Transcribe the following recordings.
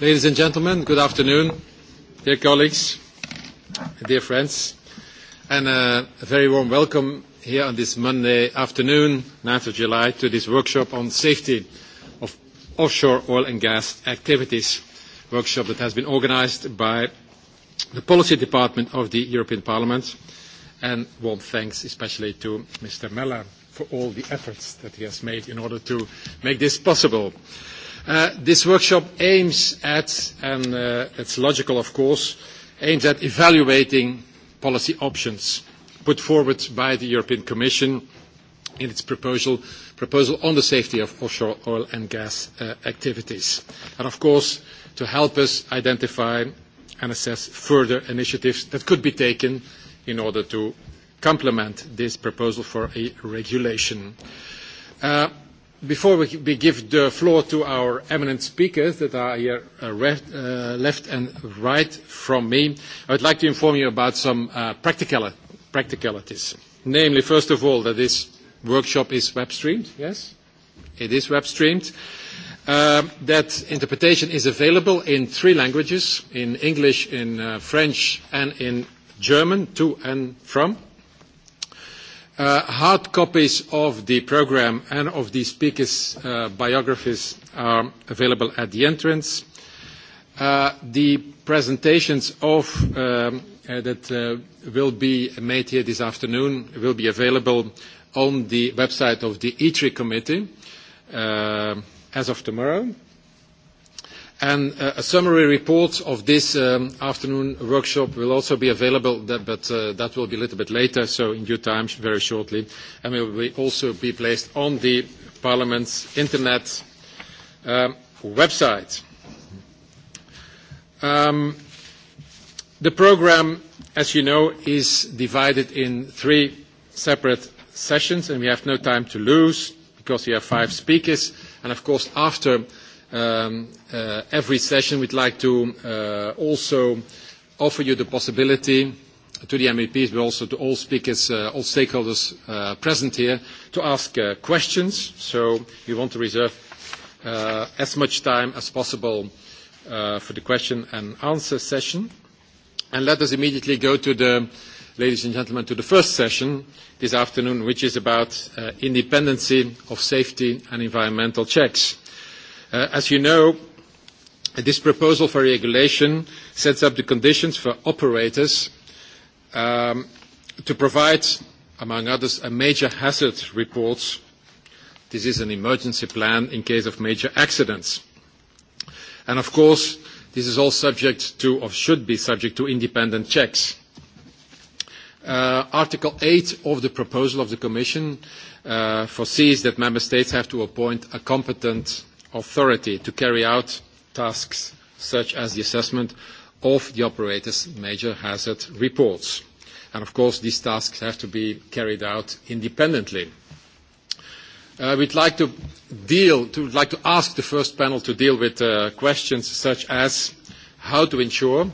Ladies and gentlemen, good afternoon. Dear colleagues, dear friends, and a very warm welcome here on this Monday afternoon, 9th of July, to this workshop on safety of offshore oil and gas activities, workshop that has been organized by the Policy Department of the European Parliament, and warm thanks especially to Mr. Mella for all the efforts that he has made in order to make this possible. Uh, This workshop aims at, and it's logical of course, aims at evaluating policy options put forward by the European Commission in its proposal on the safety of offshore oil and gas activities. And of course, to help us identify and assess further initiatives that could be taken in order to complement this proposal for a regulation. Before we give the floor to our eminent speakers that are here left and right from me, I would like to inform you about some practicalities. Namely, first of all, that this workshop is web-streamed. Yes? It is web-streamed. That interpretation is available in three languages, in English, in French, and in German, to and from hard copies of the programme and of the speakers' biographies are available at the entrance. the presentations that will be made here this afternoon will be available on the website of the ITRI committee as of tomorrow And a summary report of this afternoon workshop will also be available, but that will be a little bit later, so in due time, very shortly, and will also be placed on the Parliament's internet website. The programme, as you know, is divided in three separate sessions, and we have no time to lose because we have five speakers. and Of course, after every session, we'd like to also offer you the possibility to the MEPs, but also to all speakers, all stakeholders present here, to ask questions. So we want to reserve as much time as possible for the question and answer session. And let us immediately go to the, ladies and gentlemen, to the first session this afternoon, which is about independency of safety and environmental checks. As you know, this proposal for regulation sets up the conditions for operators to provide, among others, a major hazard report. This is an emergency plan in case of major accidents. And Of course, this is all subject to, or should be subject to, independent checks. Article eight of the proposal of the Commission foresees that member states have to appoint a competent authority to carry out tasks such as the assessment of the operator's major hazard reports. And of course, these tasks have to be carried out independently. Uh, we'd like to deal, to, like to ask the first panel to deal with uh, questions such as how to ensure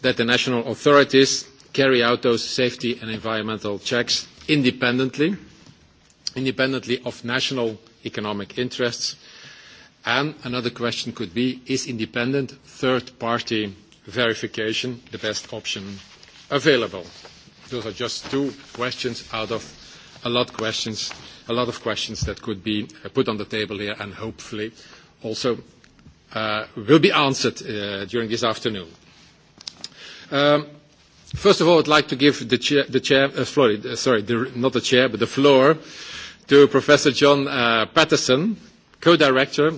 that the national authorities carry out those safety and environmental checks independently, independently of national economic interests, And another question could be, is independent third-party verification the best option available? Those are just two questions out of a lot of questions that could be put on the table here and hopefully also will be answered during this afternoon. First of all, I'd like to give the chair, the chair, uh, sorry, sorry, the, not the chair, but the floor to Professor John uh, Patterson, co-director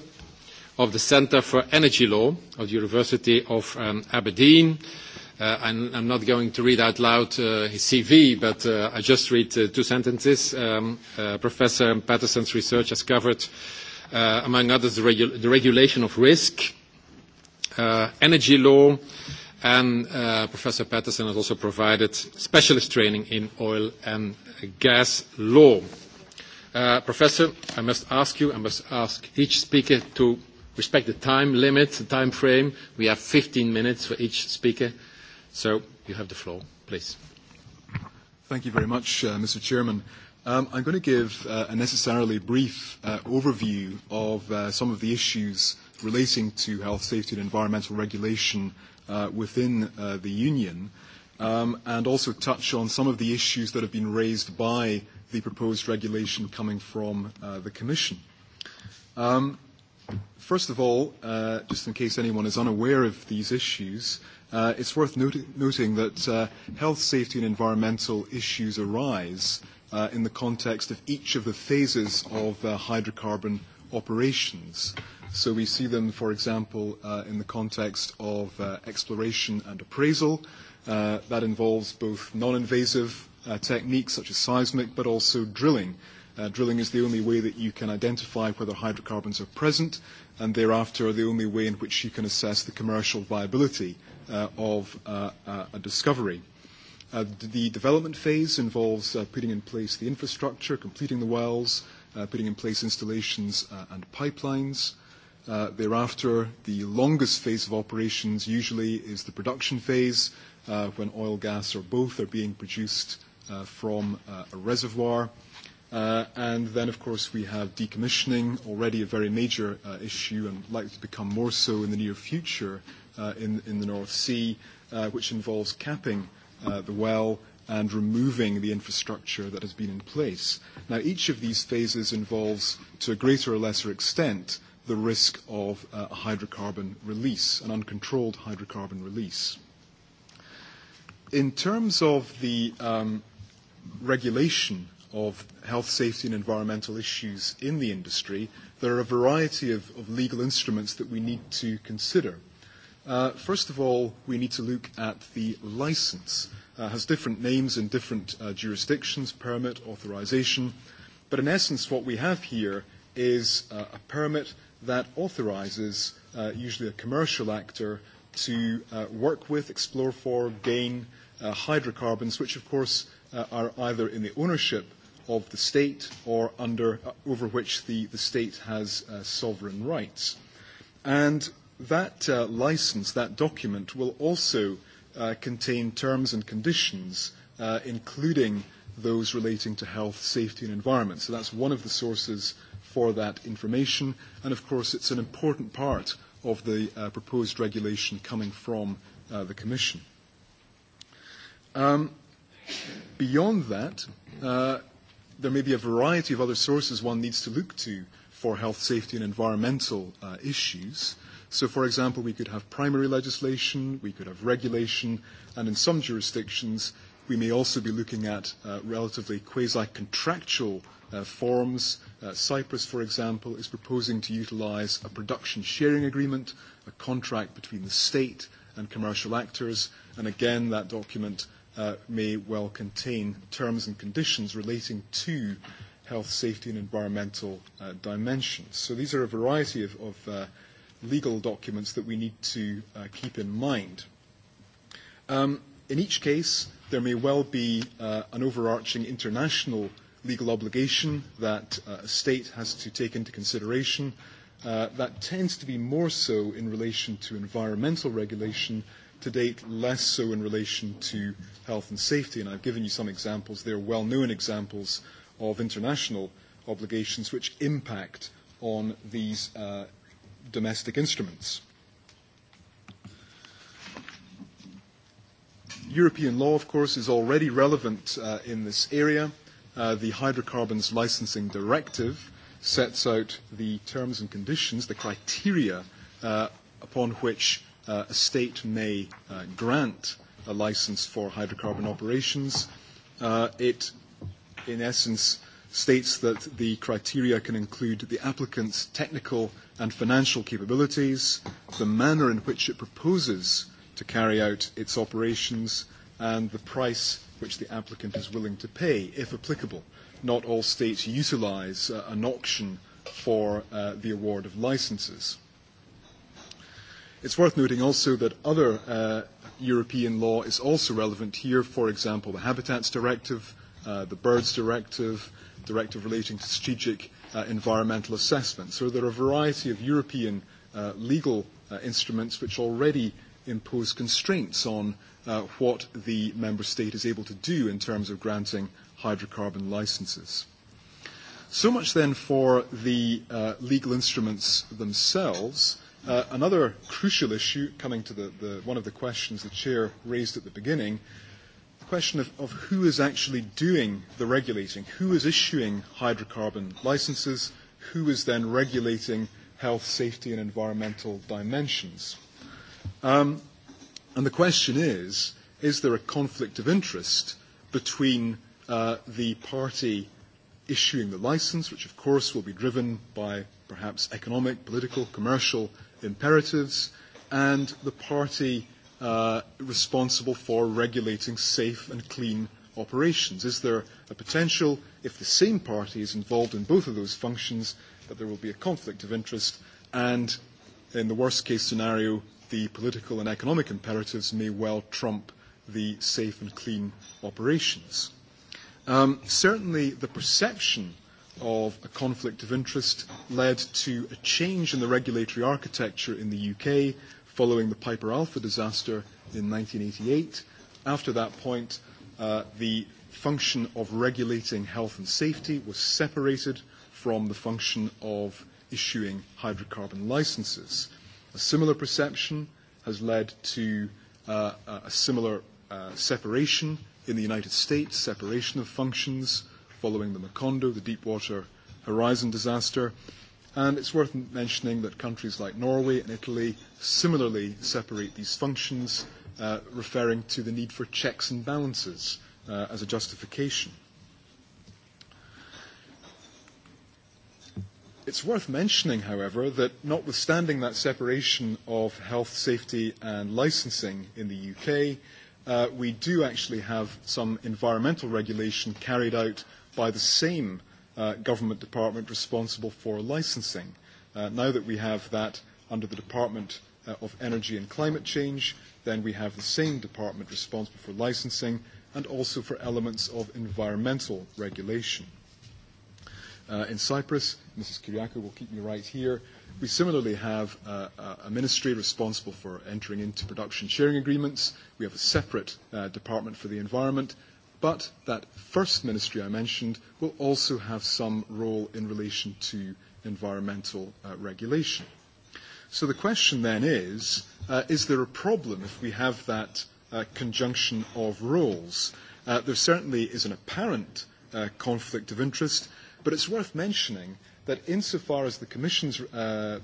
of the Centre for Energy Law of the University of Aberdeen. I'm, I'm not going to read out loud his CV, but I just read two sentences. Professor Patterson's research has covered, among others, the, regulation of risk, energy law, and Professor Patterson has also provided specialist training in oil and gas law. Professor, I must ask you, I must ask each speaker to respect the time limit, the time frame. We have 15 minutes for each speaker. So you have the floor, please. Thank you very much, Mr. Chairman. Um, I'm going to give a necessarily brief overview of some of the issues relating to health, safety and environmental regulation within the Union, and also touch on some of the issues that have been raised by the proposed regulation coming from the Commission. First of all, uh, just in case anyone is unaware of these issues, uh, it's worth noting that uh, health, safety, and environmental issues arise uh, in the context of each of the phases of uh, hydrocarbon operations. So we see them, for example, uh, in the context of uh, exploration and appraisal. Uh, that involves both non-invasive uh, techniques such as seismic, but also drilling Uh, drilling is the only way that you can identify whether hydrocarbons are present, and thereafter are the only way in which you can assess the commercial viability uh, of uh, uh, a discovery. Uh, the development phase involves uh, putting in place the infrastructure, completing the wells, uh, putting in place installations uh, and pipelines. Uh, thereafter, the longest phase of operations usually is the production phase, uh, when oil, gas, or both are being produced uh, from uh, a reservoir. And then, of course, we have decommissioning, already a very major issue and likely to become more so in the near future in the North Sea, which involves capping the well and removing the infrastructure that has been in place. Now, each of these phases involves, to a greater or lesser extent, the risk of a hydrocarbon release, an uncontrolled hydrocarbon release. In terms of the regulation of health, safety and environmental issues in the industry, there are a variety of, of legal instruments that we need to consider. Uh, first of all, we need to look at the license. Uh, has different names in different uh, jurisdictions, permit, authorization. But in essence, what we have here is uh, a permit that authorizes uh, usually a commercial actor to uh, work with, explore for, gain uh, hydrocarbons, which of course uh, are either in the ownership of the state or under, over which the, the state has uh, sovereign rights. And that uh, license, that document, will also uh, contain terms and conditions, uh, including those relating to health, safety, and environment. So that's one of the sources for that information. And of course, it's an important part of the uh, proposed regulation coming from uh, the Commission. Um, beyond that, uh, there may be a variety of other sources one needs to look to for health, safety, and environmental uh, issues. So, for example, we could have primary legislation, we could have regulation, and in some jurisdictions, we may also be looking at uh, relatively quasi-contractual uh, forms. Uh, Cyprus, for example, is proposing to utilise a production sharing agreement, a contract between the state and commercial actors, and again, that document may well contain terms and conditions relating to health, safety and environmental uh dimensions. So these are a variety of, of uh legal documents that we need to uh keep in mind. Um in each case, there may well be uh an overarching international legal obligation that uh a state has to take into consideration. Uh that tends to be more so in relation to environmental regulation to date, less so in relation to health and safety. And I've given you some examples. They are well-known examples of international obligations which impact on these uh, domestic instruments. European law, of course, is already relevant uh, in this area. Uh, the Hydrocarbons Licensing Directive sets out the terms and conditions, the criteria uh, upon which a state may grant a licence for hydrocarbon operations. it, in essence, states that the criteria can include the applicant's technical and financial capabilities, the manner in which it proposes to carry out its operations, and the price which the applicant is willing to pay, if applicable. Not all states utilise an auction for the award of licences. It's worth noting also that other uh, European law is also relevant here, for example, the Habitats Directive, uh, the Birds Directive, Directive relating to strategic uh, environmental assessment. So there are a variety of European uh, legal uh, instruments which already impose constraints on uh, what the member state is able to do in terms of granting hydrocarbon licenses. So much then for the uh, legal instruments themselves. Uh, another crucial issue, coming to the, the, one of the questions the chair raised at the beginning, the question of, of who is actually doing the regulating, who is issuing hydrocarbon licenses, who is then regulating health, safety, and environmental dimensions. Um, and the question is, is there a conflict of interest between uh, the party issuing the license, which of course will be driven by perhaps economic, political, commercial imperatives, and the party uh, responsible for regulating safe and clean operations? Is there a potential, if the same party is involved in both of those functions, that there will be a conflict of interest and, in the worst case scenario, the political and economic imperatives may well trump the safe and clean operations? Um, certainly, the perception of a conflict of interest led to a change in the regulatory architecture in the UK following the Piper Alpha disaster in 1988. After that point, uh, the function of regulating health and safety was separated from the function of issuing hydrocarbon licenses. A similar perception has led to uh, a similar uh, separation In the United States, separation of functions following the Macondo, the Deepwater Horizon disaster. And it's worth mentioning that countries like Norway and Italy similarly separate these functions, uh, referring to the need for checks and balances uh, as a justification. It's worth mentioning, however, that notwithstanding that separation of health, safety, and licensing in the UK, uh, we do actually have some environmental regulation carried out by the same uh, government department responsible for licensing. Uh, now that we have that under the Department uh, of Energy and Climate Change, then we have the same department responsible for licensing and also for elements of environmental regulation. Uh, in Cyprus, Mrs. Kiriakou will keep me right here, We similarly have a ministry responsible for entering into production sharing agreements. We have a separate uh, department for the environment. But that first ministry I mentioned will also have some role in relation to environmental uh, regulation. So the question then is, uh, is there a problem if we have that uh, conjunction of roles? Uh, there certainly is an apparent uh, conflict of interest, but it's worth mentioning that insofar as the Commission's uh,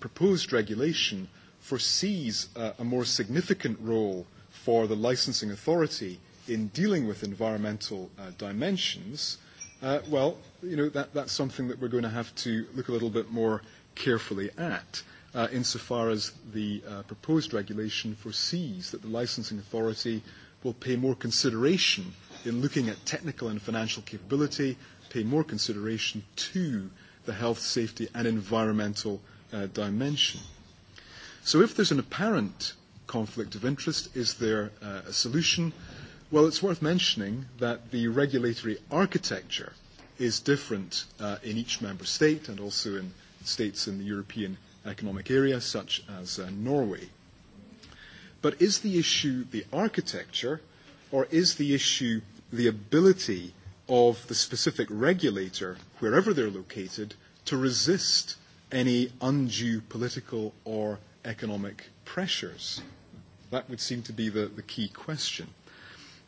proposed regulation foresees uh, a more significant role for the licensing authority in dealing with environmental uh, dimensions, uh, well, you know, that, that's something that we're going to have to look a little bit more carefully at uh, insofar as the uh, proposed regulation foresees that the licensing authority will pay more consideration in looking at technical and financial capability, pay more consideration to the health, safety, and environmental uh, dimension. So if there's an apparent conflict of interest, is there uh, a solution? Well, it's worth mentioning that the regulatory architecture is different uh, in each member state and also in states in the European Economic Area, such as uh, Norway. But is the issue the architecture, or is the issue the ability of the specific regulator, wherever they're located, to resist any undue political or economic pressures? That would seem to be the, the key question.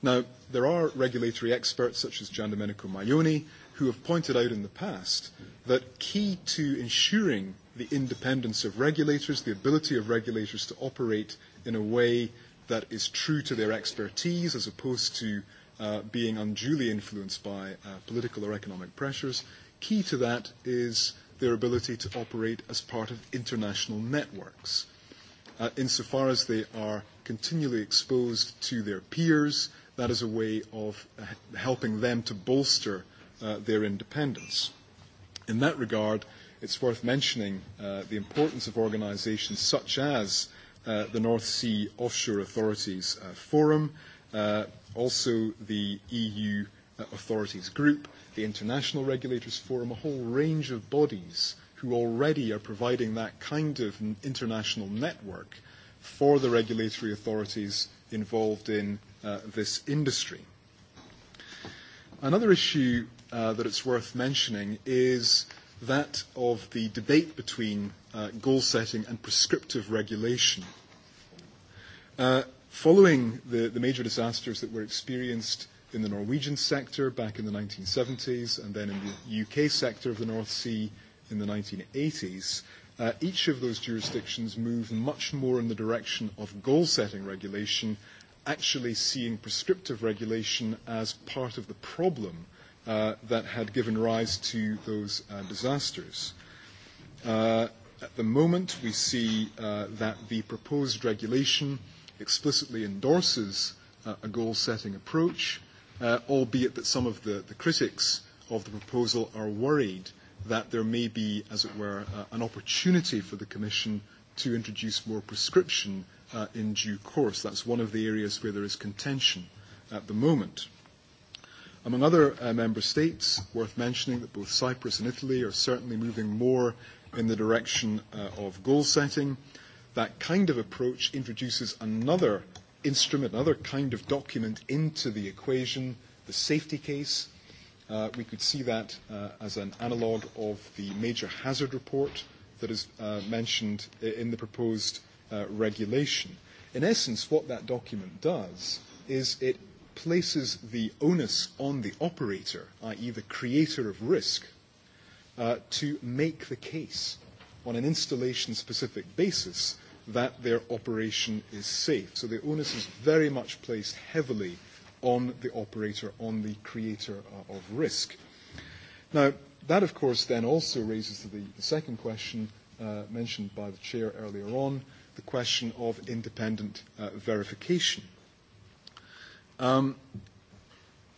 Now, there are regulatory experts such as Gian Domenico Maioni who have pointed out in the past that key to ensuring the independence of regulators, the ability of regulators to operate in a way that is true to their expertise as opposed to uh, being unduly influenced by uh, political or economic pressures. Key to that is their ability to operate as part of international networks, uh, insofar as they are continually exposed to their peers. That is a way of uh, helping them to bolster uh, their independence. In that regard, it's worth mentioning uh, the importance of organisations such as uh, the North Sea Offshore Authorities uh, Forum, uh, also the EU Authorities Group, the International Regulators Forum, a whole range of bodies who already are providing that kind of international network for the regulatory authorities involved in uh, this industry. Another issue uh, that it's worth mentioning is that of the debate between uh, goal setting and prescriptive regulation. Uh, Following the, the major disasters that were experienced in the Norwegian sector back in the 1970s and then in the UK sector of the North Sea in the 1980s, uh, each of those jurisdictions moved much more in the direction of goal setting regulation, actually seeing prescriptive regulation as part of the problem uh, that had given rise to those uh, disasters. Uh, at the moment, we see uh, that the proposed regulation uh, explicitly endorses uh, a goal setting approach, uh, albeit that some of the, the critics of the proposal are worried that there may be, as it were, uh, an opportunity for the Commission to introduce more prescription uh, in due course. That's one of the areas where there is contention at the moment. Among other uh, member states, worth mentioning that both Cyprus and Italy are certainly moving more in the direction uh, of goal setting. Uh, that kind of approach introduces another instrument, another kind of document into the equation, the safety case. Uh, we could see that uh, as an analogue of the major hazard report that is uh, mentioned in the proposed uh, regulation. In essence, what that document does is it places the onus on the operator, i.e., the creator of risk, uh, to make the case on an installation specific basis that their operation is safe. So the onus is very much placed heavily on the operator, on the creator of risk. Now, that of course then also raises the, the second question uh, mentioned by the chair earlier on, the question of independent uh, verification. Um,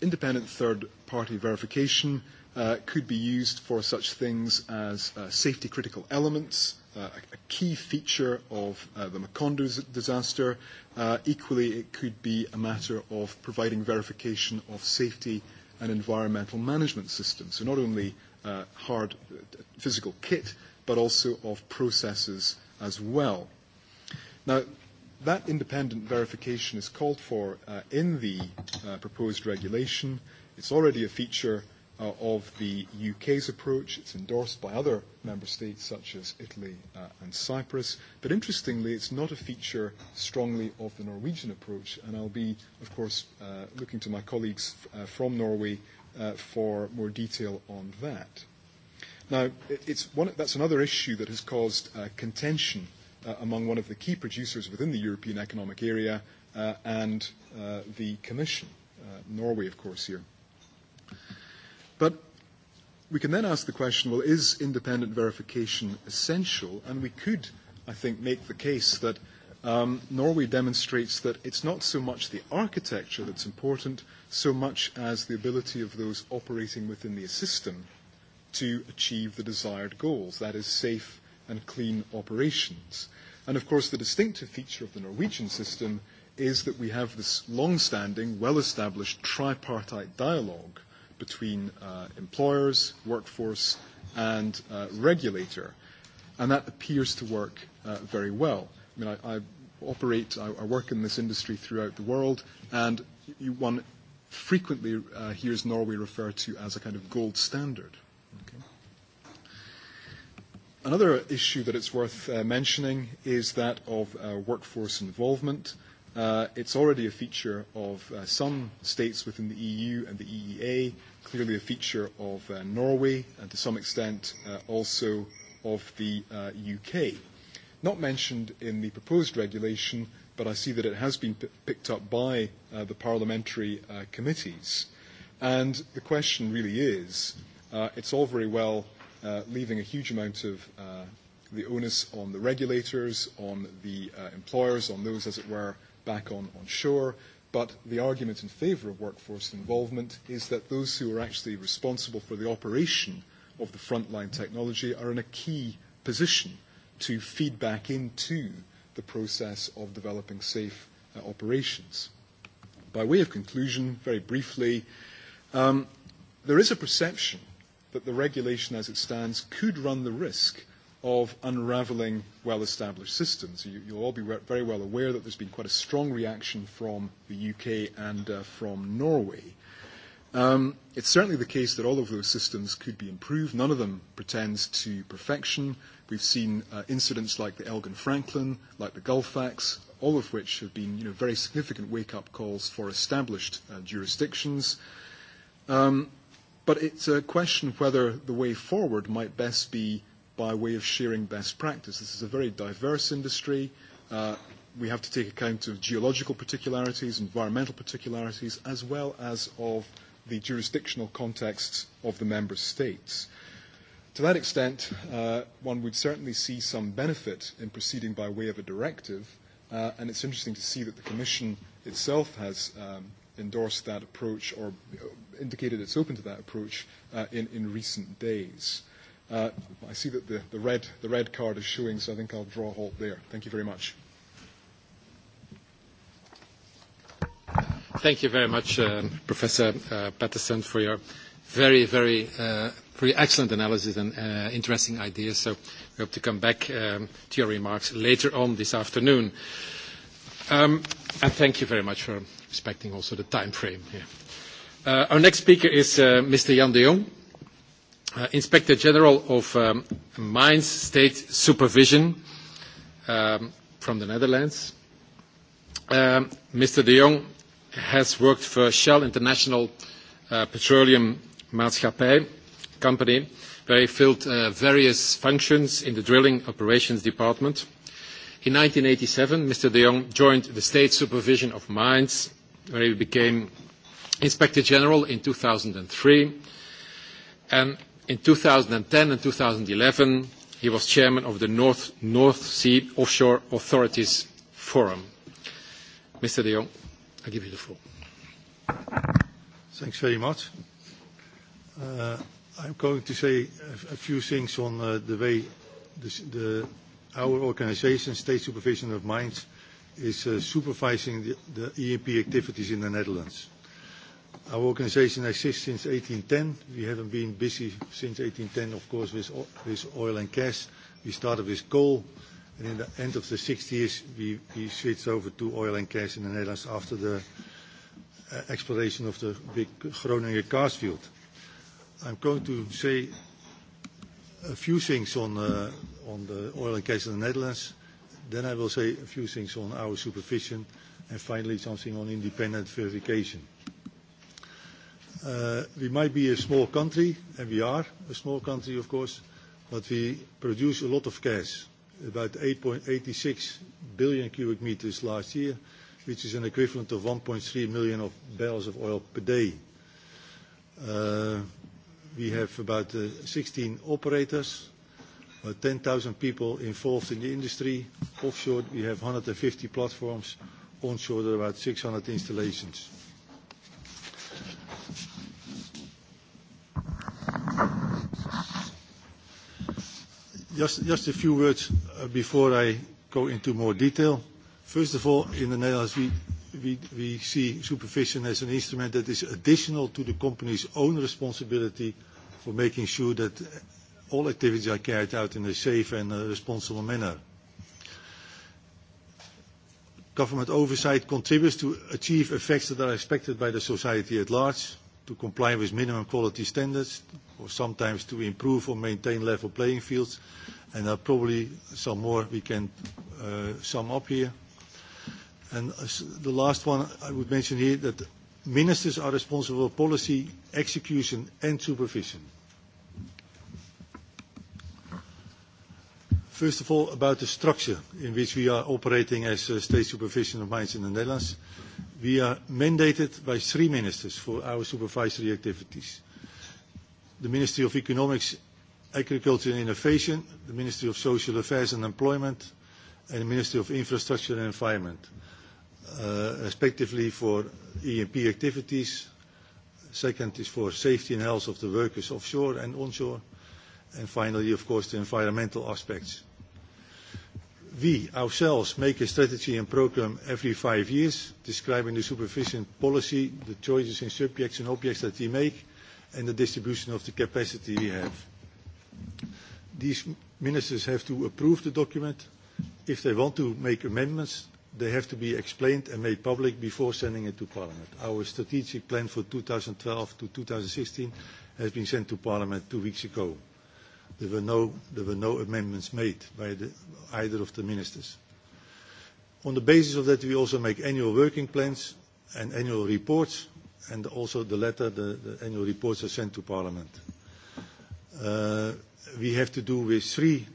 independent third party verification uh, could be used for such things as uh, safety critical elements, uh, a key feature of uh, the Macondo disaster. Uh, equally, it could be a matter of providing verification of safety and environmental management systems. So not only uh, hard physical kit, but also of processes as well. Now, that independent verification is called for uh, in the uh, proposed regulation. It's already a feature uh, of the UK's approach. It's endorsed by other member states such as Italy uh, and Cyprus. But interestingly, it's not a feature strongly of the Norwegian approach. And I'll be, of course, uh, looking to my colleagues uh, from Norway uh, for more detail on that. Now, it's one, that's another issue that has caused uh, contention uh, among one of the key producers within the European Economic Area uh, and uh, the Commission, uh, Norway, of course, here. But we can then ask the question, well, is independent verification essential? And we could, I think, make the case that um, Norway demonstrates that it's not so much the architecture that's important, so much as the ability of those operating within the system to achieve the desired goals, that is, safe and clean operations. And of course, the distinctive feature of the Norwegian system is that we have this long-standing, well-established tripartite dialogue between uh, employers, workforce, and uh, regulator. And that appears to work uh, very well. I mean, I, I operate, I, I work in this industry throughout the world, and you, one frequently uh, hears Norway referred to as a kind of gold standard. Okay. Another issue that it's worth uh, mentioning is that of uh, workforce involvement. Uh, Uh, it's already a feature of uh, some states within the EU and the EEA, clearly a feature of uh, Norway, and to some extent uh, also of the uh, UK. Not mentioned in the proposed regulation, but I see that it has been p- picked up by uh, the parliamentary uh, committees. And the question really is, uh, it's all very well uh, leaving a huge amount of uh, the onus on the regulators, on the uh, employers, on those, as it were, back on, on shore. But the argument in favour of workforce involvement is that those who are actually responsible for the operation of the frontline technology are in a key position to feed back into the process of developing safe uh, operations. By way of conclusion, very briefly, um, there is a perception that the regulation as it stands could run the risk of unravelling well-established systems. You, you'll all be very well aware that there's been quite a strong reaction from the UK and uh, from Norway. Um, it's certainly the case that all of those systems could be improved. None of them pretends to perfection. We've seen uh, incidents like the Elgin Franklin, like the Gulfax, all of which have been you know, very significant wake-up calls for established uh, jurisdictions. Um, but it's a question whether the way forward might best be by way of sharing best practice. This is a very diverse industry. Uh, we have to take account of geological particularities, environmental particularities, as well as of the jurisdictional contexts of the member states. To that extent, uh, one would certainly see some benefit in proceeding by way of a directive, uh, and it's interesting to see that the Commission itself has um, endorsed that approach or indicated it's open to that approach uh, in, in recent days. Uh, Uh, I see that the, the, red, the red card is showing, so I think I'll draw a halt there. Thank you very much. Thank you very much, uh, Professor uh, Patterson, for your very, very, uh, very excellent analysis and uh, interesting ideas. So we hope to come back um, to your remarks later on this afternoon. Um, and thank you very much for respecting also the time frame here. Uh, our next speaker is uh, Mr. Jan de Jong Inspector General of Mines State Supervision from the Netherlands. Mr. de Jong has worked for Shell International Petroleum Maatschappij company, where he filled various functions in the drilling operations department. In 1987, Mr. de Jong joined the State Supervision of Mines, where he became Inspector General in 2003. And In 2010 and 2011, he was chairman of the North, North Sea Offshore Authorities Forum. Mr. de Jong, I give you the floor. Thanks very much. Uh, I'm going to say a, a few things on uh, the way the, the, our organization, State Supervision of Mines, is uh, supervising the, the EMP activities in the Netherlands. Our organization exists since 1810. We haven't been busy since 1810, of course, with, with oil and gas. We started with coal, and in the end of the 60s, we, we switched over to oil and gas in the Netherlands after the uh, exploration of the big Groningen gas field. I'm going to say a few things on, uh, on the oil and gas in the Netherlands. Then I will say a few things on our supervision, and finally something on independent verification. We might be a small country, and we are a small country, of course, but we produce a lot of gas, about 8.86 billion cubic meters last year, which is an equivalent of 1.3 million of barrels of oil per day. We have about 16 operators, about 10,000 people involved in the industry. Offshore, we have 150 platforms. Onshore, there are about 600 installations. Just a few words before I go into more detail. First of all, in the Netherlands, we see supervision as an instrument that is additional to the company's own responsibility for making sure that all activities are carried out in a safe and responsible manner. Government oversight contributes to achieve effects that are expected by the society at large, to comply with minimum quality standards, or sometimes to improve or maintain level playing fields. And there are probably some more we can uh, sum up here. And the last one I would mention here that ministers are responsible for policy, execution and supervision. First of all, about the structure in which we are operating as uh, state supervision of mines in the Netherlands we are mandated by three ministers for our supervisory activities. The Ministry of Economics, Agriculture and Innovation, the Ministry of Social Affairs and Employment, and the Ministry of Infrastructure and Environment, respectively for EMP activities. Second is for safety and health of the workers offshore and onshore. And finally, of course, the environmental aspects we ourselves make a strategy and program every five years, describing the supervision policy, the choices in subjects and objects that we make, and the distribution of the capacity we have. These ministers have to approve the document. If they want to make amendments, they have to be explained and made public before sending it to Parliament. Our strategic plan for 2012 to 2016 has been sent to Parliament two weeks ago. There were no, there were no amendments made by the, either of the ministers. On the basis of that, we also make annual working plans and annual reports, and also the latter, the, the annual reports are sent to Parliament. Uh, we have to do with three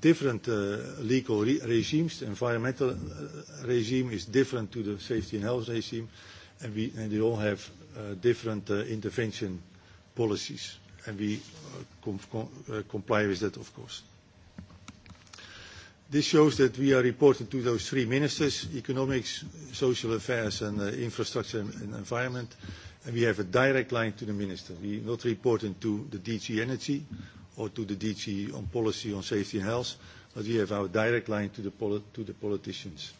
different uh, legal re regimes. The environmental uh, regime is different to the safety and health regime, and, we, and they all have uh, different uh, intervention policies and we comply with that, of course. This shows that we are reporting to those three ministers, economics, social affairs, and infrastructure and environment, and we have a direct line to the minister. We're not reporting to the DG Energy or to the DG on policy on safety and health, but we have our direct line to the politicians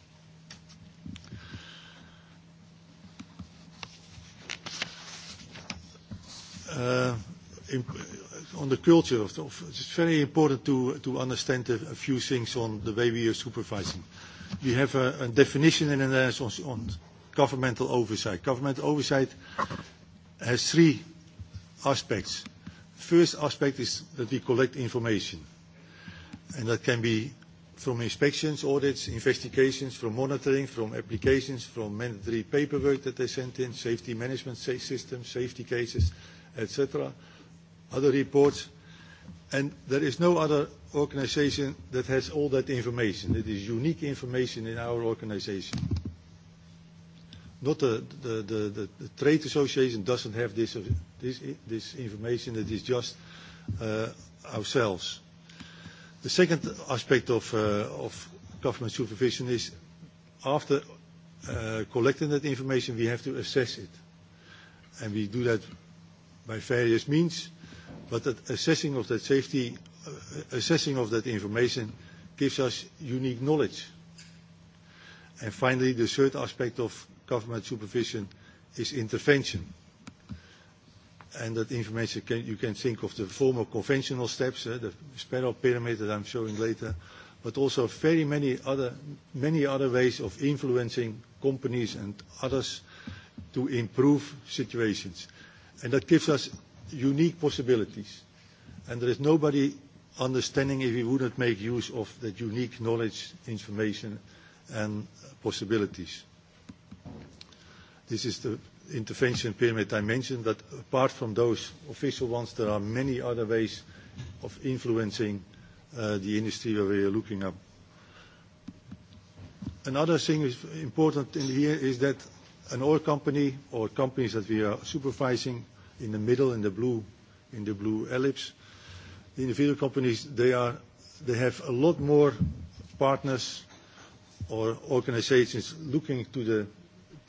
on the culture of, of it's very important to, to understand a, few things on the way we are supervising. We have a, a definition in the Netherlands on, on governmental oversight. Governmental oversight has three aspects. First aspect is that we collect information, and that can be from inspections, audits, investigations, from monitoring, from applications, from mandatory paperwork that they sent in, safety management systems, safety cases, etc. cetera other reports, and there is no other organization that has all that information. It is unique information in our organization. Not the, the, the, the, the trade association doesn't have this, this, this information. It is just uh, ourselves. The second aspect of, uh, of government supervision is after uh, collecting that information, we have to assess it. And we do that by various means But that assessing of that safety, assessing of that information gives us unique knowledge. And finally, the third aspect of government supervision is intervention. And that information, can you can think of the formal conventional steps, the spiral pyramid that I'm showing later, but also very many other, many other ways of influencing companies and others to improve situations. And that gives us unique possibilities. And there is nobody understanding if we wouldn't make use of that unique knowledge, information, and possibilities. This is the intervention pyramid I mentioned, but apart from those official ones, there are many other ways of influencing the industry where we are looking up. Another thing is important in here is that an oil company or companies that we are supervising in the middle, in the blue, in the blue ellipse. The individual companies, they are, they have a lot more partners or organizations looking to the,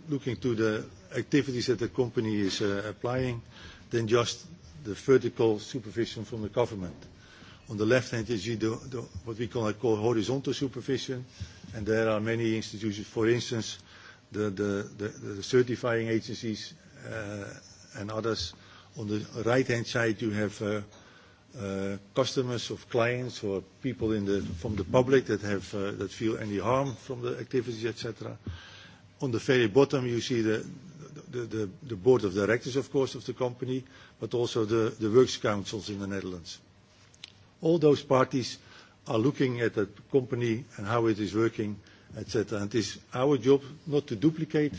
looking to the activities that the company is uh, applying than just the vertical supervision from the government. On the left hand, you see the, the, what we call, call horizontal supervision, and there are many institutions. For instance, the, the, the, the certifying agencies uh, and others. On the right-hand side, you have customers of clients or people in the from the public that have that feel any harm from the activities, et cetera. On the very bottom, you see the the the the board of directors, of course, of the company, but also the the works councils in the Netherlands. All those parties are looking at the company and how it is working, et cetera. It is our job not to duplicate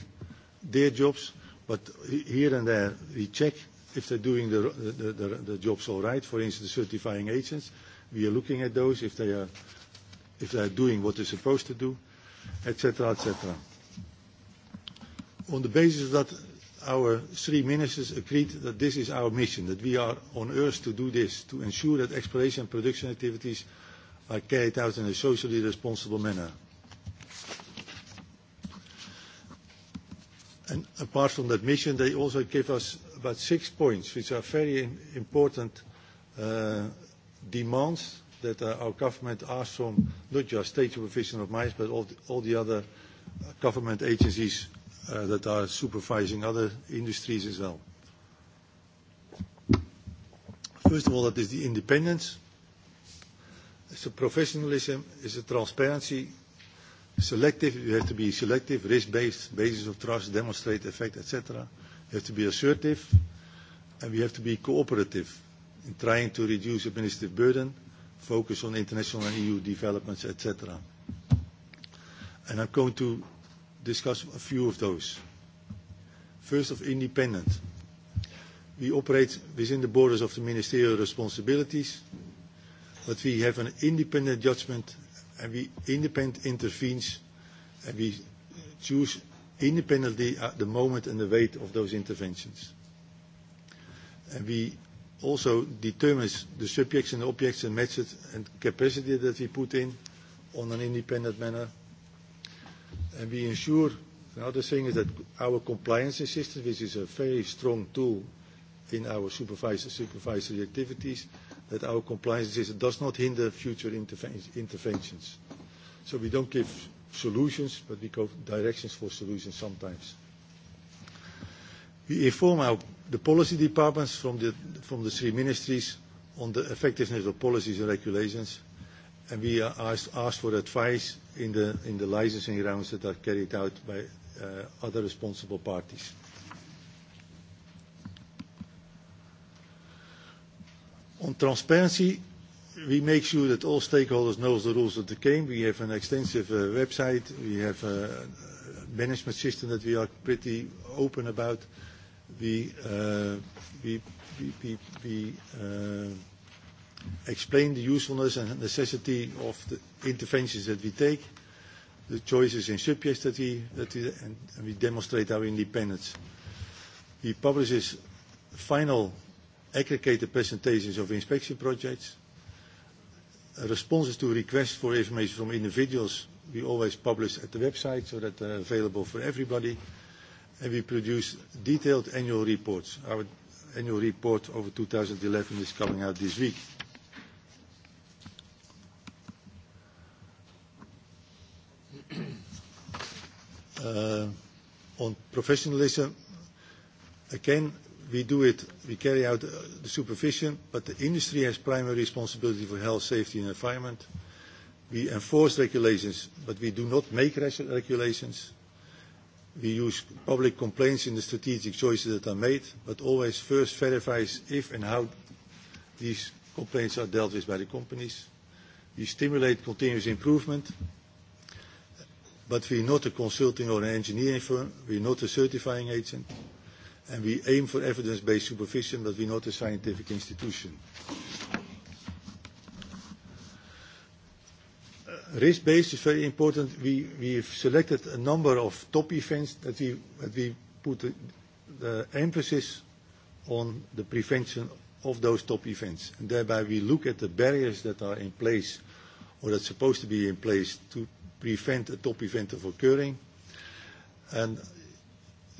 their jobs, But here and there, we check if they're doing the the the the jobs all right. For instance, certifying agents, we are looking at those if they are if they are doing what they're supposed to do, et cetera, et cetera. On the basis that our three ministers agreed that this is our mission, that we are on Earth to do this, to ensure that exploration and production activities are carried out in a socially responsible manner. And apart from that mission, they also give us about six points, which are very important demands that our government asks from not just State Supervision of Mines, but all the, all the other government agencies uh, that are supervising other industries as well. First of all, that is the independence. It's the professionalism, it's the transparency, selective, you have to be selective, risk-based, basis of trust, demonstrate effect, etc. You have to be assertive, and we have to be cooperative in trying to reduce administrative burden, focus on international and EU developments, etc. And I'm going to discuss a few of those. First of independent. We operate within the borders of the ministerial responsibilities, but we have an independent judgment and we independent intervenes, and we choose independently the moment and the weight of those interventions. And we also determines the subjects and objects and methods and capacity that we put in on an independent manner. And we ensure, another thing is that our compliance system, which is a very strong tool in our supervisor supervisory activities, that our compliance system does not hinder future interventions. So we don't give solutions, but we give directions for solutions sometimes. We inform our, the policy departments from the, from the three ministries on the effectiveness of policies and regulations, and we are asked, for advice in the, in the licensing rounds that are carried out by other responsible parties. On transparency, we make sure that all stakeholders know the rules of the game. We have an extensive website. We have a management system that we are pretty open about. We explain the usefulness and necessity of the interventions that we take, the choices in subjects that we that we and we demonstrate our independence. We publish this final aggregated presentations of inspection projects, responses to requests for information from individuals we always publish at the website so that they're available for everybody. And we produce detailed annual reports. Our annual report over 2011 is coming out this week. On professionalism, again, we do it, we carry out the supervision, but the industry has primary responsibility for health, safety, and environment. We enforce regulations, but we do not make regulations. We use public complaints in the strategic choices that are made, but always first verifies if and how these complaints are dealt with by the companies. We stimulate continuous improvement, but we're not a consulting or an engineering firm. We're not a certifying agent and we aim for evidence-based supervision, but we're not a scientific institution. Risk-based is very important. We we have selected a number of top events that we that we put the emphasis on the prevention of those top events. and Thereby, we look at the barriers that are in place or that's supposed to be in place to prevent a top event of occurring. And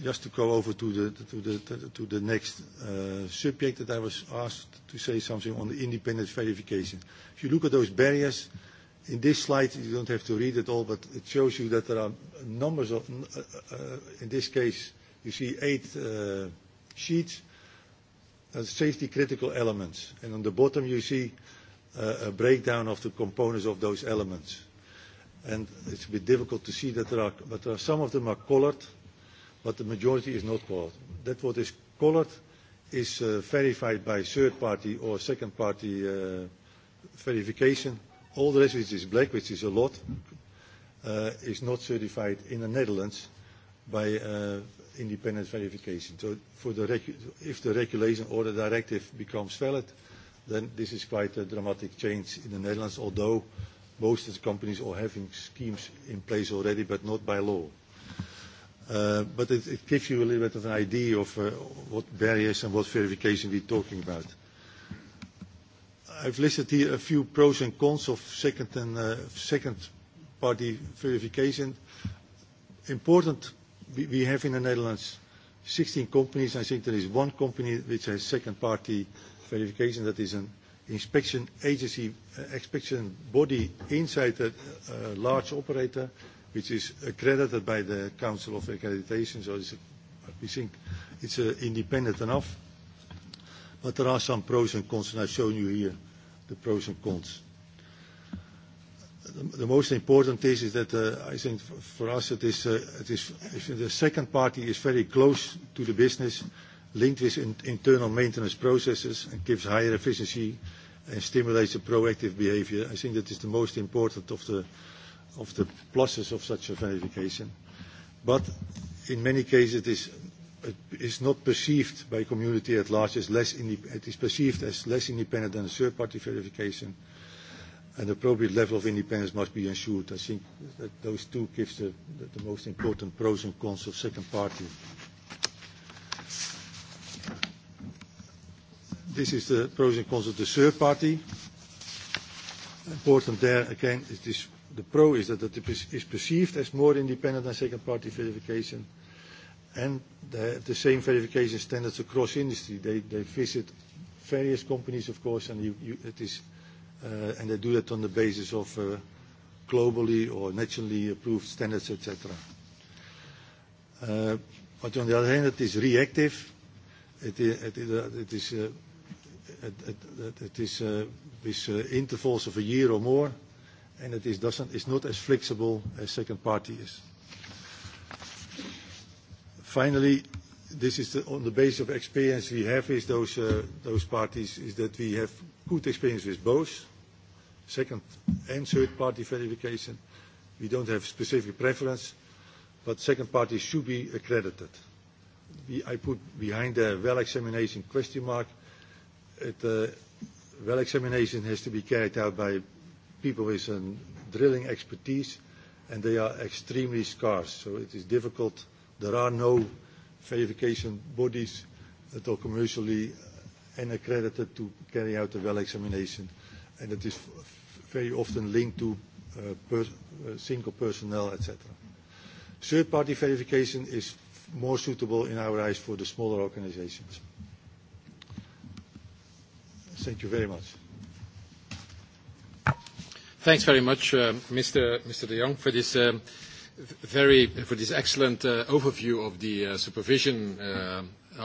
Just to go over to the to the to the next uh subject that I was asked to say something on the independent verification. If you look at those barriers, in this slide, you don't have to read it all, but it shows you that there are numbers of, uh uh in this case, you see eight uh sheets, uh safety critical elements. and On the bottom, you see uh a breakdown of the components of those elements. and It's a bit difficult to see that there are, but there are some of them are colored, but the majority is not called. That what is colored is uh, verified by third party or second party uh, verification. All the rest, which is black, which is a lot, uh, is not certified in the Netherlands by uh, independent verification. So for the if the regulation or the directive becomes valid, then this is quite a dramatic change in the Netherlands, although most of the companies are having schemes in place already, but not by law. But it gives you a little bit of an idea of what barriers and what verification we're talking about. I've listed here a few pros and cons of second-party and second verification. Important, we have in the Netherlands 16 companies. I think there is one company which has second-party verification. That is an inspection agency, inspection body inside a large operator which is accredited by the Council of Accreditation, so it's, we think it's uh, independent enough. But there are some pros and cons, and I've shown you here the pros and cons. The, the most important is, is that uh, I think for us it is, uh, it is if the second party is very close to the business, linked with in, internal maintenance processes, and gives higher efficiency and stimulates the proactive behavior. I think that is the most important of the of the pluses of such a verification. But in many cases, it is, it is not perceived by community at large as less, it is perceived as less independent than a third-party verification. An appropriate level of independence must be ensured. I think that those two gives the, the, the most important pros and cons of second party. This is the pros and cons of the third party. Important there, again, it is the pro is that it is perceived as more independent than second-party verification, and the, the same verification standards across industry. They, they visit various companies, of course, and you, you, it is, uh, and they do that on the basis of uh, globally or nationally approved standards, etc. Uh, but on the other hand, it is reactive. It, it, it, it is, uh, it, it, it is uh, with uh, intervals of a year or more and it is doesn't is not as flexible as second party is. Finally, this is the on the basis of experience we have with those uh those parties, is that we have good experience with both second and third-party verification. We don't have specific preference, but second parties should be accredited. We I put behind the well examination question mark. it uh Well examination has to be carried out by people with a drilling expertise, and they are extremely scarce. So it is difficult. There are no verification bodies that are commercially and accredited to carry out a well examination, and it is very often linked to uh, per, uh, single personnel, etc. Third-party verification is more suitable in our eyes for the smaller organizations. Thank you very much. Thanks very much, uh Mr. Mr de Jong, for this very for this excellent uh overview of the uh supervision uh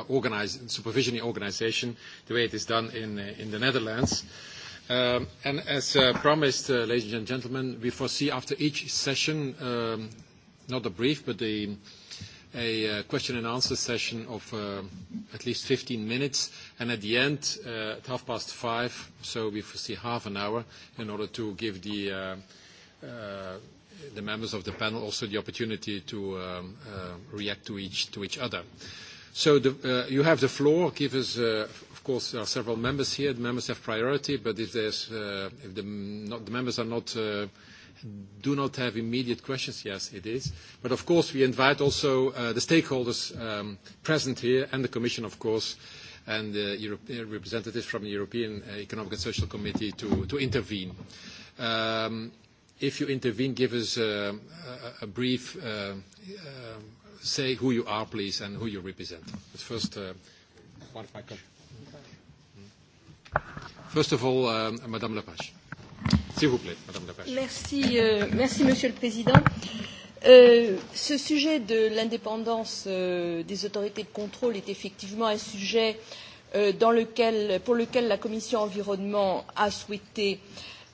organization, the way it is done in in the Netherlands. Um and As uh promised, uh ladies and gentlemen, we foresee after each session, not a brief, but the a question and answer session of at least 15 minutes, and at the end, at half past five, so we foresee half an hour, in order to give the members of the panel also the opportunity to react to each other. So you have the floor. Give us, of course, there are several members here. The members have priority, but if the members are not do not have immediate questions. Yes, it is. But of course, we invite also the stakeholders present here and the Commission, of course, and the representatives from the European Economic and Social Committee to intervene. If you intervene, give us a brief say who you are, please, and who you represent. first one of my colleagues. First of all, Madame Lepage. S'il vous plaît, Madame Lepage. Merci, euh, merci Monsieur le Président. Euh, ce sujet de l'indépendance euh, des autorités de contrôle est effectivement un sujet euh, dans lequel, pour lequel la Commission environnement a souhaité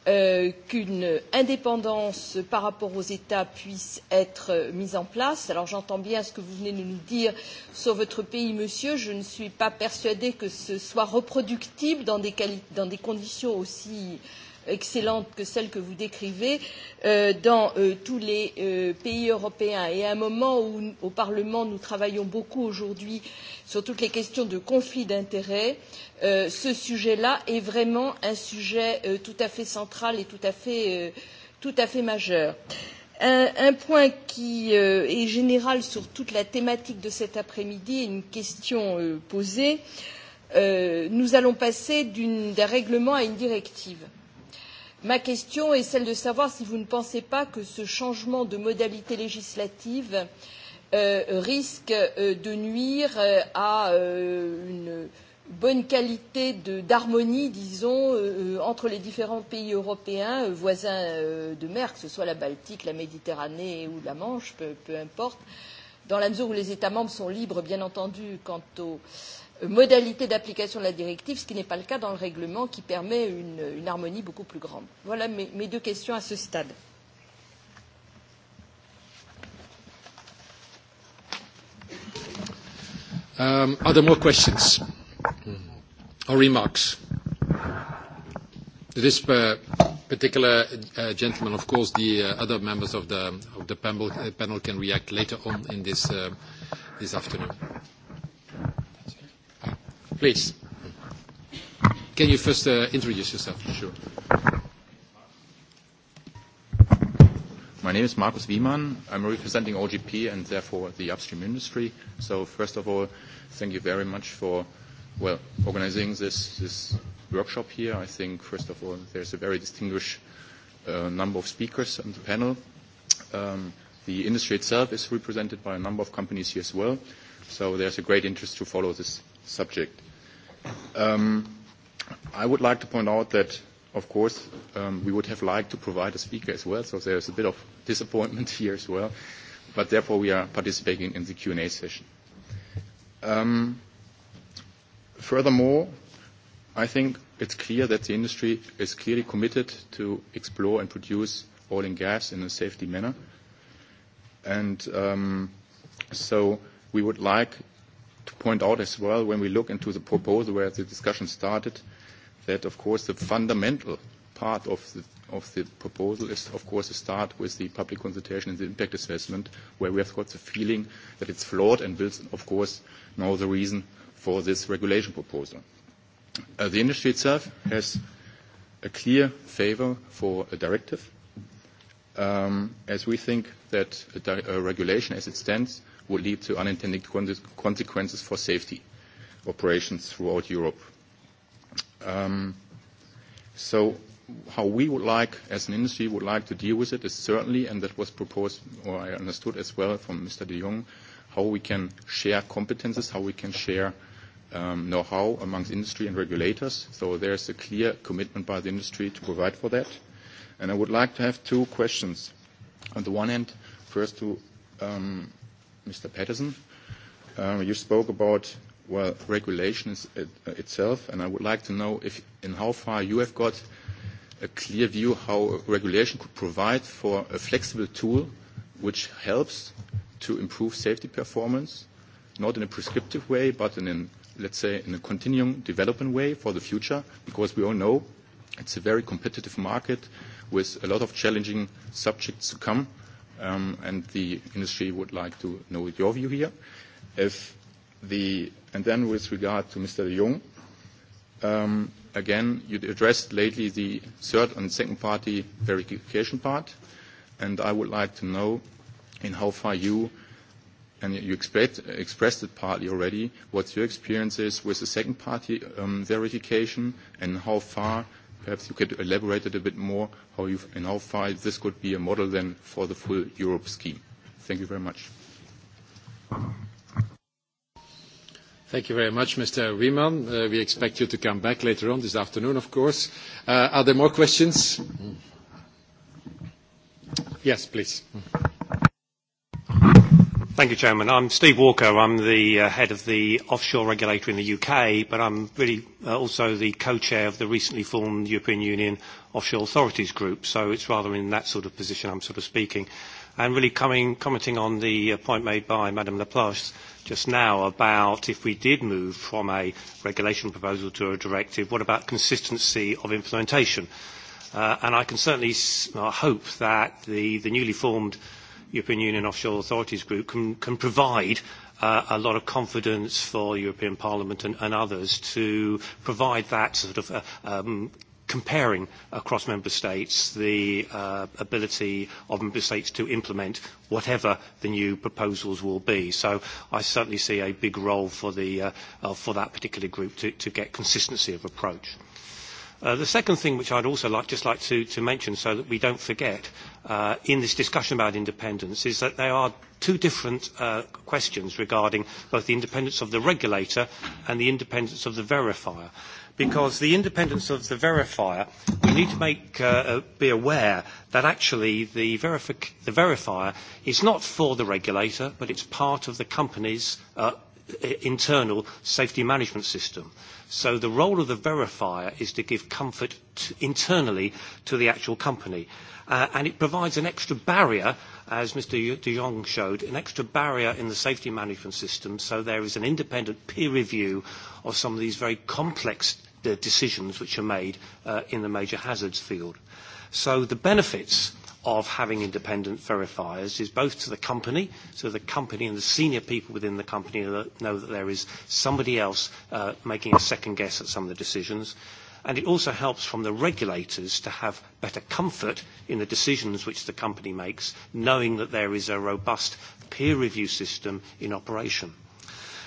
euh, qu'une indépendance par rapport aux États puisse être mise en place. Alors j'entends bien ce que vous venez de nous dire sur votre pays, monsieur. Je ne suis pas persuadée que ce soit reproductible dans des, dans des conditions aussi euh, excellente que celle que vous décrivez dans tous les pays européens. Et à un moment où, au Parlement, nous travaillons beaucoup aujourd'hui sur toutes les questions de conflit d'intérêts, ce sujet-là est vraiment un sujet tout à fait central et tout à fait, tout à fait majeur. Un, point qui est général sur toute la thématique de cet après-midi, une question posée, nous allons passer d'un règlement à une directive Ma question est celle de savoir si vous ne pensez pas que ce changement de modalité législative risque de nuire à une bonne qualité d'harmonie, disons, entre les différents pays européens voisins de mer, que ce soit la Baltique, la Méditerranée ou la Manche, peu, importe, dans la mesure où les États membres sont libres, bien entendu, quant aux modalités d'application de la directive, ce qui n'est pas le cas dans le règlement qui permet une, une harmonie beaucoup plus grande. Voilà mes, mes deux questions à ce stade. Um, are there more questions or remarks? This particular uh, gentleman, of course, the uh, other members of the, of the panel, uh, panel can react later on in this, uh, this afternoon. Please. Can you first uh, introduce yourself? Sure. My name is Markus Wiemann. I'm representing OGP and therefore the upstream industry. So first of all, thank you very much for, well, organizing this, this workshop here. I think, first of all, there's a very distinguished uh, number of speakers on the panel. Um, the industry itself is represented by a number of companies here as well. So there's a great interest to follow this subject. I would like to point out that, of course, we would have liked to provide a speaker as well, so there is a bit of disappointment here as well, but therefore we are participating in the Q&A session. Furthermore, I think it's clear that the industry is clearly committed to explore and produce oil and gas in a safety manner. And so we would like to point out as well, when we look into the proposal where the discussion started, that of course the fundamental part of the of the proposal is, of course, to start with the public consultation and the impact assessment, where we have got the feeling that it's flawed and will, of course, now the reason for this regulation proposal. Uh, the industry itself has a clear favour for a directive, um, as we think that a, di- a regulation as it stands would lead to unintended consequences for safety operations throughout Europe. So how we would like, as an industry, would like to deal with it is certainly, and that was proposed, or I understood as well from Mr. de Jong, how we can share competences, how we can share um, know-how amongst industry and regulators. So is a clear commitment by the industry to provide for that. And I would like to have two questions. On the one hand, first to um, Mr. Patterson. You spoke about, well, regulation itself, and I would like to know if in how far you have got a clear view how regulation could provide for a flexible tool which helps to improve safety performance, not in a prescriptive way, but in an, let's say, in a continuing development way for the future, because we all know it's a very competitive market with a lot of challenging subjects to come and the industry would like to know your view here. If the... And then with regard to Mr. de Jong, um, again, you addressed lately the third and second party verification part, and I would like to know in how far you, and you expressed it partly already, what your experience is with the second party um, verification and how far Perhaps you could elaborate it a bit more, how you, and how far this could be a model then for the full Europe scheme. Thank you very much. Thank you very much, Mr. Riemann. We expect you to come back later on this afternoon, of course. Are there more questions? Yes, please. Thank you, Chairman. I'm Steve Walker. I'm the uh, head of the offshore regulator in the UK, but I'm really uh, also the co-chair of the recently formed European Union Offshore Authorities Group. So it's rather in that sort of position I'm sort of speaking. And really coming, commenting on the point made by Madame Laplace just now about if we did move from a regulation proposal to a directive, what about consistency of implementation? and I can certainly s- hope that the, the newly formed European Union Offshore Authorities Group can, can provide uh, a lot of confidence for European Parliament and, and others to provide that sort of uh, um, comparing across member states the uh, ability of member states to implement whatever the new proposals will be. So I certainly see a big role for, the, uh, uh, for that particular group to, to get consistency of approach. The second thing which I'd also like, just like to, to mention so that we don't forget uh, in this discussion about independence is that there are two different uh, questions regarding both the independence of the regulator and the independence of the verifier. Because the independence of the verifier, we need to make, uh, be aware that actually the, verifi- the verifier is not for the regulator, but it's part of the company's uh, internal safety management system. So the role of the verifier is to give comfort to, internally to the actual company. Uh, and it provides an extra barrier, as Mr. De Jong showed, an extra barrier in the safety management system. So there is an independent peer review of some of these very complex uh, decisions which are made uh, in the major hazards field. So the benefits of having independent verifiers is both to the company, so the company and the senior people within the company know that there is somebody else uh, making a second guess at some of the decisions. And it also helps from the regulators to have better comfort in the decisions which the company makes, knowing that there is a robust peer review system in operation.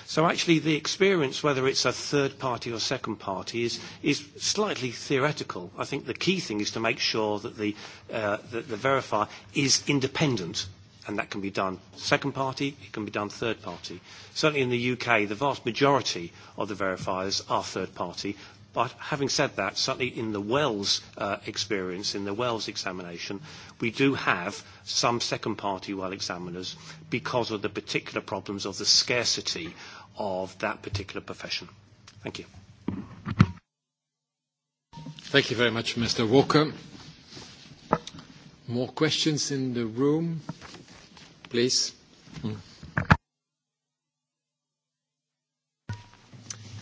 So actually the experience, whether it's a third party or second party, is, is slightly theoretical. I think the key thing is to make sure that the, uh, that the verifier is independent and that can be done second party, it can be done third party. Certainly in the UK, the vast majority of the verifiers are third party, But having said that, certainly in the Wells experience, in the Wells examination, we do have some second-party well examiners because of the particular problems of the scarcity of that particular profession. Thank you. Thank you very much, Mr. Walker. More questions in the room, please?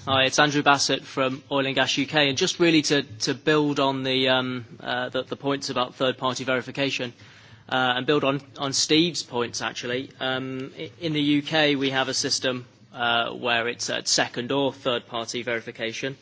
Hi, it's Andrew Bassett from Oil and Gas UK. And just really to, to build on the, um, uh, the, the points about third-party verification uh, and build on, on Steve's points, actually. Um, in the UK, we have a system uh, where it's at second or third-party verification.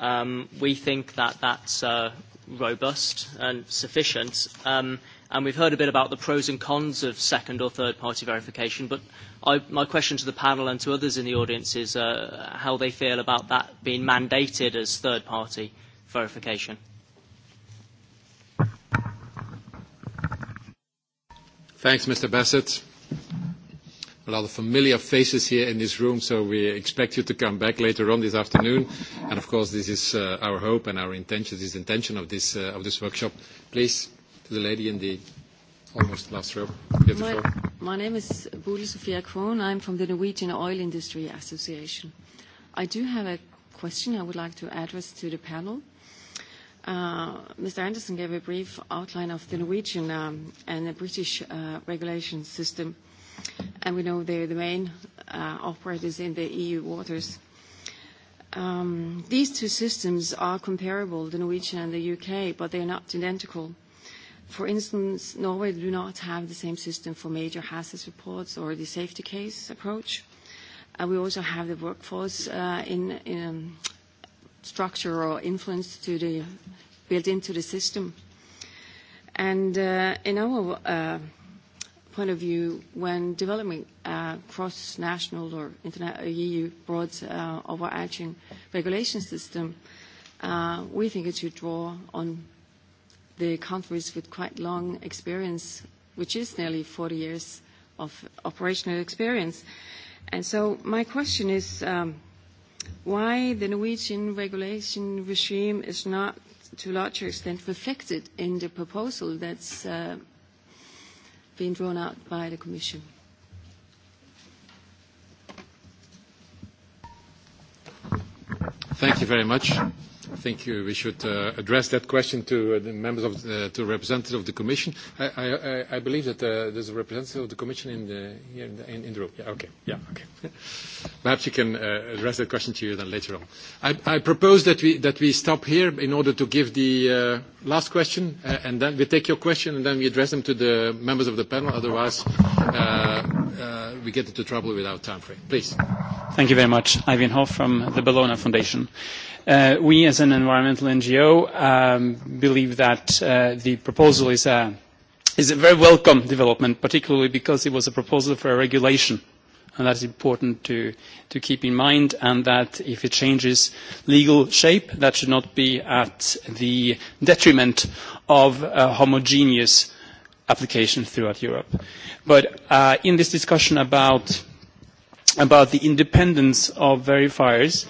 Um, we think that that's uh, robust and sufficient. Um, and we've heard a bit about the pros and cons of second or third party verification, but I, my question to the panel and to others in the audience is uh, how they feel about that being mandated as third party verification. Thanks, Mr. Bassett. A lot of familiar faces here in this room, so we expect you to come back later on this afternoon. And of course, this is uh, our hope and our intention, this intention of this, uh, of this workshop. Please to the lady in the almost last row. You have the floor. My name is Bodil Sofia Krohn. I'm from the Norwegian Oil Industry Association. I do have a question I would like to address to the panel. Mr. Anderson gave a brief outline of the Norwegian and the British regulation system, and we know they're the main uh operators in the EU waters. These two systems are comparable, the Norwegian and the U.K., but they are not identical. For instance, Norway do not have the same system for major hazards reports or the safety case approach. We also have the workforce in structure or influence to the built into the system. And in our point of view, when developing cross-national or EU broad overarching regulation system, we think it should draw on the countries with quite long experience, which is nearly 40 years of operational experience. And so my question is why the Norwegian regulation regime is not to a larger extent reflected in the proposal that's being been drawn out by the Commission. Thank you very much. I think we should address that question to the members of the to representative of the Commission. I I I believe that there's a representative of the Commission in the here in the in the room. Yeah. Okay. Yeah. Okay. Perhaps you can address that question to you then later on. I I propose that we that we stop here in order to give the last question, and then we take your question, and then we address them to the members of the panel. Otherwise, we get into trouble our time frame. Please. Thank you very much. Ivan Hoff from the Bologna Foundation. Uh, we, as an environmental NGO, um, believe that uh, the proposal is a, is a very welcome development, particularly because it was a proposal for a regulation and that's important to, to keep in mind, and that if it changes legal shape, that should not be at the detriment of a homogeneous application throughout Europe. But uh, in this discussion about about the independence of verifiers,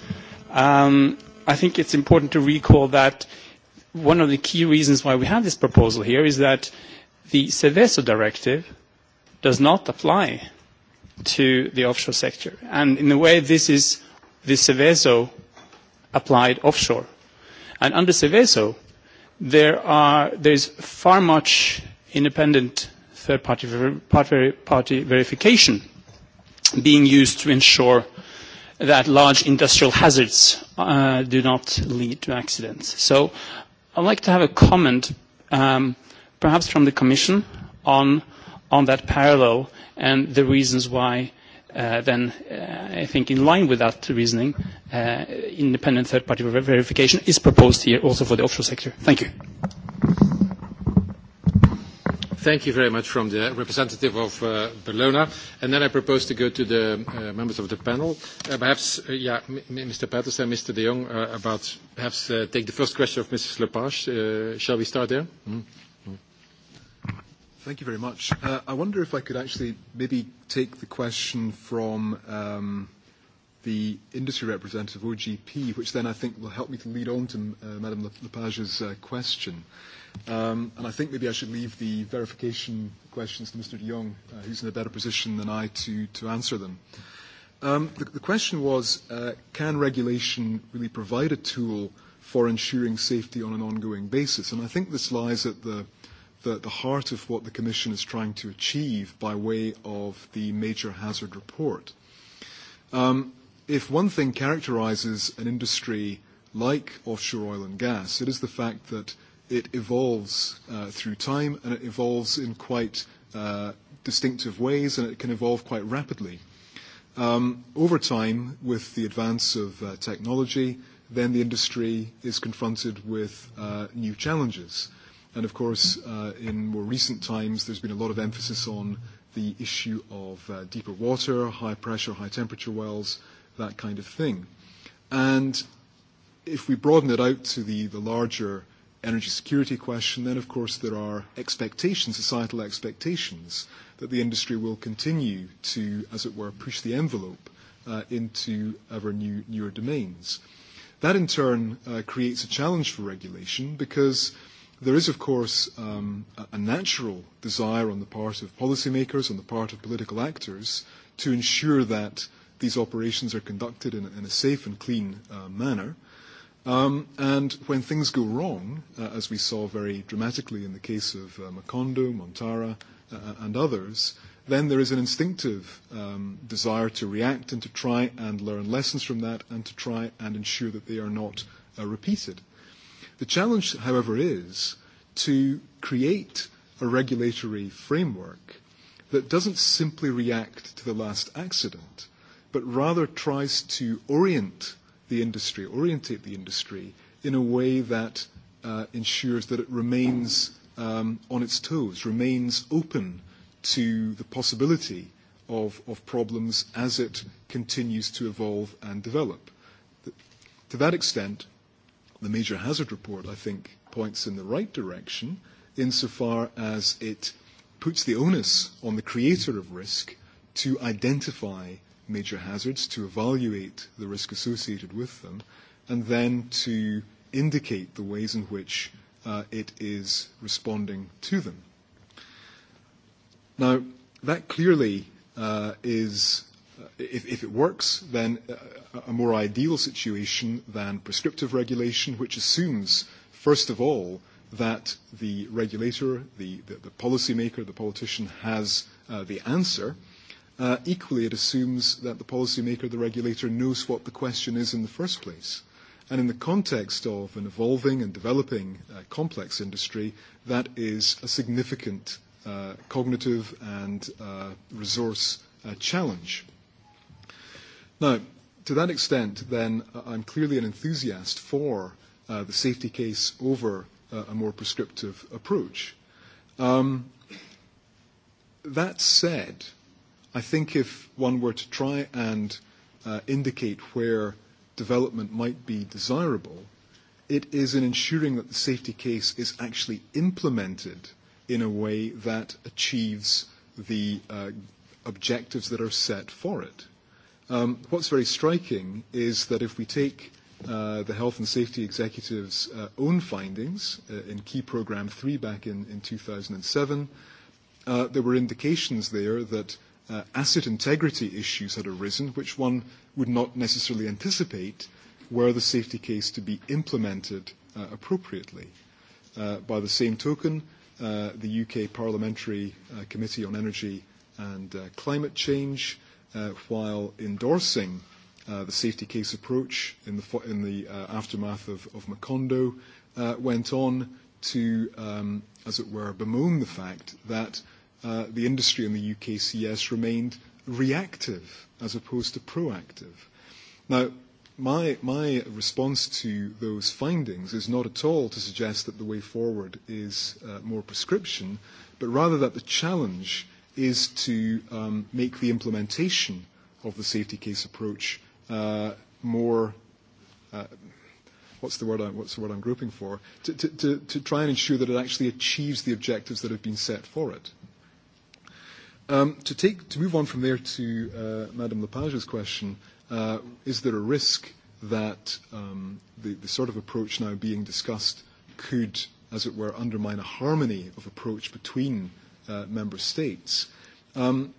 um, I think it's important to recall that one of the key reasons why we have this proposal here is that the Seveso directive does not apply to the offshore sector. And in a way, this is the Seveso applied offshore. And under Seveso, there, are, there is far much independent third-party ver party verification being used to ensure that large industrial hazards uh, do not lead to accidents. So I'd like to have a comment, um, perhaps from the Commission, on, on that parallel and the reasons why uh, then uh, I think in line with that reasoning, uh, independent third-party verification is proposed here also for the offshore sector. Thank you. Thank you very much from the representative of Bellona. And then I propose to go to the members of the panel. Perhaps, yeah, Mr. Patterson, Mr. de Jong, about perhaps take the first question of Mrs. Lepage. Shall we start there? Thank you very much. I wonder if I could actually maybe take the question from the industry representative, OGP, which then I think will help me to lead on to Madame Lepage's question. Um, and I think maybe I should leave the verification questions to Mr. de Jong, uh, who's in a better position than I to, to answer them. Um, the, the question was, uh, can regulation really provide a tool for ensuring safety on an ongoing basis? And I think this lies at the, the, the heart of what the Commission is trying to achieve by way of the major hazard report. Um, if one thing characterizes an industry like offshore oil and gas, it is the fact that It evolves uh, through time and it evolves in quite uh, distinctive ways and it can evolve quite rapidly. Um, over time, with the advance of uh, technology, then the industry is confronted with uh, new challenges. And of course, uh, in more recent times, there's been a lot of emphasis on the issue of uh, deeper water, high pressure, high temperature wells, that kind of thing. And if we broaden it out to the, the larger energy security question, then of course there are expectations, societal expectations, that the industry will continue to, as it were, push the envelope uh, into ever new, newer domains. That in turn uh, creates a challenge for regulation because there is, of course, um, a natural desire on the part of policymakers, on the part of political actors, to ensure that these operations are conducted in, in a safe and clean uh, manner. Uh, Um, and when things go wrong, uh, as we saw very dramatically in the case of uh, Macondo, Montara, uh, and others, then there is an instinctive um, desire to react and to try and learn lessons from that and to try and ensure that they are not uh, repeated. The challenge, however, is to create a regulatory framework that doesn't simply react to the last accident, but rather tries to orient the industry, orientate the industry in a way that uh, ensures that it remains um, on its toes, remains open to the possibility of, of problems as it continues to evolve and develop. To that extent, the Major Hazard Report, I think, points in the right direction insofar as it puts the onus on the creator of risk to identify major hazards, to evaluate the risk associated with them, and then to indicate the ways in which uh, it is responding to them. Now, that clearly uh, is, if, if it works, then a, more ideal situation than prescriptive regulation, which assumes, first of all, that the regulator, the, the, the policymaker, the politician has uh, the answer, uh, Uh, equally, it assumes that the policymaker, the regulator, knows what the question is in the first place. And in the context of an evolving and developing uh, complex industry, that is a significant uh, cognitive and uh, resource uh, challenge. Now, to that extent, then, I'm clearly an enthusiast for uh, the safety case over uh, a more prescriptive approach. Um, that said, I think if one were to try and uh, indicate where development might be desirable, it is in ensuring that the safety case is actually implemented in a way that achieves the uh, objectives that are set for it. Um, what's very striking is that if we take uh, the health and safety executive's uh, own findings uh, in key program three back in, in 2007, uh, there were indications there that uh, asset integrity issues had arisen, which one would not necessarily anticipate were the safety case to be implemented uh, appropriately. Uh, by the same token, uh, the UK Parliamentary uh, Committee on Energy and uh, Climate Change, uh, while endorsing uh, the safety case approach in the, in the uh, aftermath of, of Macondo, uh, went on to, um, as it were, bemoan the fact that uh, the industry in the UKCS remained reactive as opposed to proactive. Now, my, my response to those findings is not at all to suggest that the way forward is uh, more prescription, but rather that the challenge is to um, make the implementation of the safety case approach uh, more. Uh, what's the word? I, what's the word I'm groping for? To, to, to, to try and ensure that it actually achieves the objectives that have been set for it. Um, to, take, to move on from there to uh, Madame Lepage's question, uh, is there a risk that um, the, the sort of approach now being discussed could, as it were, undermine a harmony of approach between uh, member states? Um,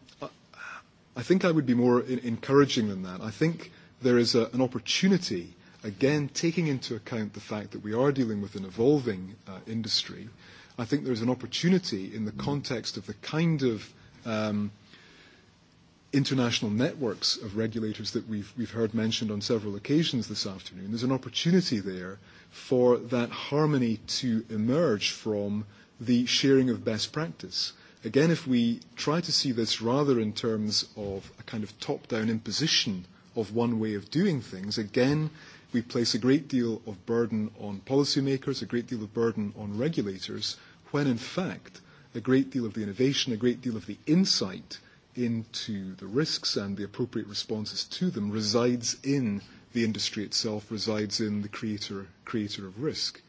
I think I would be more in- encouraging than that. I think there is a, an opportunity, again, taking into account the fact that we are dealing with an evolving uh, industry. I think there is an opportunity in the context of the kind of Um, international networks of regulators that we've, we've heard mentioned on several occasions this afternoon, there's an opportunity there for that harmony to emerge from the sharing of best practice. Again, if we try to see this rather in terms of a kind of top-down imposition of one way of doing things, again, we place a great deal of burden on policymakers, a great deal of burden on regulators, when in fact – a great deal of the innovation, a great deal of the insight into the risks and the appropriate responses to them resides in the industry itself, resides in the creator, creator of risk.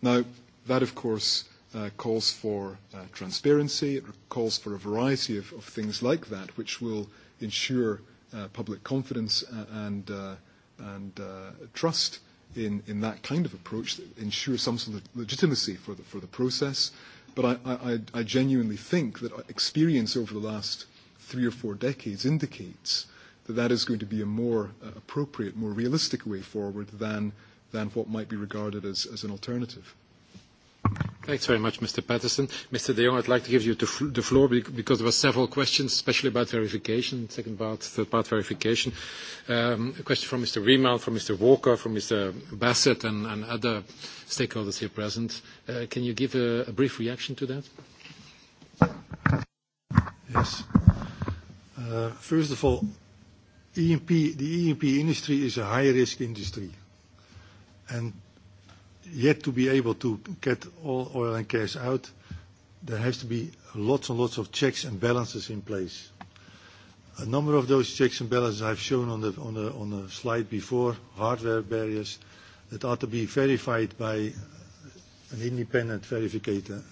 Now, that of course uh, calls for uh, transparency, it calls for a variety of, of things like that, which will ensure uh, public confidence and, uh, and uh, trust in, in that kind of approach, that ensure some sort of legitimacy for the, for the process But I, I, I genuinely think that experience over the last three or four decades indicates that that is going to be a more uh, appropriate, more realistic way forward than, than what might be regarded as, as an alternative. Thanks very much, Mr. Patterson. Mr. De Jong, I'd like to give you the floor because there were several questions, especially about verification, second part, third part verification. A question from Mr. Riemann, from Mr. Walker, from Mr. Bassett, and other stakeholders here present. Can you give a brief reaction to that? Yes. First of all, the E&P industry is a high-risk industry, and yet to be able to get all oil and gas out, there has to be lots and lots of checks and balances in place. A number of those checks and balances I've shown on the on the on the slide before, hardware barriers that are to be verified by an independent verificator.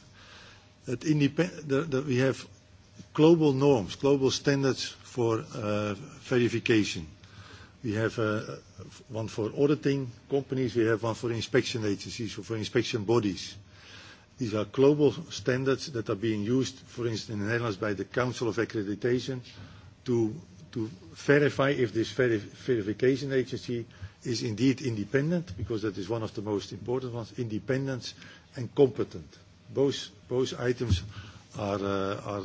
That independ that we have global norms, global standards for verification We have one for auditing companies. We have one for inspection agencies or for inspection bodies. These are global standards that are being used, for instance, in the Netherlands by the Council of Accreditation to verify if this verification agency is indeed independent, because that is one of the most important ones, independent and competent. Both both items are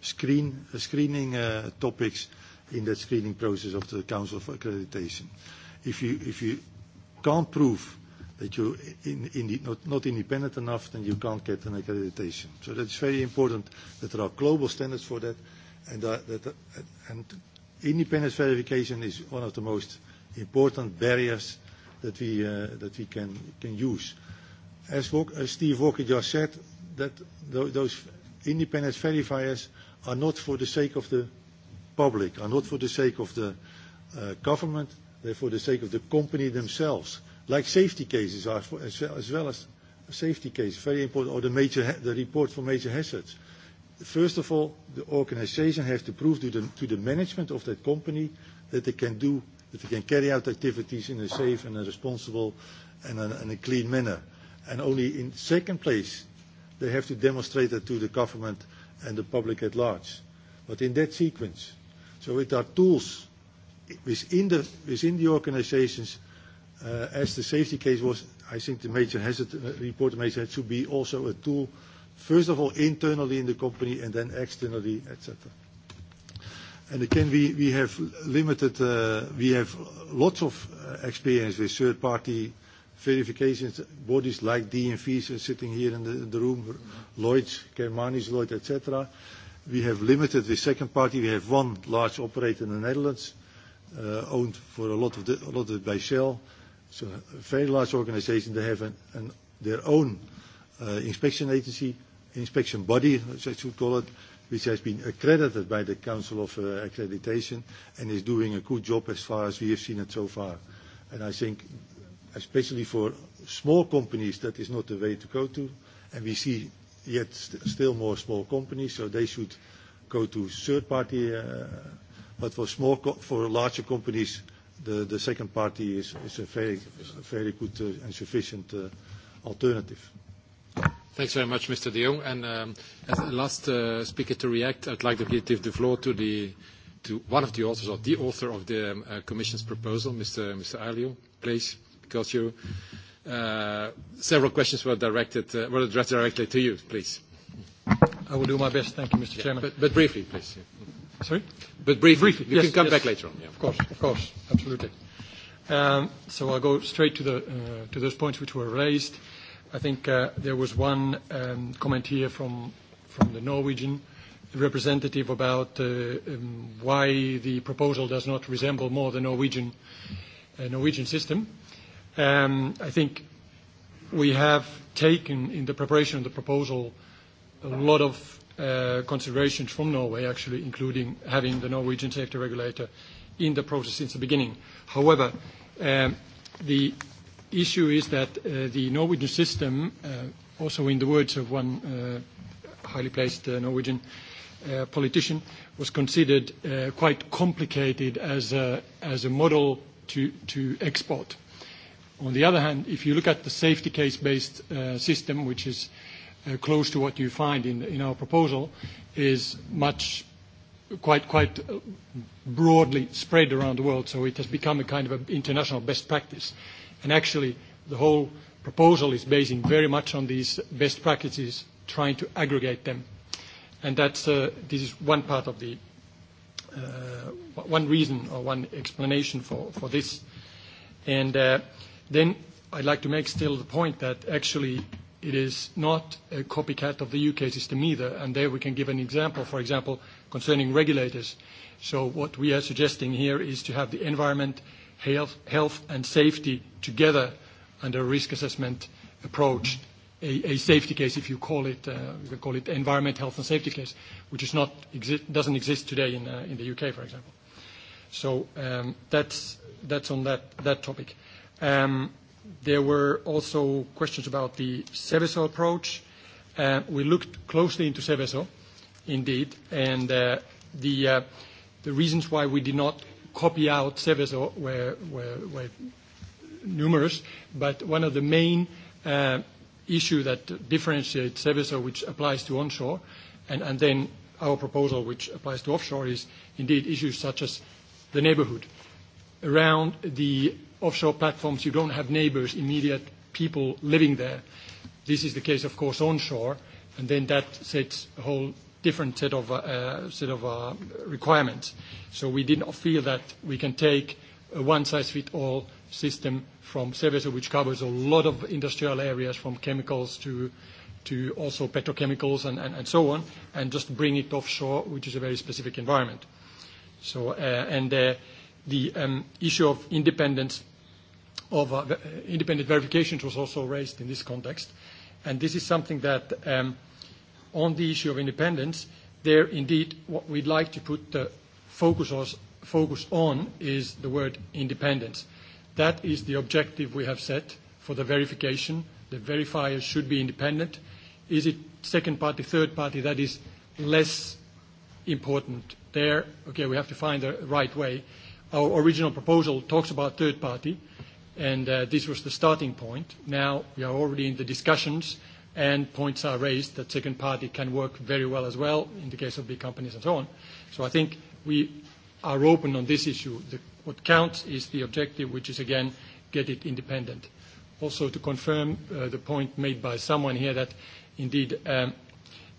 screening topics in that screening process of the Council for Accreditation. If you, if you can't prove that you're in, in, not, not independent enough, then you can't get an accreditation. So that's very important that there are global standards for that, and, uh, that, and independence verification is one of the most important barriers that we, uh, that we can, can use. As, as Steve Walker just said, that those independence verifiers are not for the sake of the public are not for the sake of the uh, government, they're for the sake of the company themselves. Like safety cases are for, as, as well as safety case, very important, or the, major, the report for major hazards. First of all, the organization has to prove to the, to the management of that company that they can do, that they can carry out activities in a safe and a responsible and a, and a clean manner. And only in second place, they have to demonstrate that to the government and the public at large. But in that sequence, So It are tools within the within the organizations, uh as the safety case was, I think the major hazard report major should be also a tool, first of all, internally in the company and then externally, et cetera. And Again, we we have limited, uh we have lots of uh experience with third-party verifications bodies like DNV's sitting here in the the room, Lloyd's, Germanis Lloyd, et cetera We have limited the second party. We have one large operator in the Netherlands, owned for a lot of it by Shell. It's a very large organization. They have their own inspection agency, inspection body, as I should call it, which has been accredited by the Council of Accreditation and is doing a good job as far as we have seen it so far. And I think, especially for small companies, that is not the way to go to. And we see yet still more small companies, so they should go to third-party. But for small co for larger companies, the the second party is is a very very good uh and sufficient uh alternative. Thanks very much, Mr. de Jong. And um As the last uh speaker to react, I'd like to give the floor to the to one of the authors or the author of the um uh Commission's proposal, Mr. Mr. Alio, please, because you Several questions were directed were addressed directly to you, please. I will do my best. Thank you, Mr. Chairman. But briefly, please. Sorry? But briefly. Briefly. You can come back later on. Of course. Of course. Absolutely. So I'll go straight to the to those points which were raised. I think there was one comment here from from the Norwegian representative about why the proposal does not resemble more the Norwegian Norwegian system. I think we have taken, in the preparation of the proposal, a lot of considerations from Norway, actually, including having the Norwegian safety regulator in the process since the beginning. However, the issue is that the Norwegian system, also in the words of one highly placed Norwegian politician, was considered quite complicated as a model to export On the other hand, if you look at the safety case-based system, which is close to what you find in our proposal, is much quite quite broadly spread around the world, so it has become a kind of an international best practice. And Actually, the whole proposal is basing very much on these best practices, trying to aggregate them. And that's uh This is one part of the uh one reason or one explanation for for this. And uh Then I'd like to make still the point that actually it is not a copycat of the U.K. system either, and there we can give an example, for example, concerning regulators. So What we are suggesting here is to have the environment, health, and safety together under a risk assessment approach, a safety case, if you call it, you can call it environment, health, and safety case, which is not doesn't exist today in the U.K., for example. So That's that's on that topic. There were also questions about the Seveso approach. We looked closely into Seveso, indeed, and the reasons why we did not copy out Seveso were numerous, but one of the main issue that differentiates Seveso, which applies to onshore, and then our proposal, which applies to offshore, is indeed issues such as the neighborhood. Around the offshore platforms, you don't have neighbors, immediate people living there. This is the case, of course, onshore, and then that sets a whole different set of uh set of uh requirements. So We did not feel that we can take a one-size-fits-all system from Seveso, which covers a lot of industrial areas, from chemicals to to also petrochemicals and and and so on, and just bring it offshore, which is a very specific environment. So uh and uh The um issue of independence of uh, independent verifications was also raised in this context. And this is something that, um, on the issue of independence, there indeed what we'd like to put the focus, on focus on is the word independence. That is the objective we have set for the verification. The verifier should be independent. Is it second party, third party? That is less important there. Okay, we have to find the right way. Our original proposal talks about third party, and uh, this was the starting point. Now we are already in the discussions, and points are raised that second party can work very well as well in the case of big companies and so on. So I think we are open on this issue. The, what counts is the objective, which is again get it independent. Also to confirm uh, the point made by someone here that indeed um,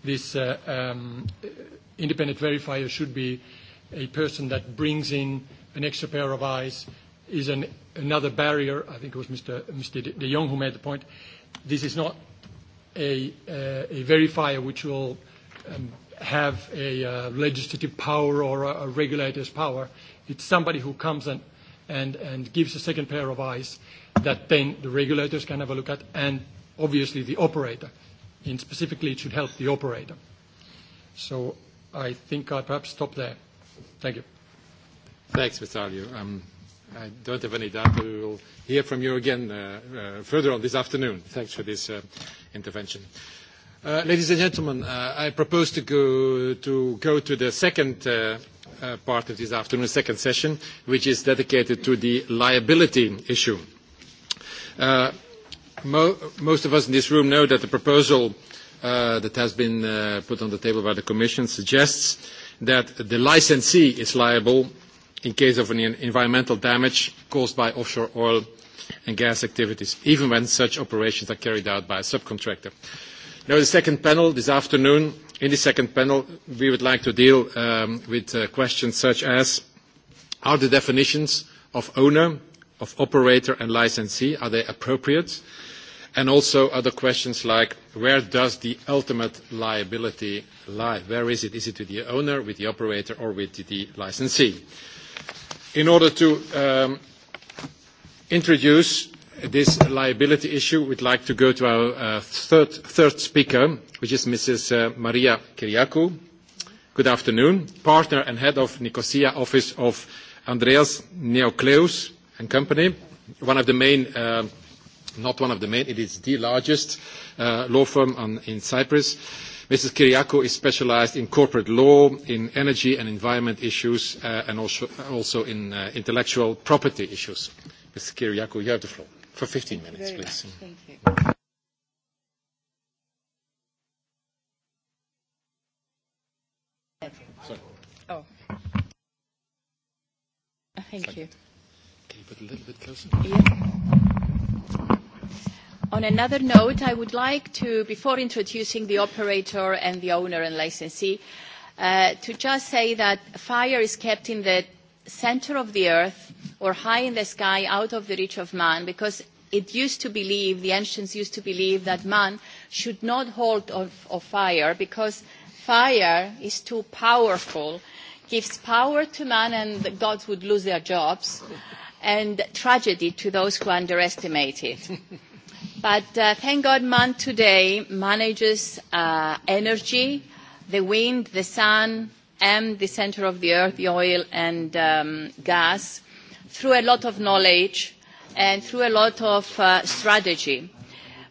this uh, um, independent verifier should be a person that brings in an extra pair of eyes is an, another barrier. I think it was Mr. Mr. De Jong who made the point. This is not a, uh, a verifier which will um, have a uh, legislative power or a, a regulator's power. It's somebody who comes and, and, and gives a second pair of eyes that then the regulators can have a look at and obviously the operator. And specifically, it should help the operator. So I think I'll perhaps stop there. Thank you. Thanks, Mr. Um, I don't have any doubt that we will hear from you again further on this afternoon. Thanks for this intervention. Ladies and gentlemen, I propose to go to the second part of this afternoon, the second session, which is dedicated to the liability issue. Most of us in this room know that the proposal that has been put on the table by the Commission suggests that the licensee is liable in case of an environmental damage caused by offshore oil and gas activities, even when such operations are carried out by a subcontractor. Now, the second panel this afternoon, in the second panel, we would like to deal with questions such as, are the definitions of owner, of operator, and licensee, are they appropriate? And also other questions like, where does the ultimate liability lie? Where is it? Is it with the owner, with the operator, or with the licensee? in order to introduce this liability issue, we'd like to go to our third speaker, which is Mrs. Maria Kyriakou. Good afternoon. Partner and head of Nicosia office of Andreas Neocleus and Company, one of the main, not one of the main, it is the largest law firm in Cyprus Mrs. Kyriakou is specialized in corporate law, in energy and environment issues, and also in intellectual property issues. Mrs. Kyriakou, you have the floor for 15 minutes, please. Thank you. Oh. Thank you. Can you put a little bit closer? Yeah. On another note, I would like to, before introducing the operator and the owner and licensee, to just say that fire is kept in the center of the earth or high in the sky out of the reach of man because it used to believe, the ancients used to believe that man should not hold of, of fire because fire is too powerful, gives power to man and the gods would lose their jobs and tragedy to those who underestimate it. But uh, thank God man today manages uh, energy, the wind, the sun, and the center of the earth, the oil and um, gas, through a lot of knowledge and through a lot of uh, strategy.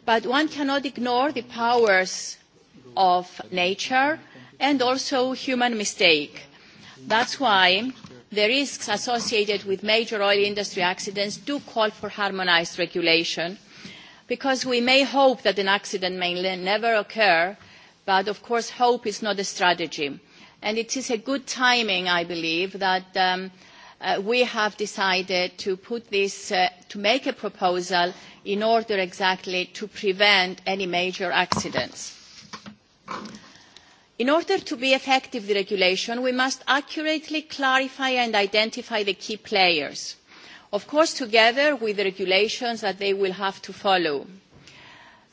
But one cannot ignore the powers of nature and also human mistake. That's why the risks associated with major oil industry accidents do call for harmonized regulation – because we may hope that an accident may never occur, but of course hope is not a strategy. And it is a good timing, I believe, that um, uh, we have decided to put this, uh, to make a proposal in order exactly to prevent any major accidents. In order to be effective, the regulation, we must accurately clarify and identify the key players of course together with the regulations that they will have to follow.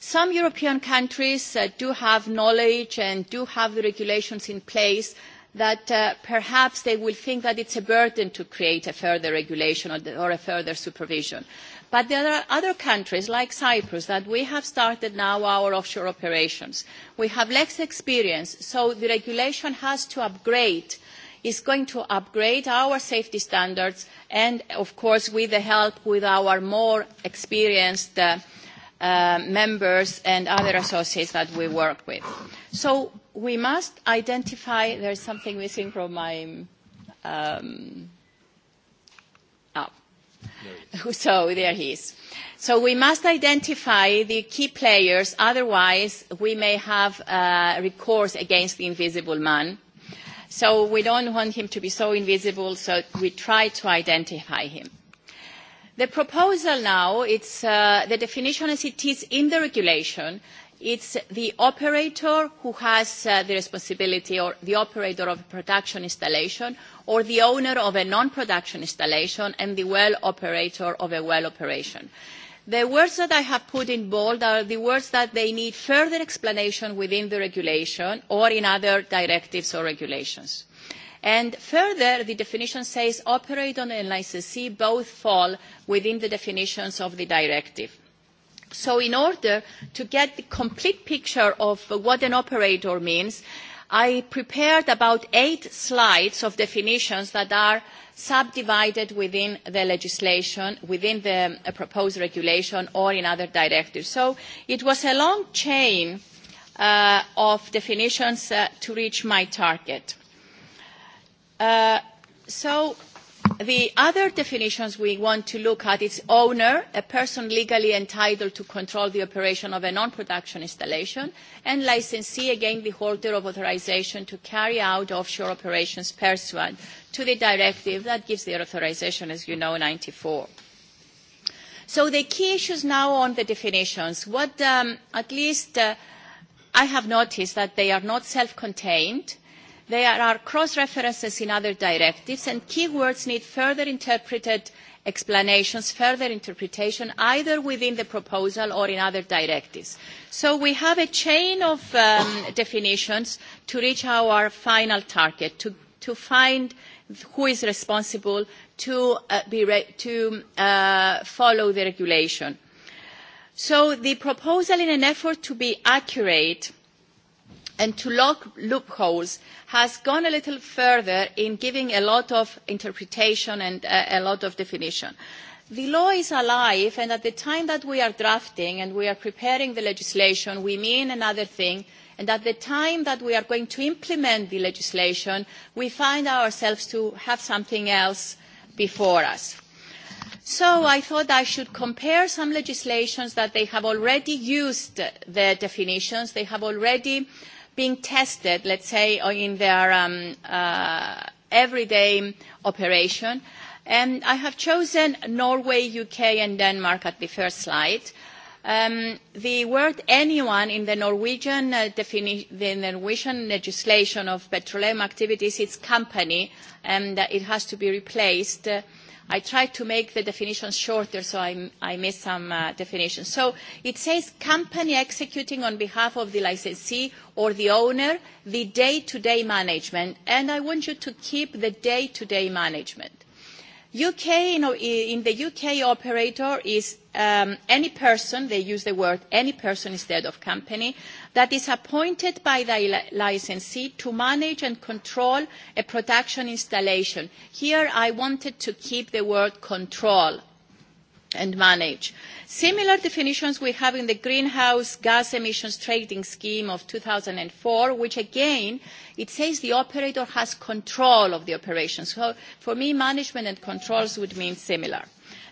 Some European countries do have knowledge and do have the regulations in place that perhaps they will think that it is a burden to create a further regulation or, a further supervision. But there are other countries like Cyprus that we have started now our offshore operations. We have less experience, so the regulation has to upgrade is going to upgrade our safety standards and, of course, with the help with our more experienced members and other associates that we work with. So we must identify there is something missing from my um, oh. so there he is. So we must identify the key players, otherwise we may have uh, recourse against the invisible man So we don't want him to be so invisible, so we try to identify him. The proposal now, it's uh, the definition as it is in the regulation, it's the operator who has uh, the responsibility or the operator of a production installation or the owner of a non-production installation and the well operator of a well operation. The words that I have put in bold are the words that they need further explanation within the regulation or in other directives or regulations. And further, the definition says operator and licensee both fall within the definitions of the directive. So in order to get the complete picture of what an operator means, I prepared about eight slides of definitions that are subdivided within the legislation, within the proposed regulation or in other directives. So it was a long chain of definitions to reach my target. so The other definitions we want to look at is owner, a person legally entitled to control the operation of a non-production installation, and licensee, again, the holder of authorization to carry out offshore operations pursuant to the directive that gives the authorization, as you know, 94. So the key issues now on the definitions. What um, at least uh, I have noticed that they are not self-contained. Uh, There are cross-references in other directives, and keywords need further interpreted explanations, further interpretation, either within the proposal or in other directives. So we have a chain of definitions to reach our final target, to, to find who is responsible to, follow the regulation. So the proposal, in an effort to be accurate, and to lock loopholes has gone a little further in giving a lot of interpretation and a, lot of definition. The law is alive, and at the time that we are drafting and we are preparing the legislation, we mean another thing. And at the time that we are going to implement the legislation, we find ourselves to have something else before us. So I thought I should compare some legislations that they have already used the definitions, they have already uh, being tested, let's say, in their um, uh, everyday operation. And I have chosen Norway, UK, and Denmark at the first slide. Um, the word anyone in the Norwegian, uh, defini- the Norwegian legislation of petroleum activities is company, and uh, it has to be replaced uh, I tried to make the definition shorter, so I, I missed some uh, definitions. So it says company executing on behalf of the licensee or the owner the day-to-day management, and I want you to keep the day-to-day management in the UK, operator is any person, they use the word any person instead of company, that is appointed by the licensee to manage and control a production installation. Here I wanted to keep the word control and manage. Similar definitions we have in the Greenhouse Gas Emissions Trading Scheme of two thousand four, which again, it says the operator has control of the operation. So for me, management and controls would mean similar.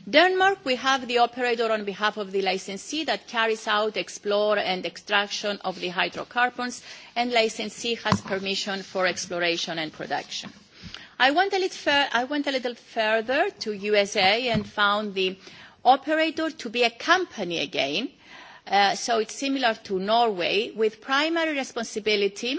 Denmark, we have the operator on behalf of the licensee that carries out explore and extraction of the hydrocarbons, and licensee has permission for exploration and production. I went a little, further to USA and found the operator to be a company again. Uh, so it's similar to Norway with primary responsibility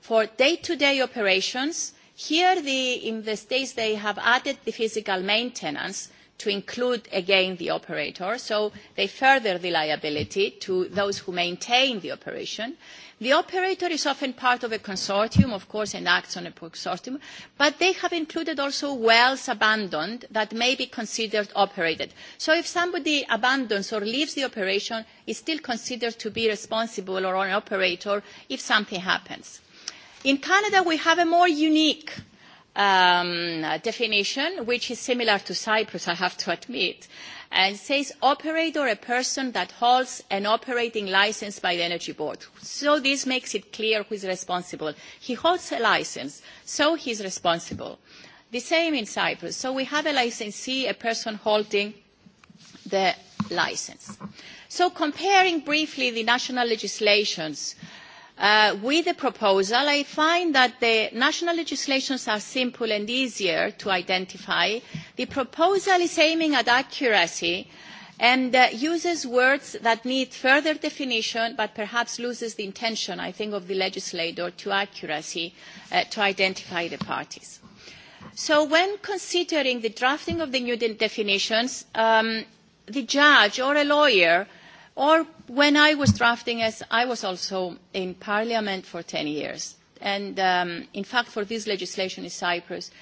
for day-to-day operations. Here the, in the states they have added the physical maintenance to include again the operator, so they further the liability to those who maintain the operation. The operator is often part of a consortium, of course, and acts on a consortium, but they have included also wells abandoned that may be considered operated. So if somebody abandons or leaves the operation, is still considered to be responsible or an operator if something happens. In Canada, we have a more unique um, definition, which is similar to Cyprus, I have to admit, and says operator a person that holds an operating license by the Energy Board. So this makes it clear who is responsible. He holds a licence, so he is responsible. The same in Cyprus. So we have a licensee, a person holding the licence. So comparing briefly the national legislations, uh, with the proposal, I find that the national legislations are simple and easier to identify. The proposal is aiming at accuracy and uses words that need further definition but perhaps loses the intention, I think, of the legislator to accuracy to identify the parties. So when considering the drafting of the new definitions, the judge or a lawyer – Or when I was drafting as I was also in Parliament for 10 years, and um, in fact for this legislation in Cyprus,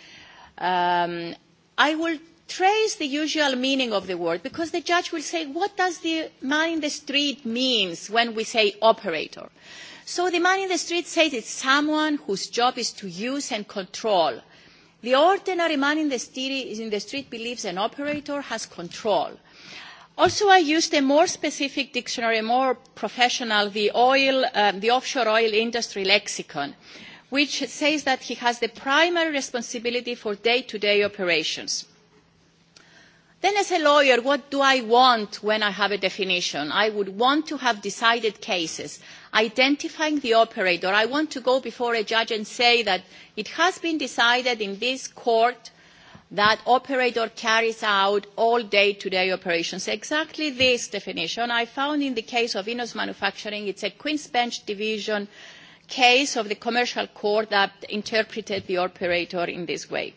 um, I will trace the usual meaning of the word because the judge will say, what does the man in the street means when we say operator? So the man in the street says it's someone whose job is to use and control. The ordinary man in the, street, in the street believes an operator has control. Also, I used a more specific dictionary, a more professional, the oil, um, the offshore oil industry lexicon, which says that he has the primary responsibility for day to -day operations. Then as a lawyer, what do I want when I have a definition? I would want to have decided cases, identifying the operator. I want to go before a judge and say that it has been decided in this court – that operator carries out all day-to-day operations. Exactly this definition I found in the case of Innos Manufacturing. It's a Queen's Bench Division case of the Commercial Court that interpreted the operator in this way.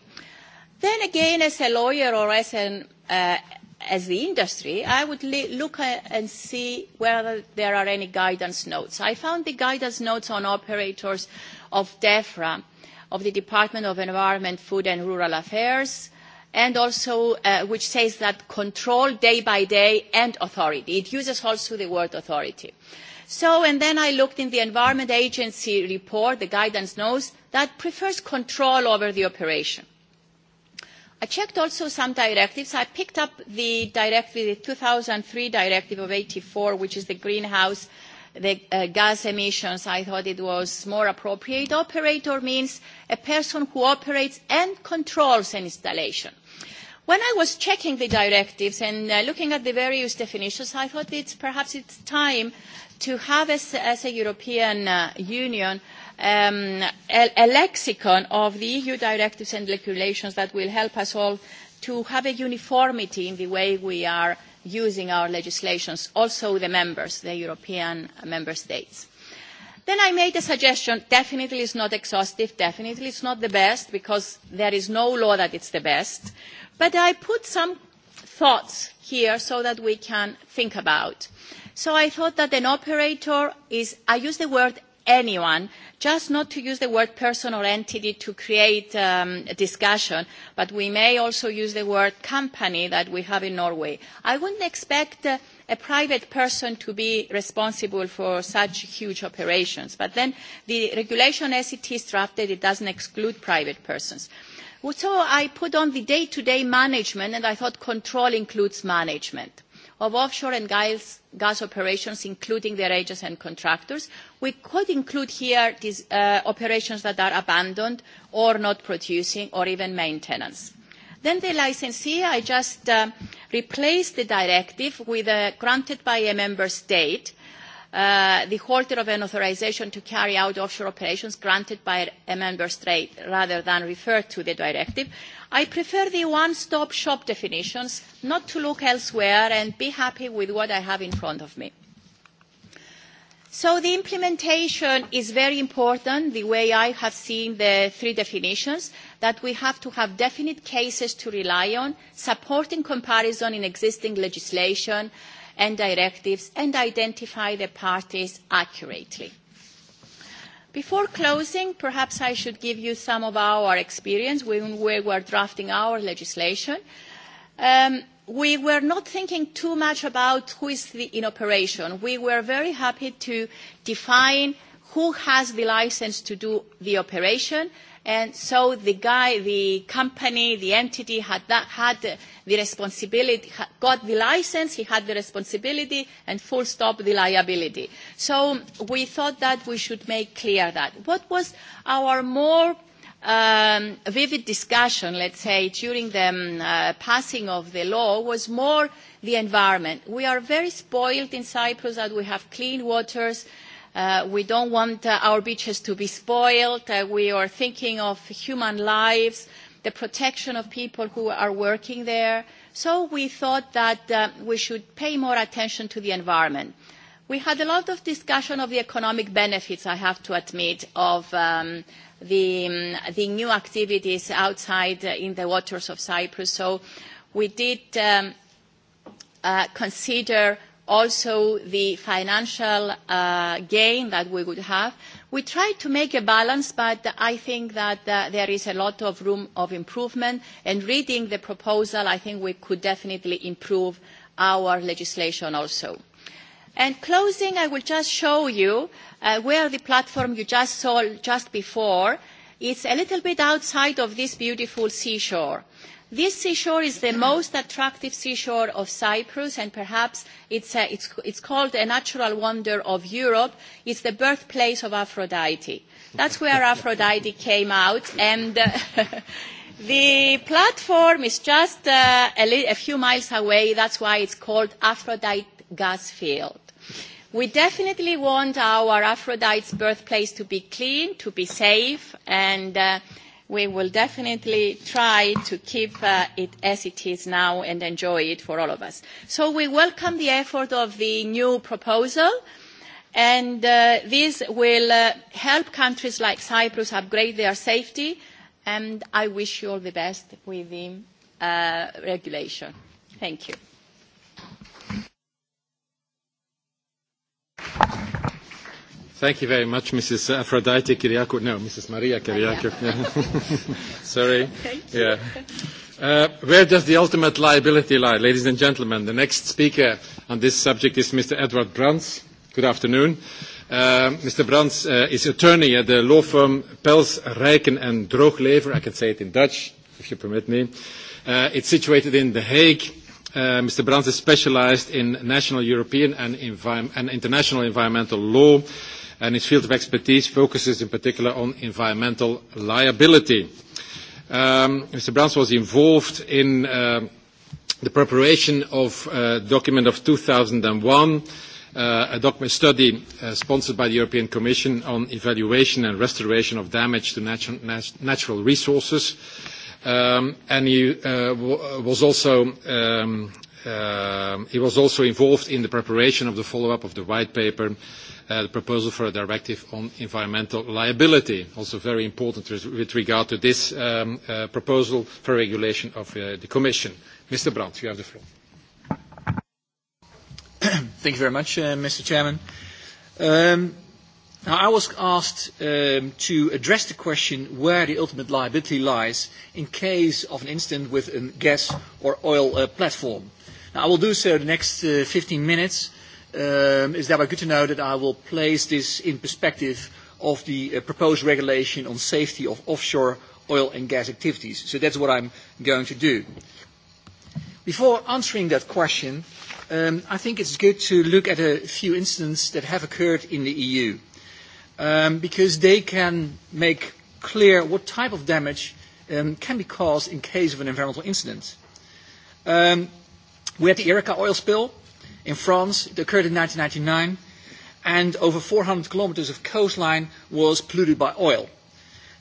Then again, as a lawyer or as, an, uh, as the industry, I would look at and see whether there are any guidance notes. I found the guidance notes on operators of DEFRA of the Department of Environment, Food and Rural Affairs, and also which says that control day by day and authority. It uses also the word authority. So, and then I looked in the Environment Agency report, the guidance notes, that prefers control over the operation. I checked also some directives. I picked up the directive, the 2003 directive of 84, which is the greenhouse the gas emissions, I thought it was more appropriate. Operator means a person who operates and controls an installation. When I was checking the directives and looking at the various definitions, I thought it's perhaps it's time to have, as, as a European Union, um, a, a lexicon of the EU directives and regulations that will help us all to have a uniformity in the way we are using our legislations, also the members, the European member states. Then I made a suggestion, definitely it's not exhaustive, definitely it's not the best, because there is no law that it's the best, but I put some thoughts here so that we can think about. So I thought that an operator is, I use the word anyone, just not to use the word person or entity to create um, a discussion, but we may also use the word company that we have in Norway. I wouldn't expect uh, a private person to be responsible for such huge operations, but then the regulation as it is drafted, it doesn't exclude private persons. So I put on the day-to-day management, and I thought control includes management of offshore and gas operations, including their agents and contractors. We could include here these operations that are abandoned or not producing or even maintenance. Then the licensee, I just replaced the directive with a granted by a member state the holder of an authorization to carry out offshore operations granted by a member state rather than refer to the directive. I prefer the one-stop shop definitions, not to look elsewhere and be happy with what I have in front of me. So the implementation is very important, the way I have seen the three definitions, that we have to have definite cases to rely on, supporting comparison in existing legislation, uh, and directives and identify the parties accurately. Before closing, perhaps I should give you some of our experience when we were drafting our legislation. Um, we were not thinking too much about who is the, in operation. We were very happy to define who has the license to do the operation And so the guy, the company, the entity had that, had the responsibility, got the license, he had the responsibility, and full stop the liability. So we thought that we should make clear that. What was our more um, vivid discussion, let's say, during the um, uh, passing of the law was more the environment. We are very spoiled in Cyprus that we have clean waters, we don't want our beaches to be spoiled. we are thinking of human lives, the protection of people who are working there. So we thought that we should pay more attention to the environment. We had a lot of discussion of the economic benefits, I have to admit, of the, new activities outside in the waters of Cyprus. So we did consider also the financial gain that we would have. We try to make a balance, but I think that there is a lot of room of improvement. And reading the proposal, I think we could definitely improve our legislation also. And closing, I will just show you where the platform you just saw just before. It's a little bit outside of this beautiful seashore. This seashore is the most attractive seashore of Cyprus and perhaps it's, a, it's, it's called a natural wonder of Europe. It's the birthplace of Aphrodite. That's where Aphrodite came out and the platform is just uh, a, a few miles away. That's why it's called Aphrodite gas field. We definitely want our Aphrodite's birthplace to be clean, to be safe and uh, we will definitely try to keep uh, it as it is now and enjoy it for all of us. So we welcome the effort of the new proposal and uh, this will uh, help countries like Cyprus upgrade their safety and I wish you all the best with the uh, regulation. Thank you. Thank you very much, Mrs. Aphrodite Kyriakou. No, Mrs. Maria Kyriakou. Sorry. Yeah. Uh, where does the ultimate liability lie, ladies and gentlemen? The next speaker on this subject is Mr. Edward Brands. Good afternoon. Uh, Mr. Brands uh, is attorney at the law firm Pels, Rijken and Drooglever. I can say it in Dutch, if you permit me. Uh, it's situated in The Hague. Mr. Brands is specialized in national, European, and, envi- and international environmental law and its field of expertise focuses in particular on environmental liability. Mr. Brans was involved in the preparation of a document of 2001, a document study sponsored by the European Commission on evaluation and restoration of damage to natural resources. And he was also He was also involved in the preparation of the follow-up of the white paper, the proposal for a directive on environmental liability, also very important with regard to this proposal for regulation of the Commission. Mr. Brandt, you have the floor. Thank you very much, Mr. Chairman. I was asked to address the question where the ultimate liability lies in case of an incident with a gas or oil platform. Now, I will do so the next uh, 15 minutes. Um, it's thereby good to know that I will place this in perspective of the uh, proposed regulation on safety of offshore oil and gas activities. So that's what I'm going to do. Before answering that question, um, I think it's good to look at a few incidents that have occurred in the EU um, because they can make clear what type of damage um, can be caused in case of an environmental incident. Um, We had the Erika oil spill in France. It occurred in 1999, and over 400 kilometers of coastline was polluted by oil.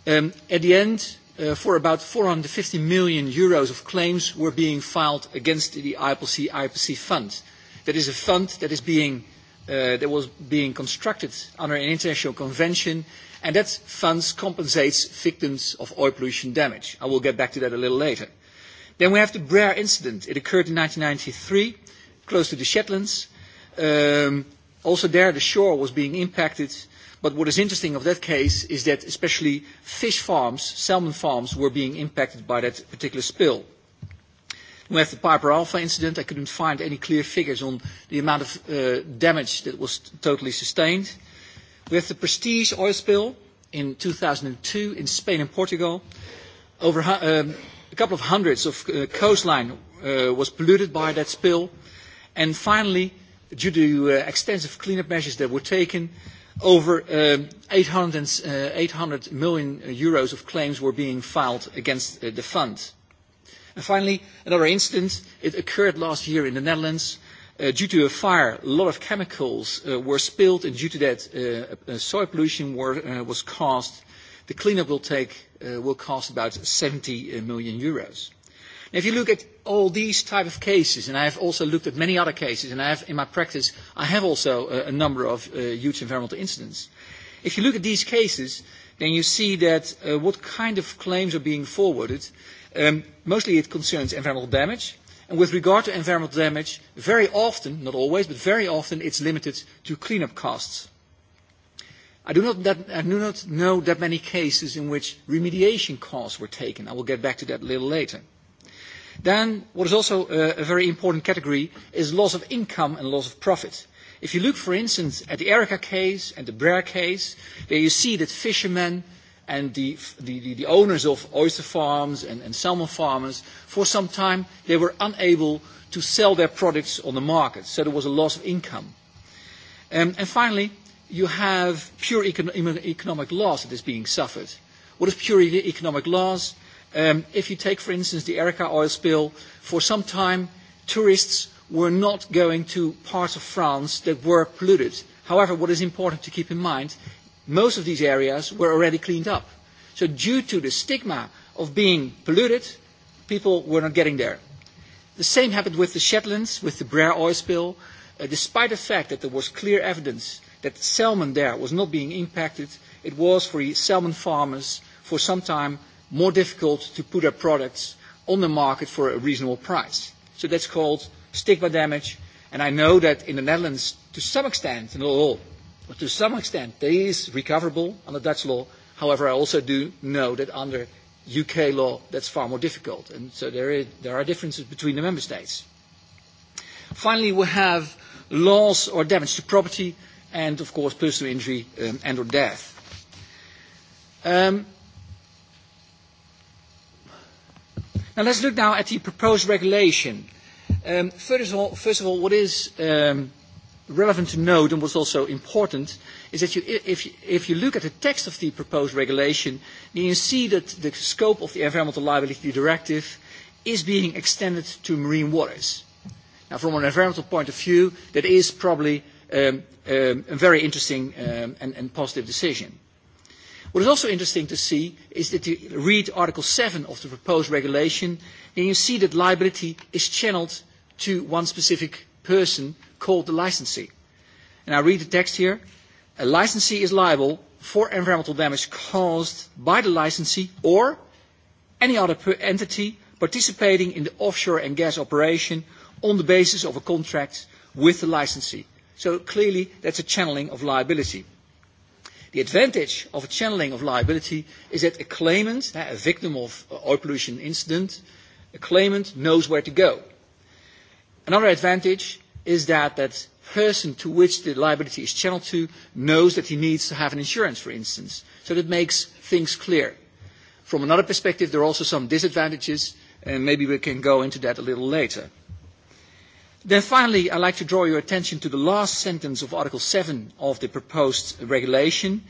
Um, at the end, uh, for about 450 million euros of claims were being filed against the IPC IPC fund. That is a fund that is being uh, that was being constructed under an international convention, and that fund compensates victims of oil pollution damage. I will get back to that a little later. Then we have the Brer incident. It occurred in 1993, close to the Shetlands. Um, also there, the shore was being impacted. But what is interesting of that case is that especially fish farms, salmon farms, were being impacted by that particular spill. We have the Piper Alpha incident. I couldn't find any clear figures on the amount of uh, damage that was totally sustained. We have the Prestige oil spill in 2002 in Spain and Portugal. Over um, a couple of hundreds of uh, coastline uh, was polluted by that spill. And finally, due to uh, extensive cleanup measures that were taken, over um, 800, and, uh, 800 million euros of claims were being filed against uh, the fund. And finally, another incident. It occurred last year in the Netherlands. Uh, due to a fire, a lot of chemicals uh, were spilled, and due to that, uh, uh, soil pollution were, uh, was caused. The cleanup will take will cost about 70 million euros. If you look at all these type of cases, and I have also looked at many other cases, and I have in my practice, I have also a, a number of uh, huge environmental incidents. If you look at these cases, then you see that uh, what kind of claims are being forwarded. Um, mostly it concerns environmental damage, and with regard to environmental damage, very often, not always, but very often, it's limited to cleanup costs I do, not that, I do not know that many cases in which remediation costs were taken. I will get back to that a little later. Then, what is also a, a very important category is loss of income and loss of profit. If you look, for instance, at the Erica case and the Brer case, there you see that fishermen and the, the, the owners of oyster farms and, and salmon farmers, for some time, they were unable to sell their products on the market. So there was a loss of income. Um, and finally, you have pure econ- economic loss that is being suffered. What is pure economic loss? Um, if you take, for instance, the Erika oil spill, for some time tourists were not going to parts of France that were polluted. However, what is important to keep in mind, most of these areas were already cleaned up. So due to the stigma of being polluted, people were not getting there. The same happened with the Shetlands, with the Brer oil spill. Uh, despite the fact that there was clear evidence that salmon there was not being impacted, it was for the salmon farmers for some time more difficult to put their products on the market for a reasonable price. So that's called stigma damage. And I know that in the Netherlands, to some extent, not all, but to some extent, that is recoverable under Dutch law. However, I also do know that under UK law, that's far more difficult. And so there, is, there are differences between the member states. Finally, we have loss or damage to property and of course personal injury um, and or death. Um, now let's look now at the proposed regulation. Um, first, of all, first of all, what is um, relevant to note and what's also important is that you, if, you, if you look at the text of the proposed regulation, you can see that the scope of the Environmental Liability Directive is being extended to marine waters. Now, from an environmental point of view, that is probably a very interesting and positive decision. What is also interesting to see is that you read Article 7 of the proposed regulation, and you see that liability is channeled to one specific person called the licensee. And I read the text here. A licensee is liable for environmental damage caused by the licensee or any other entity participating in the offshore and gas operation on the basis of a contract with the licensee. So clearly, that's a channeling of liability. The advantage of a channeling of liability is that a claimant, a victim of an oil pollution incident, a claimant knows where to go. Another advantage is that that person to which the liability is channeled to knows that he needs to have an insurance, for instance. So that makes things clear. From another perspective, there are also some disadvantages, and maybe we can go into that a little later. Then finally, I'd like to draw your attention to the last sentence of Article 7 of the proposed regulation.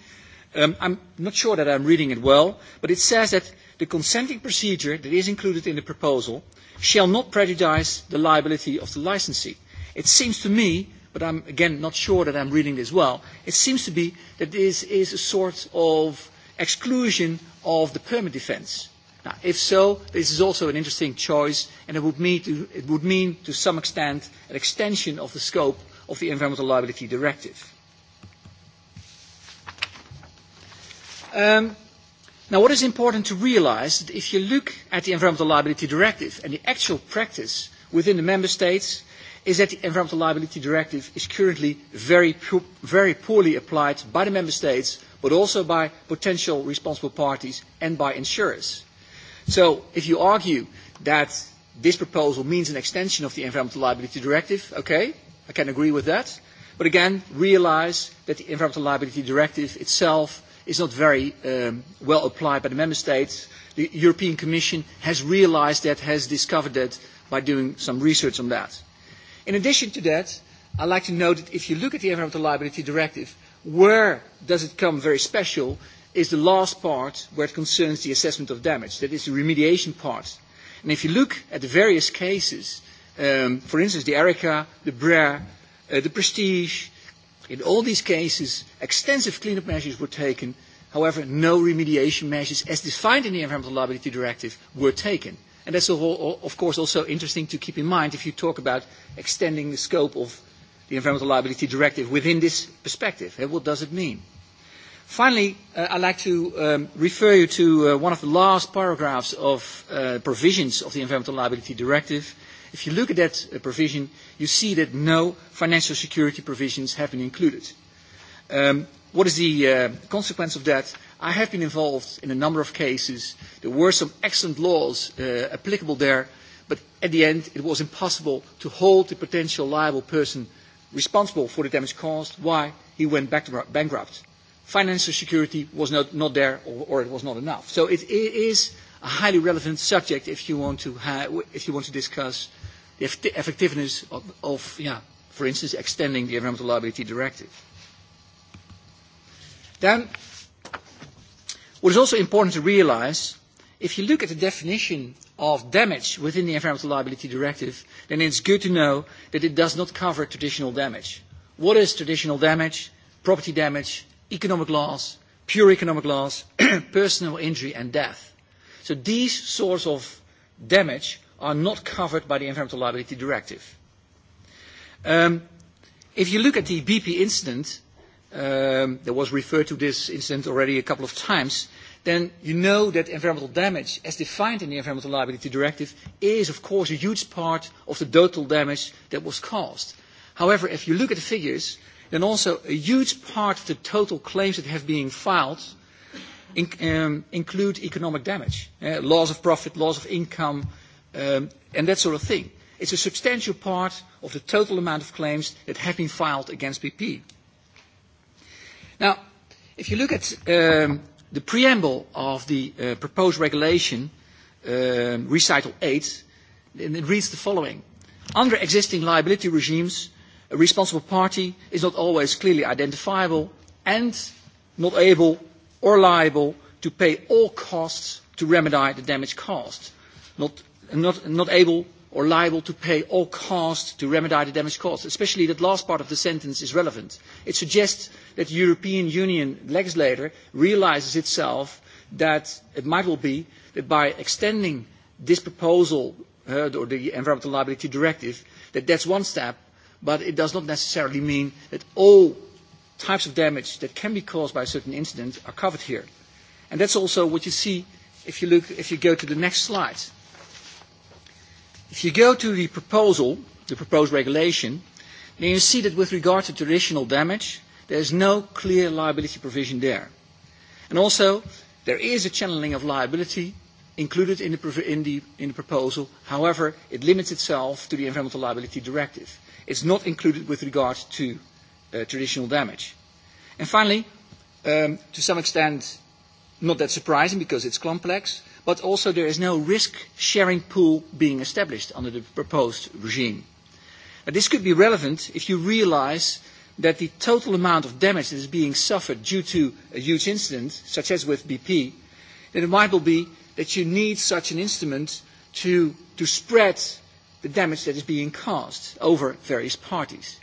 Um, I'm not sure that I'm reading it well, but it says that the consenting procedure that is included in the proposal shall not prejudice the liability of the licensee. It seems to me, but I'm again not sure that I'm reading this well, it seems to be that this is a sort of exclusion of the permit defense Now, if so, this is also an interesting choice, and it would mean to, some extent an extension of the scope of the Environmental Liability Directive. now, what is important to realise is that if you look at the Environmental Liability Directive and the actual practice within the Member States, is that the Environmental Liability Directive is currently very poorly applied by the Member States, but also by potential responsible parties and by insurers. So if you argue that this proposal means an extension of the Environmental Liability Directive, okay, I can agree with that. But again, realise that the Environmental Liability Directive itself is not very well applied by the member states. The European Commission has realised that, has discovered that by doing some research on that. In addition to that, I'd like to note that if you look at the Environmental Liability Directive, where does it come very special is the last part where it concerns the assessment of damage. That is the remediation part. And if you look at the various cases, um, for instance, the Erica, the Brer, uh, the Prestige, in all these cases, extensive cleanup measures were taken. However, no remediation measures, as defined in the Environmental Liability Directive, were taken. And that's, of course, also interesting to keep in mind if you talk about extending the scope of the Environmental Liability Directive within this perspective. What does it mean? Finally, uh, I'd like to um, refer you to uh, one of the last paragraphs of uh, provisions of the Environmental Liability Directive. If you look at that uh, provision, you see that no financial security provisions have been included. Um, what is the uh, consequence of that? I have been involved in a number of cases. There were some excellent laws uh, applicable there, but at the end, it was impossible to hold the potential liable person responsible for the damage caused. Why? He went back to bankrupt financial security was not, not there or, or it was not enough. So it, it is a highly relevant subject if you want to, ha- if you want to discuss the effectiveness of, of yeah, for instance, extending the Environmental Liability Directive. Then, what is also important to realize, if you look at the definition of damage within the Environmental Liability Directive, then it's good to know that it does not cover traditional damage. What is traditional damage? Property damage, economic loss, pure economic loss, personal injury and death. So these sorts of damage are not covered by the Environmental Liability Directive. if you look at the BP incident, there was referred to this incident already a couple of times, then you know that environmental damage, as defined in the Environmental Liability Directive, is of course a huge part of the total damage that was caused. However, if you look at the figures, And also, a huge part of the total claims that have been filed in, um, include economic damage, uh, loss of profit, loss of income, um, and that sort of thing. It's a substantial part of the total amount of claims that have been filed against BP. Now, if you look at um, the preamble of the uh, proposed regulation, um, recital 8, it reads the following. Under existing liability regimes, a responsible party is not always clearly identifiable and not able or liable to pay all costs to remedy the damage caused. Not, not, not able or liable to pay all costs to remedy the damage caused. Especially that last part of the sentence is relevant. It suggests that the European Union legislator realises itself that it might well be that by extending this proposal or the Environmental Liability Directive, that that's one step but it does not necessarily mean that all types of damage that can be caused by a certain incident are covered here. And that's also what you see if you, look, if you go to the next slide. If you go to the proposal, the proposed regulation, then you see that with regard to traditional damage, there is no clear liability provision there. And also, there is a channeling of liability included in the, in the, in the proposal. However, it limits itself to the Environmental Liability Directive. It's not included with regard to uh, traditional damage. And finally, um, to some extent, not that surprising because it's complex, but also there is no risk-sharing pool being established under the proposed regime. Now, this could be relevant if you realize that the total amount of damage that is being suffered due to a huge incident, such as with BP, then it might well be that you need such an instrument to, to spread the damage that is being caused over various parties.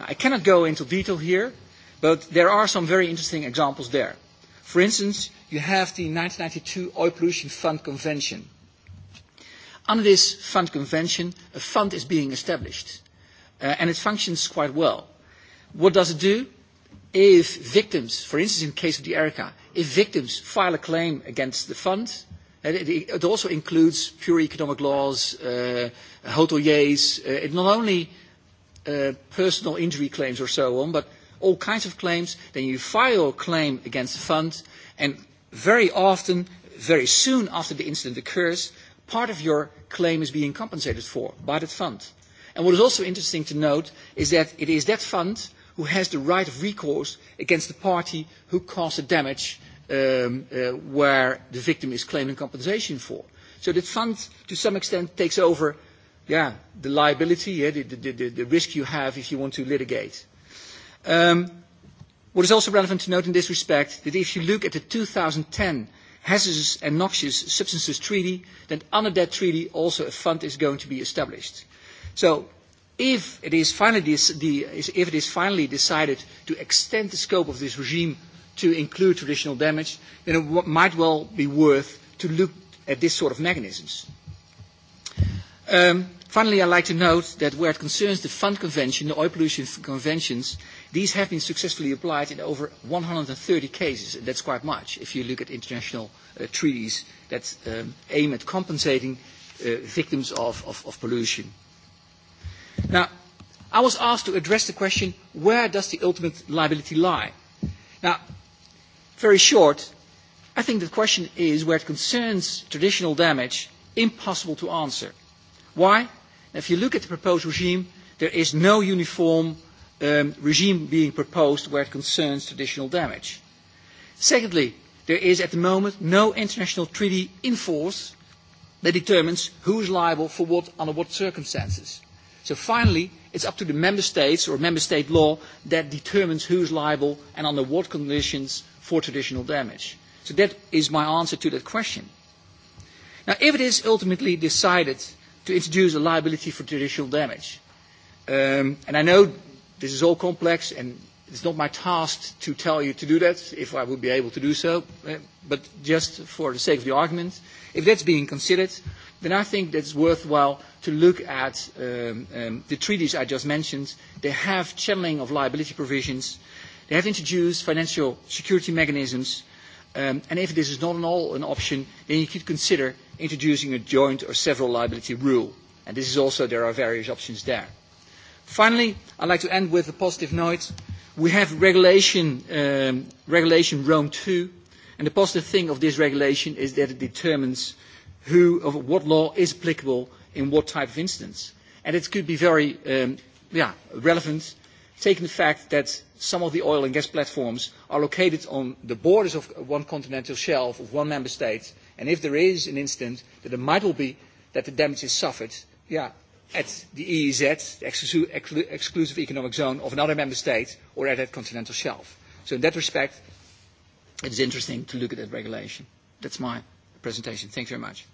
Now, I cannot go into detail here, but there are some very interesting examples there. For instance, you have the 1992 Oil Pollution Fund Convention. Under this fund convention, a fund is being established, uh, and it functions quite well. What does it do? If victims, for instance in the case of the ERICA, if victims file a claim against the fund, It also includes pure economic laws, hoteliers. It not only personal injury claims or so on, but all kinds of claims. Then you file a claim against the fund, and very often, very soon after the incident occurs, part of your claim is being compensated for by that fund. And what is also interesting to note is that it is that fund who has the right of recourse against the party who caused the damage where the victim is claiming compensation for. So that fund, to some extent, takes over yeah, the liability, yeah, the, the, the, the risk you have if you want to litigate. Um, what is also relevant to note in this respect, that if you look at the 2010 Hazardous and Noxious Substances Treaty, then under that treaty also a fund is going to be established. So if it is finally, this, the, if it is finally decided to extend the scope of this regime to include traditional damage, then it might well be worth to look at this sort of mechanisms. finally, I'd like to note that where it concerns the Fund Convention, the oil pollution conventions, these have been successfully applied in over one hundred and thirty cases, and that's quite much if you look at international treaties that aim at compensating victims of, pollution. Now, I was asked to address the question, where does the ultimate liability lie? Now, Very short, I think the question is, where it concerns traditional damage, impossible to answer. Why? If you look at the proposed regime, there is no uniform regime being proposed where it concerns traditional damage. Secondly, there is at the moment no international treaty in force that determines who is liable for what under what circumstances. So finally, it's up to the member states or member state law that determines who is liable and under what conditions for traditional damage. So that is my answer to that question. Now, if it is ultimately decided to introduce a liability for traditional damage, um, and I know this is all complex and it's not my task to tell you to do that, if I would be able to do so, but just for the sake of the argument, if that's being considered, then I think that's worthwhile to look at um, um, the treaties I just mentioned. They have channeling of liability provisions They have introduced financial security mechanisms, and if this is not at all an option, then you could consider introducing a joint or several liability rule. And this is also, there are various options there. Finally, I'd like to end with a positive note. We have regulation, um, regulation Rome 2, and the positive thing of this regulation is that it determines who, of what law is applicable in what type of instance. And it could be very um, yeah, relevant taking the fact that some of the oil and gas platforms are located on the borders of one continental shelf of one member state, and if there is an incident that it might well be that the damage is suffered, yeah, at the EEZ, the exclusive economic zone of another member state, or at that continental shelf. So in that respect, it is interesting to look at that regulation. That's my presentation. Thank you very much.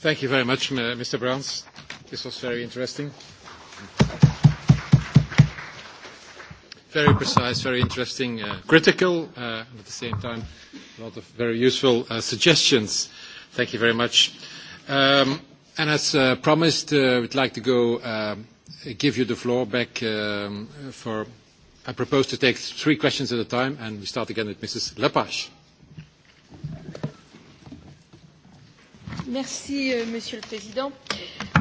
Thank you very much, Mr. Browns. This was very interesting. Very precise, very interesting, uh, critical, uh, at the same time, a lot of very useful uh, suggestions. Thank you very much. Um, and as uh, promised, uh, we'd like to go uh, give you the floor back um, for. I propose to take three questions at a time, and we start again with Mrs. Lepage. Merci, Monsieur le Président.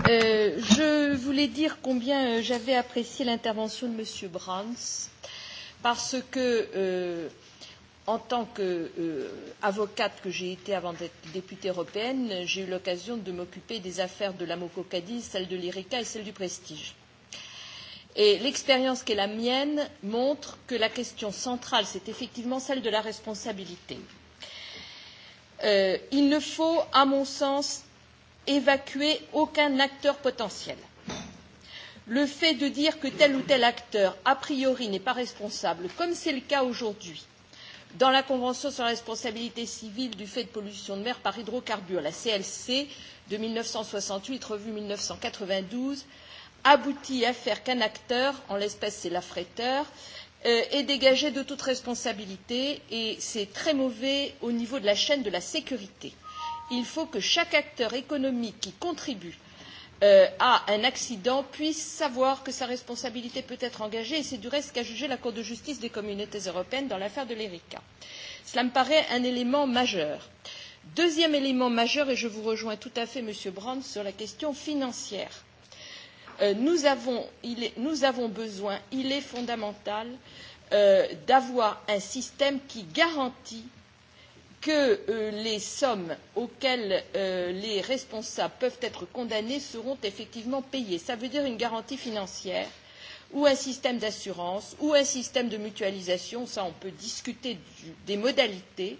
je voulais dire combien j'avais apprécié l'intervention de Monsieur brans parce que, en tant qu'avocate que j'ai été avant d'être députée européenne, j'ai eu l'occasion de m'occuper des affaires de l'amoco cadiz celle de l'IRECA et celle du Prestige. Et l'expérience qui est la mienne montre que la question centrale, c'est effectivement celle de la responsabilité il ne faut, à mon sens, évacuer aucun acteur potentiel. Le fait de dire que tel ou tel acteur, a priori, n'est pas responsable, comme c'est le cas aujourd'hui dans la Convention sur la responsabilité civile du fait de pollution de mer par hydrocarbures, la CLC de mille neuf cent soixante huit, revue mille neuf cent quatre-vingt-douze, aboutit à faire qu'un acteur, en l'espèce c'est l'affréteur, est dégagé de toute responsabilité et c'est très mauvais au niveau de la chaîne de la sécurité. Il faut que chaque acteur économique qui contribue à un accident puisse savoir que sa responsabilité peut être engagée et c'est du reste ce qu'a jugé la Cour de justice des communautés européennes dans l'affaire de l'ERICA. Cela me paraît un élément majeur. Deuxième élément majeur, et je vous rejoins tout à fait, Monsieur Brandt, sur la question financière nous avons besoin, il est fondamental d'avoir un système qui garantit que les sommes auxquelles les responsables peuvent être condamnés seront effectivement payées. Cela veut dire une garantie financière ou un système d'assurance ou un système de mutualisation, ça on peut discuter des modalités,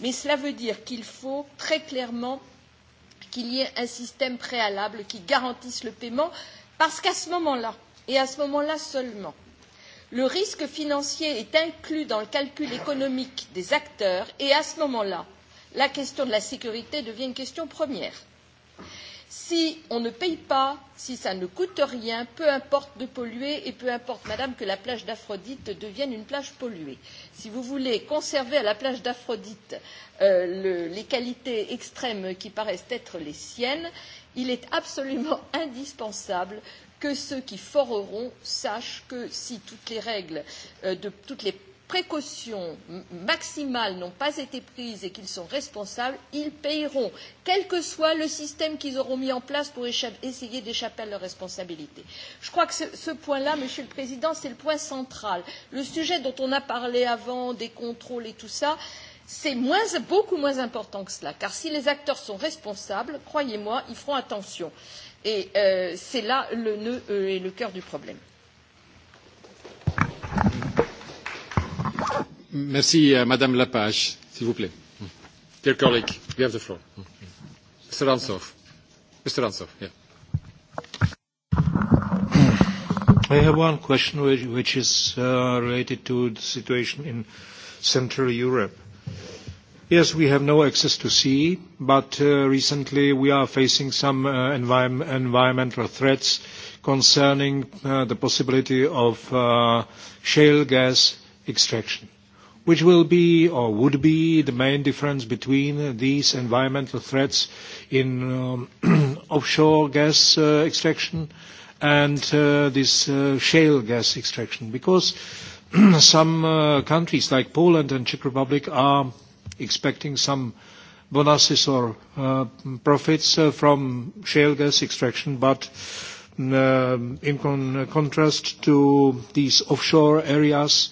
mais cela veut dire qu'il faut très clairement qu'il y ait un système préalable qui garantisse le paiement Parce qu'à ce moment-là, et à ce moment-là seulement, le risque financier est inclus dans le calcul économique des acteurs et à ce moment-là, la question de la sécurité devient une question première si on ne paye pas si cela ne coûte rien peu importe de polluer et peu importe madame que la plage d'aphrodite devienne une plage polluée. si vous voulez conserver à la plage d'aphrodite les qualités extrêmes qui paraissent être les siennes il est absolument indispensable que ceux qui foreront sachent que si toutes les règles de toutes les précautions maximales n'ont pas été prises et qu'ils sont responsables, ils paieront, quel que soit le système qu'ils auront mis en place pour essayer d'échapper à leurs responsabilités. Je crois que ce, point-là, Monsieur le Président, c'est le point central. Le sujet dont on a parlé avant, des contrôles et tout cela, c'est beaucoup moins important que cela, car si les acteurs sont responsables, croyez-moi, ils feront attention. Et c'est là le nœud et le cœur du problème. Merci, Madame Lapage, s'il vous plaît. Dear colleague, you have the floor. Mr. Ransdorf. Mr. Ransdorf, yeah. I have one question which, is related to the situation in Central Europe. Yes, we have no access to sea, but recently we are facing some environmental threats concerning the possibility of shale gas extraction which will be or would be the main difference between these environmental threats in offshore gas extraction and this shale gas extraction. Because some countries like Poland and Czech Republic are expecting some bonuses or profits from shale gas extraction, but in contrast to these offshore areas,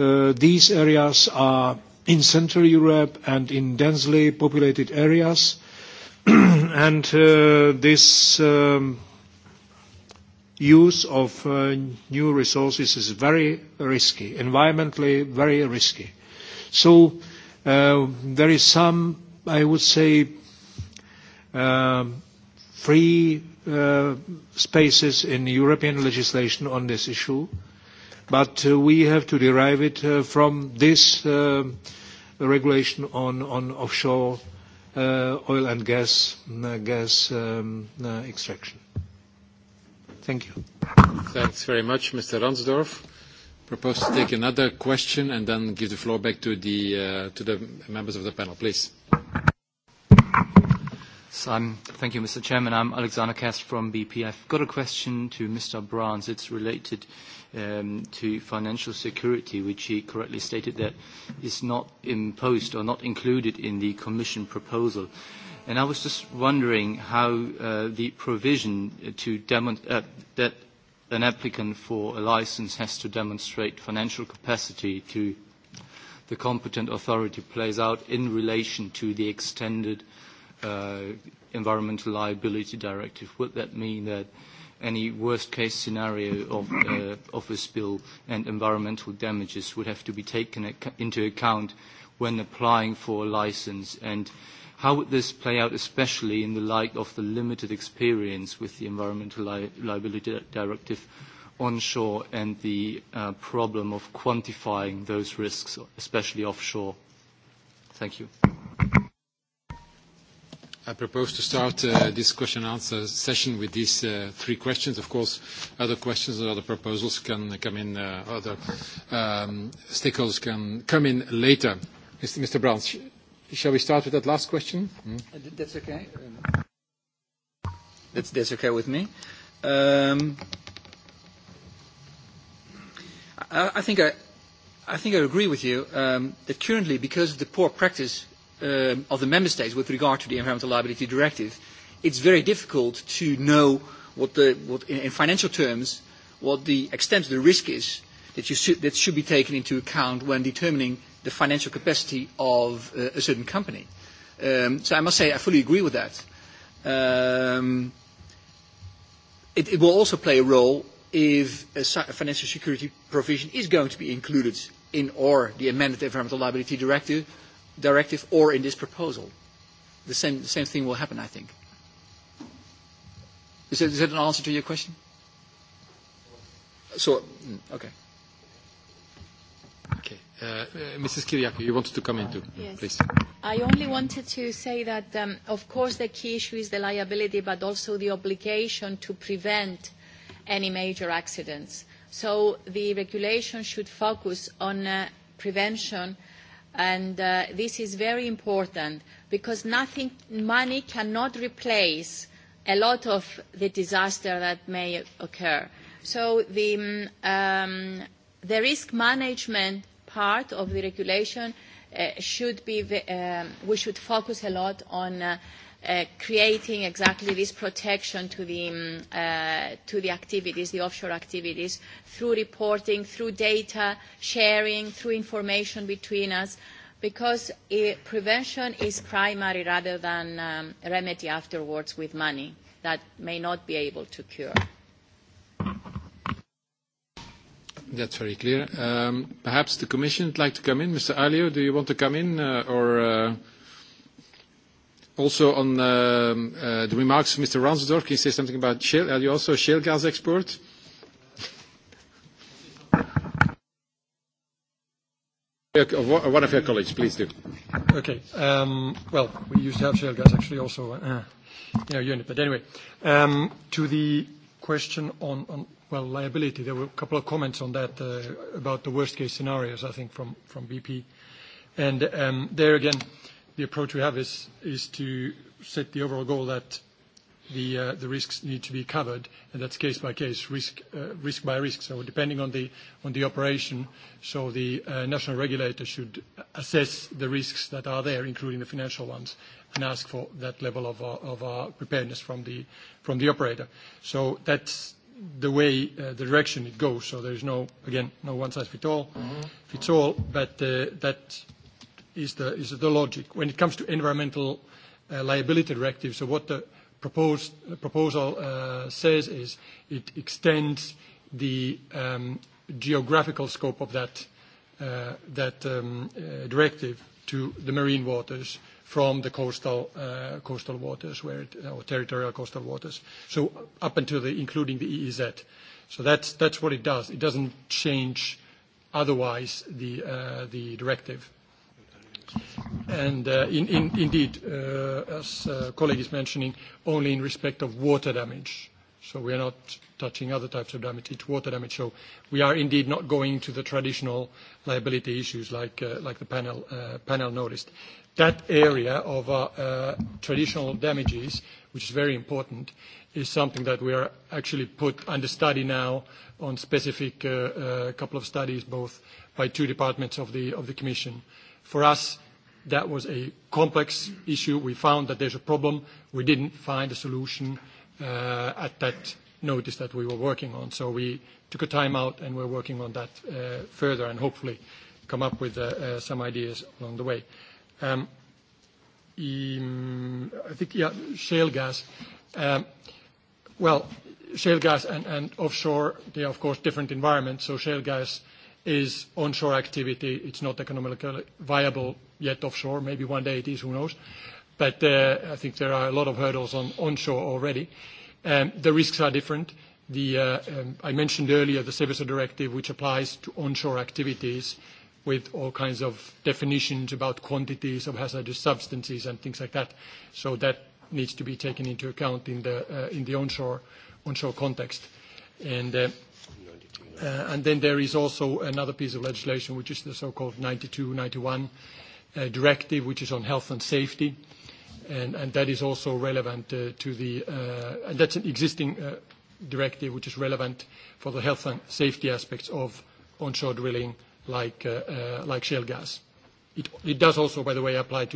These areas are in Central Europe and in densely populated areas. and This use of new resources is very risky, environmentally very risky. So There is some, I would say, free spaces in European legislation on this issue but we have to derive it from this regulation on offshore oil and gas extraction. Thank you. Thanks very much, Mr. Ransdorf. Propose to take another question and then give the floor back to the members of the panel, please. Thank you, Mr. Chairman. I'm Alexander Kast from BP. I've got a question to Mr. Brands. It's related to um, to financial security, which he correctly stated that is not imposed or not included in the Commission proposal. And I was just wondering how uh, the provision to demon- uh, that an applicant for a license has to demonstrate financial capacity to the competent authority plays out in relation to the extended uh, environmental liability directive. Would that mean that any worst-case scenario of, uh, of a spill and environmental damages would have to be taken into account when applying for a license? And how would this play out, especially in the light of the limited experience with the Environmental Li Liability Directive onshore and the uh, problem of quantifying those risks, especially offshore? Thank you. I propose to start uh, this question and answer session with these uh, three questions. Of course, other questions or other proposals can come in, uh, other um, stakeholders can come in later. Mr. Brown, sh shall we start with that last question? Hmm? That's okay. That's, that's okay with me. Um, I, I think I, I think I agree with you um, that currently, because of the poor practice of the member states with regard to the environmental liability directive, it's very difficult to know what the what in financial terms what the extent of the risk is that you should that should be taken into account when determining the financial capacity of uh, a certain company. Um, so I must say I fully agree with that. Um, it, it will also play a role if a financial security provision is going to be included in or the amended environmental liability directive directive or in this proposal. The same, the same thing will happen, I think. Is that is an answer to your question? So, okay. Okay. Uh, Mrs. Kiriakou, you wanted to come in too, yes. please. I only wanted to say that, um, of course, the key issue is the liability, but also the obligation to prevent any major accidents. So the regulation should focus on uh, prevention And uh, this is very important because nothing, money cannot replace a lot of the disaster that may occur. So the, um, the risk management part of the regulation uh, should be, um, we should focus a lot on uh, creating exactly this protection to the, uh to the activities, the offshore activities, through reporting, through data sharing, through information between us, because prevention is primary rather than remedy afterwards with money that may not be able to cure. That's very clear. Perhaps the commission would like to come in. Mr. Alio, do you want to come in, or Also on the remarks of Mr. Ransdorf, can you say something about shale? Are you also a shale gas expert? One of your colleagues, please do. Okay. Well, we used to have shale gas actually also in our unit. But anyway, to the question on, well, liability, there were a couple of comments on that about the worst-case scenarios, I think, from BP. And there again, the approach we have is to set the overall goal that the risks need to be covered, and that's case by case, risk by risk. So depending on the operation, so the national regulator should assess the risks that are there, including the financial ones, and ask for that level of preparedness from the operator. So that's the way, the direction it goes. So there's no, again, no one size fits all, fits all, but that is the logic. When it comes to environmental liability directive, so what the proposal says is it extends the geographical scope of that directive to the marine waters from the coastal waters where it or territorial coastal waters, so up until the including the EEZ. So that's that's what it does. It doesn't change otherwise the the directive. And indeed, as a colleague is mentioning, only in respect of water damage. So we are not touching other types of damage. It's water damage. So we are indeed not going to the traditional liability issues like the panel noticed. That area of traditional damages, which is very important, is something that we are actually put under study now on specific couple of studies, both by two departments of the Commission For us, that was a complex issue. We found that there's a problem. We didn't find a solution at that notice that we were working on. So we took a time out, and we're working on that further and hopefully come up with some ideas along the way. I think, yeah, shale gas. Well, shale gas and offshore, they are, of course, different environments. So shale gas is onshore activity. It's not economically viable yet offshore. Maybe one day it is, who knows? But I think there are a lot of hurdles on onshore already. The risks are different. I mentioned earlier the Seveso Directive, which applies to onshore activities with all kinds of definitions about quantities of hazardous substances and things like that. So that needs to be taken into account in the onshore context. And And then there is also another piece of legislation, which is the so-called 92/91 directive, which is on health and safety. And that is also relevant to the... And that's an existing directive, which is relevant for the health and safety aspects of onshore drilling, like shale gas. It does also, by the way, apply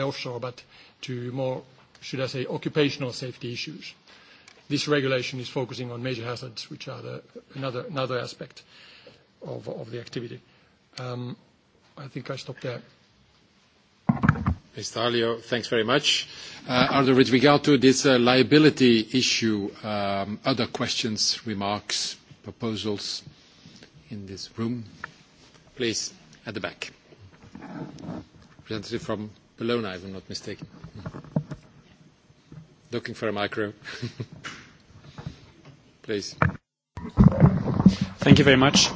offshore, but to more, should I say, occupational safety issues. This regulation is focusing on major hazards, which are the another another aspect of of the activity. Um I think I stop there. Mr. Alio, thanks very much. Ardo, with regard to this liability issue, other questions, remarks, proposals in this room? Please, at the back. Representative from Bologna, if I'm not mistaken looking for a micro. Please. Thank you very much.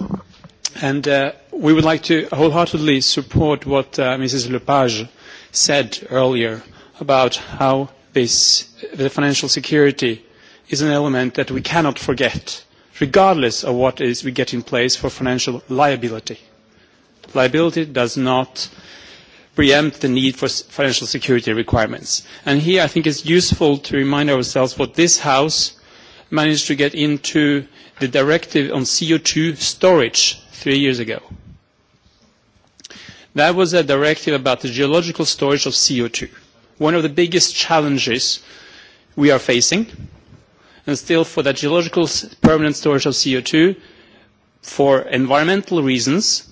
And we would like to wholeheartedly support what Mrs. Lepage said earlier about how this, the financial security is an element that we cannot forget, regardless of what is we get in place for financial liability. Liability does not preempt the need for financial security requirements. And here I think it's useful to remind ourselves what this House managed to get into the directive on CO2 storage three years ago. That was a directive about the geological storage of CO2, one of the biggest challenges we are facing. And still, for that geological permanent storage of CO2, for environmental reasons,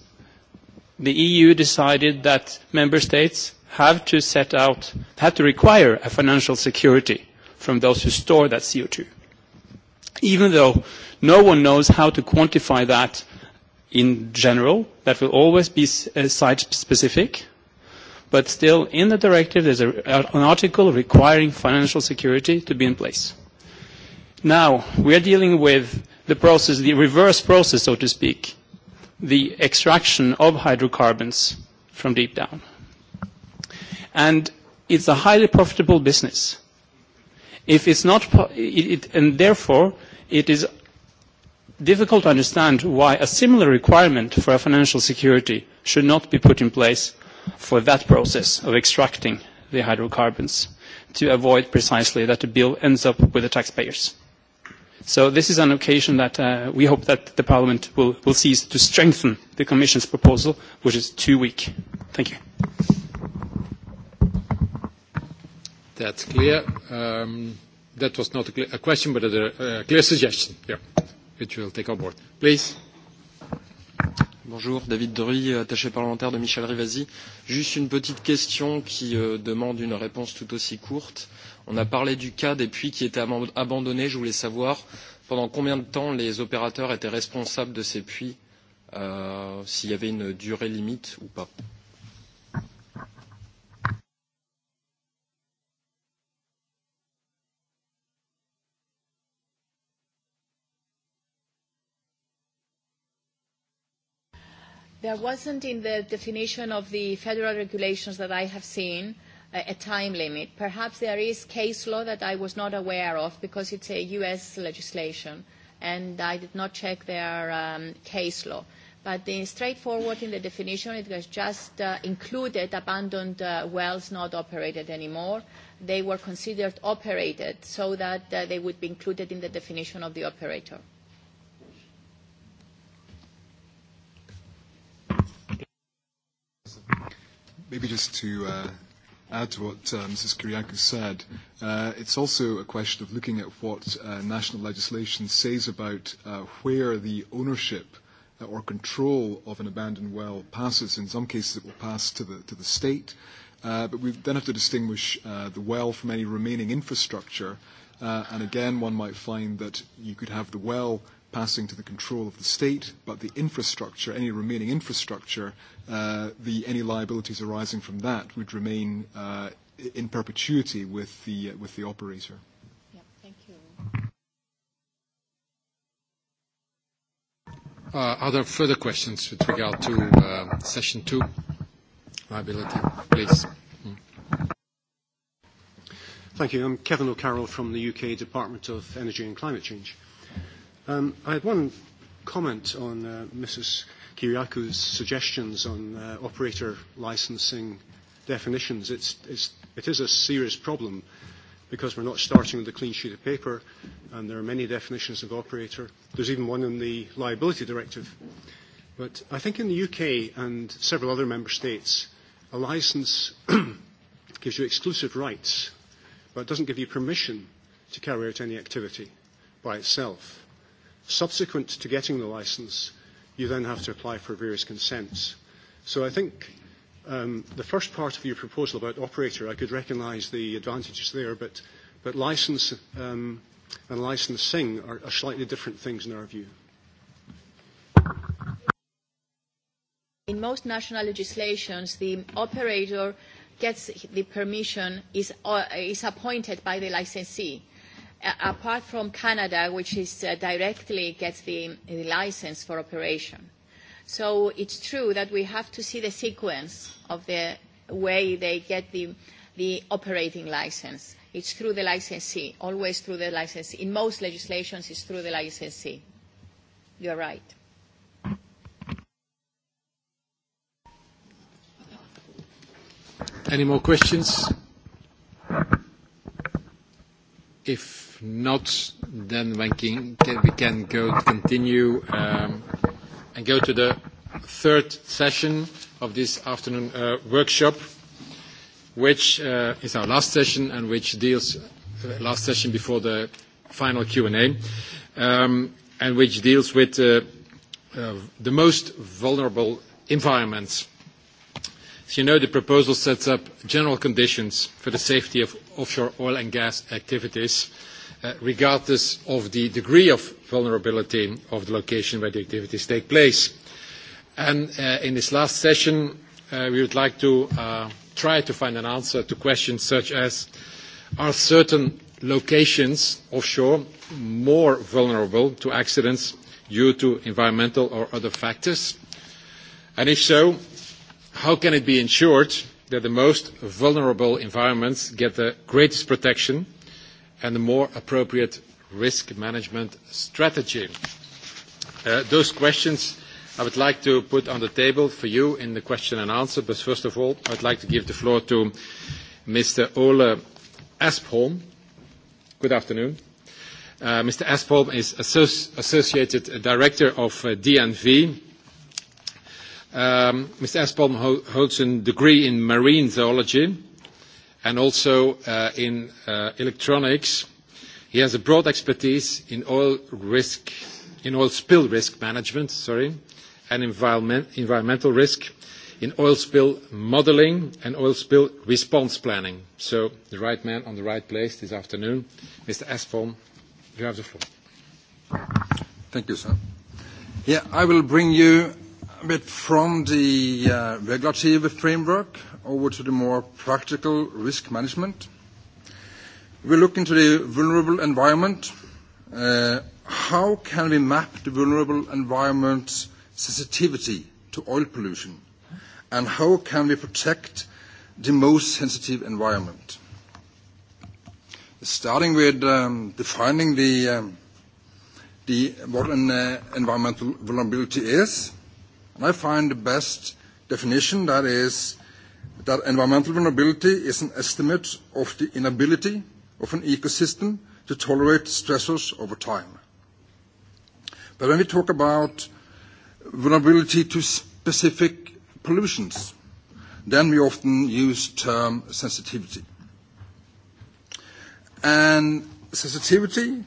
the EU decided that member states have to set out, have to require a financial security from those who store that co two, Even though no one knows how to quantify that in general, that will always be site-specific, but still in the directive there's a, an article requiring financial security to be in place. Now, we are dealing with the process, the reverse process, so to speak, the extraction of hydrocarbons from deep down. And it's a highly profitable business. If it's not, it, it, and therefore, it is difficult to understand why a similar requirement for a financial security should not be put in place for that process of extracting the hydrocarbons to avoid precisely that the bill ends up with the taxpayers. So this is an occasion that uh, we hope that the Parliament will, will seize to strengthen the Commission's proposal, which is too weak. Thank you. That's clear. Um, that was not a, clear, a question, but a, a clear suggestion, yeah, which we'll take on board. Please. Bonjour, David Dory, attaché parlementaire de Michel Rivasi. Juste une petite question qui euh, demande une réponse tout aussi courte. On a parlé du cas des puits qui étaient abandonnés. Je voulais savoir pendant combien de temps les opérateurs étaient responsables de ces puits, euh, s'il y avait une durée limite ou pas. There wasn't in the definition of the federal regulations that I have seen a time limit. Perhaps there is case law that I was not aware of because it's a U.S. legislation, and I did not check their um, case law. But the straightforward in the definition, it was just uh, included abandoned uh, wells not operated anymore. They were considered operated so that uh, they would be included in the definition of the operator. Maybe just to uh, add to what uh, Mrs. Kiriakou said, uh, it's also a question of looking at what uh, national legislation says about uh, where the ownership or control of an abandoned well passes. In some cases, it will pass to the, to the state, uh, but we then have to distinguish uh, the well from any remaining infrastructure. Uh, and again, one might find that you could have the well passing to the control of the state, but the infrastructure, any remaining infrastructure, uh, the, any liabilities arising from that would remain uh, in perpetuity with the, with the operator. Yeah, thank you. Uh, are there further questions with regard to uh, session two? Liability, please. Thank you. I'm Kevin O'Carroll from the UK Department of Energy and Climate Change. Um, I had one comment on uh, Mrs. Kiriaku's suggestions on uh, operator licensing definitions. It's, it's, it is a serious problem because we're not starting with a clean sheet of paper, and there are many definitions of operator. There's even one in the liability directive. But I think in the UK and several other member states, a license gives you exclusive rights, but doesn't give you permission to carry out any activity by itself. Subsequent to getting the license, you then have to apply for various consents. So I think um, the first part of your proposal about operator, I could recognise the advantages there, but, but license um, and licensing are, are slightly different things in our view. In most national legislations, the operator gets the permission, is, uh, is appointed by the licensee apart from Canada, which is directly gets the, license for operation. So it's true that we have to see the sequence of the way they get the, the operating license. It's through the licensee, always through the licensee. In most legislations, it's through the licensee. You're right. Any more questions? If not, then we can go continue and go to the third session of this afternoon workshop, which is our last session and which deals last session before the final Q&A, and which deals with the most vulnerable environments As you know, the proposal sets up general conditions for the safety of offshore oil and gas activities, regardless of the degree of vulnerability of the location where the activities take place. And in this last session, we would like to try to find an answer to questions such as, are certain locations offshore more vulnerable to accidents due to environmental or other factors? And if so, how can it be ensured that the most vulnerable environments get the greatest protection and the more appropriate risk management strategy? Those questions I would like to put on the table for you in the question and answer, but first of all, I'd like to give the floor to Mr. Ole Aspholm. Good afternoon. Mr. Aspholm is Associated Director of DNV, Mr. Espon holds a degree in marine zoology and also in electronics. He has a broad expertise in oil risk, in oil spill risk management, sorry, and environmental risk, in oil spill modeling and oil spill response planning. So the right man on the right place this afternoon. Mr. Espon, you have the floor. Thank you, sir. Yeah, I will bring you bit from the regulatory framework over to the more practical risk management. We look into the vulnerable environment. How can we map the vulnerable environment's sensitivity to oil pollution? And how can we protect the most sensitive environment? Starting with defining the what an environmental vulnerability is, And I find the best definition that is that environmental vulnerability is an estimate of the inability of an ecosystem to tolerate stressors over time. But when we talk about vulnerability to specific pollutions, then we often use term sensitivity. And sensitivity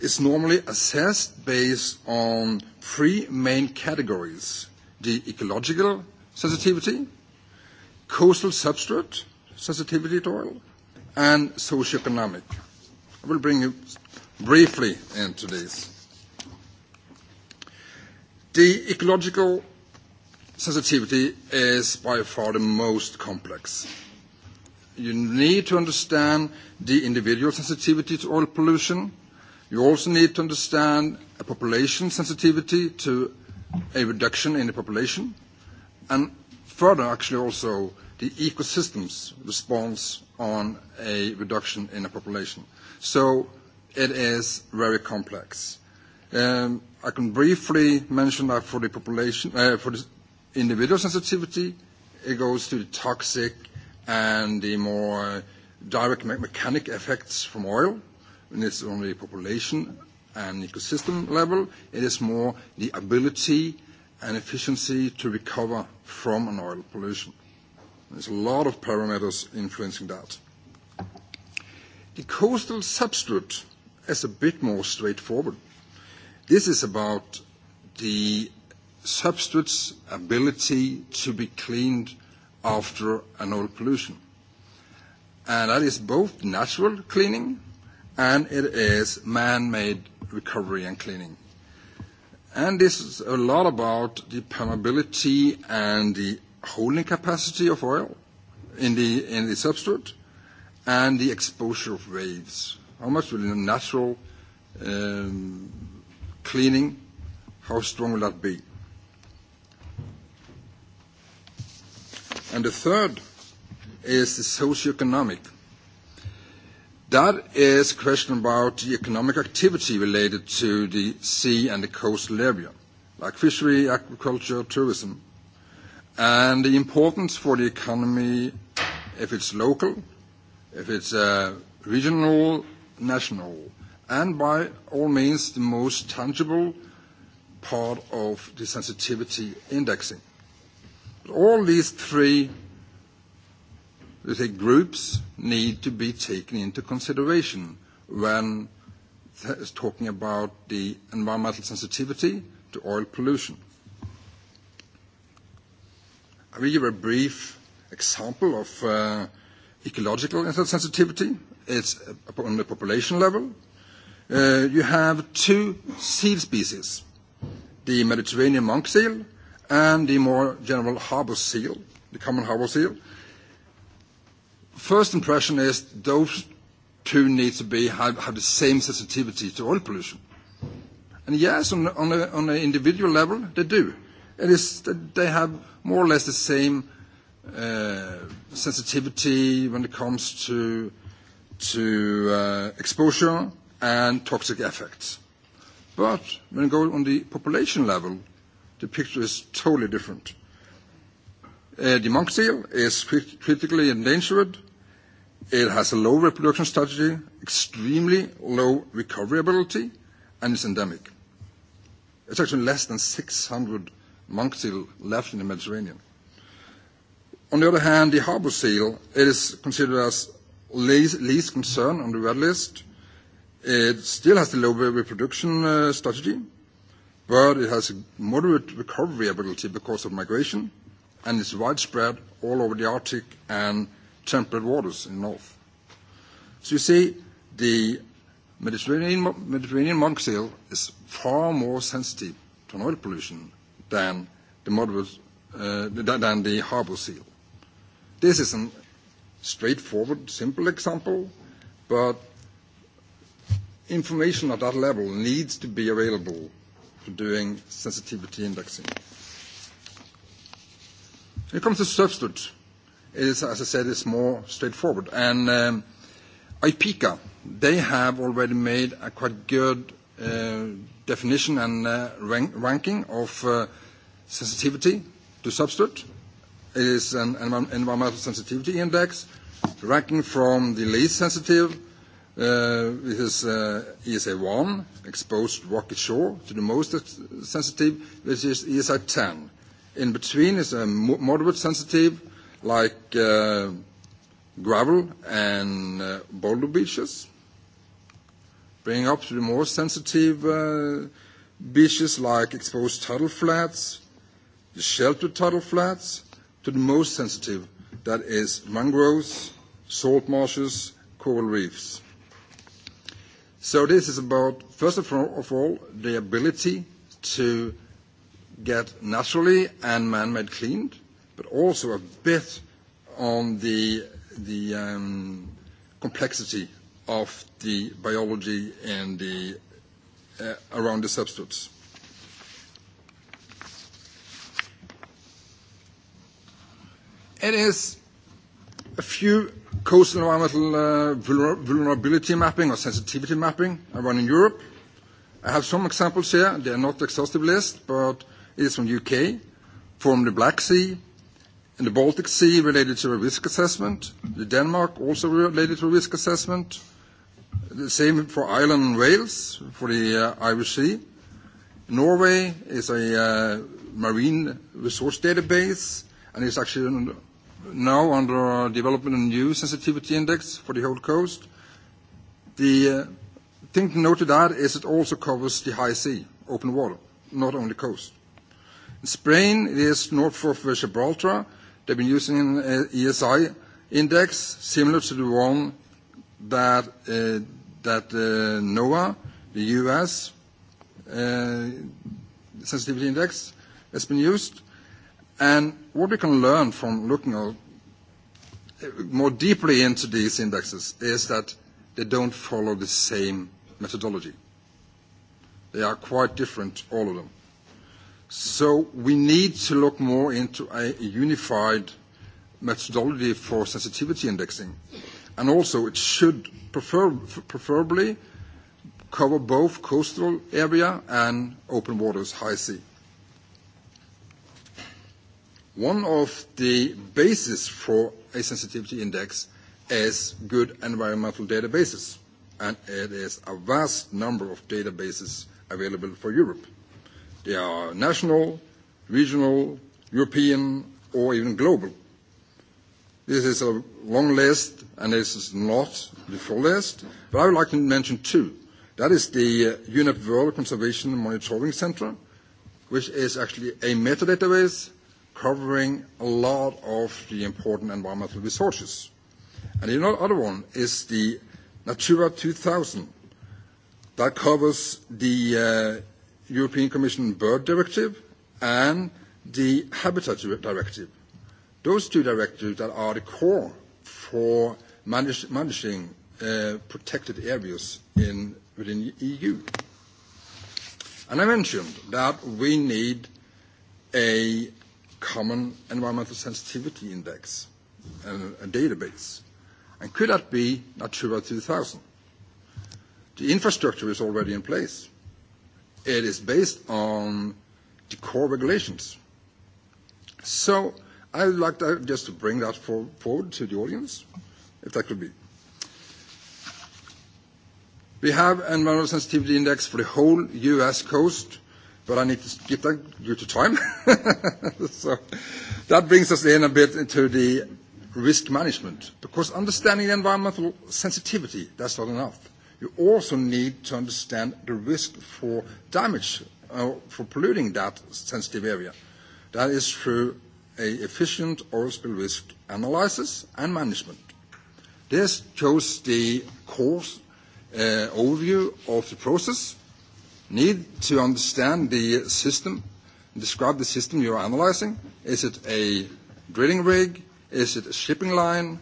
is normally assessed based on three main categories the ecological sensitivity, coastal substrate sensitivity to oil, and socioeconomic. I will bring you briefly into these. The ecological sensitivity is by far the most complex. You need to understand the individual sensitivity to oil pollution. You also need to understand a population sensitivity to a reduction in the population, and further, actually also the ecosystem's response on a reduction in the population. So it is very complex. Um, I can briefly mention that for the population, uh, for the individual sensitivity, it goes to the toxic and the more direct me- mechanic effects from oil, and it's on the population and ecosystem level. It is more the ability and efficiency to recover from an oil pollution. There's a lot of parameters influencing that. The coastal substrate is a bit more straightforward. This is about the substrate's ability to be cleaned after an oil pollution. And that is both natural cleaning and it is man-made recovery and cleaning. And this is a lot about the permeability and the holding capacity of oil in the, in the substrate and the exposure of waves. How much will the natural um, cleaning, how strong will that be? And the third is the socioeconomic That is a question about the economic activity related to the sea and the coastal area, like fishery, agriculture, tourism, and the importance for the economy if it's local, if it's uh, regional, national, and by all means the most tangible part of the sensitivity indexing. All these three say, groups need to be taken into consideration when talking about the environmental sensitivity to oil pollution. I will give a brief example of uh, ecological sensitivity. It's on the population level. Uh, you have two seal species, the Mediterranean monk seal and the more general harbor seal, the common harbor seal, first impression is those two need to be have, have the same sensitivity to oil pollution. And yes, on, on, a, on an individual level, they do. It is that they have more or less the same uh, sensitivity when it comes to, to uh, exposure and toxic effects. But when you go on the population level, the picture is totally different. Uh, the monk seal is crit- critically endangered It has a low reproduction strategy, extremely low recovery ability, and it's endemic. It's actually less than 600 monk seal left in the Mediterranean. On the other hand, the harbour seal, it is considered as least, least concern on the red list. It still has the low reproduction uh, strategy, but it has a moderate recovery ability because of migration, and it's widespread all over the Arctic and temperate waters in the north. So you see, the Mediterranean, Mediterranean monk seal is far more sensitive to oil pollution than the, moderate, uh, than the harbor seal. This is a straightforward, simple example, but information at that level needs to be available for doing sensitivity indexing. When it comes to substitutes, is, as I said, is more straightforward. And IPICA, they have already made a quite good definition and ranking of sensitivity to substrate. It is an environmental sensitivity index, ranking from the least sensitive, which is uh, ESA1, exposed rocky shore, to the most sensitive, which is ESA10. In between is a moderate sensitive, like uh, gravel and uh, boulder beaches, bring up to the more sensitive uh, beaches like exposed tidal flats, the sheltered tidal flats, to the most sensitive, that is mangroves, salt marshes, coral reefs. So this is about, first of all, of all the ability to get naturally and man-made cleaned, but also a bit on the the um, complexity of the biology and the uh, around the substance. It is a few coastal environmental uh, vulnerability mapping or sensitivity mapping around in Europe. I have some examples here. They are not exhaustive list, but it is from UK, from the Black Sea, In the Baltic Sea, related to a risk assessment. The Denmark, also related to a risk assessment. The same for Ireland and Wales, for the uh, Irish Sea. Norway is a uh, marine resource database, and is actually now under development a new sensitivity index for the whole coast. The uh, thing to note to that is it also covers the high sea, open water, not only coast. In Spain, it is north of Gibraltar, They've been using an ESI index similar to the one that NOAA, the U.S. sensitivity index, has been used. And what we can learn from looking more deeply into these indexes is that they don't follow the same methodology. They are quite different, all of them. So we need to look more into a unified methodology for sensitivity indexing. And also it should prefer, preferably cover both coastal area and open waters, high sea. One of the basis for a sensitivity index is good environmental databases, and it is a vast number of databases available for Europe. They are national, regional, European, or even global. This is a long list, and this is not the full list, but I would like to mention two. That is the UNEP World Conservation Monitoring Center, which is actually a metadatabase covering a lot of the important environmental resources. And the other one is the Natura 2000, that covers the European Commission Bird Directive and the Habitat Directive. Those two directives that are the core for manage, managing uh, protected areas in, within the EU. And I mentioned that we need a common environmental sensitivity index, a, a database. And could that be Natura 2000? The infrastructure is already in place. It is based on the core regulations. So I would like to just to bring that for forward to the audience, if that could be. We have an environmental sensitivity index for the whole U.S. coast, but I need to skip that due to time. So that brings us in a bit into the risk management, because understanding the environmental sensitivity, that's not enough you also need to understand the risk for damage uh, for polluting that sensitive area. That is through a efficient oil spill risk analysis and management. This shows the course uh, overview of the process, need to understand the system, describe the system you are analyzing. Is it a drilling rig? Is it a shipping line?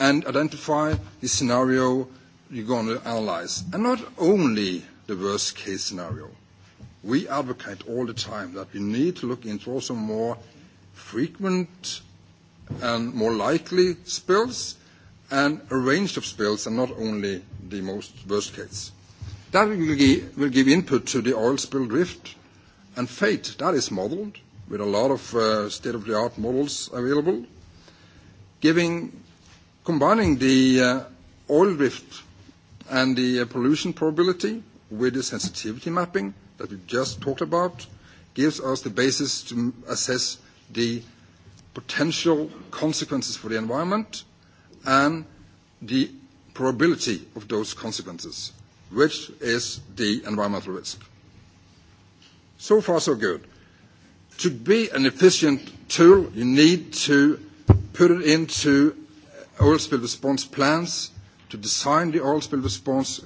And identify the scenario you're going to analyze. And not only the worst case scenario. We advocate all the time that we need to look into also more frequent and more likely spills and a range of spills and not only the most worst case. That will give input to the oil spill drift and fate. That is modeled with a lot of state-of-the-art models available, giving combining the oil drift and the pollution probability with the sensitivity mapping that we just talked about gives us the basis to assess the potential consequences for the environment and the probability of those consequences, which is the environmental risk. So far, so good. To be an efficient tool, you need to put it into oil spill response plans to design the oil spill response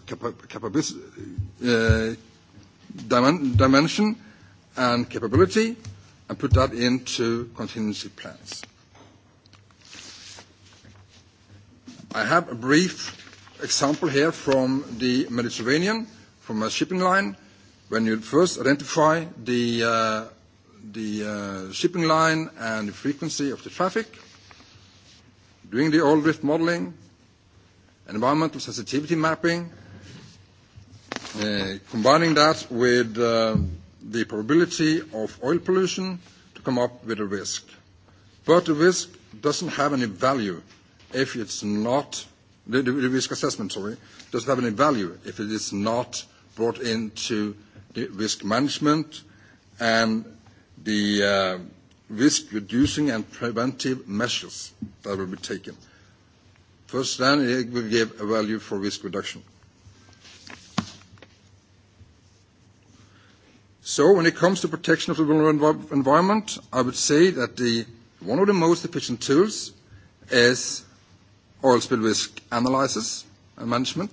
dimension and capability and put that into contingency plans. I have a brief example here from the Mediterranean, from a shipping line. When you first identify the uh the uh shipping line and the frequency of the traffic, doing the oil drift modeling, environmental sensitivity mapping, combining that with the probability of oil pollution to come up with a risk. But the risk doesn't have any value if it's not, the, the risk assessment, sorry, doesn't have any value if it is not brought into the risk management and the uh, risk reducing and preventive measures that will be taken. First, then it will give a value for risk reduction. So when it comes to protection of the vulnerable environment, I would say that the one of the most efficient tools is oil spill risk analysis and management.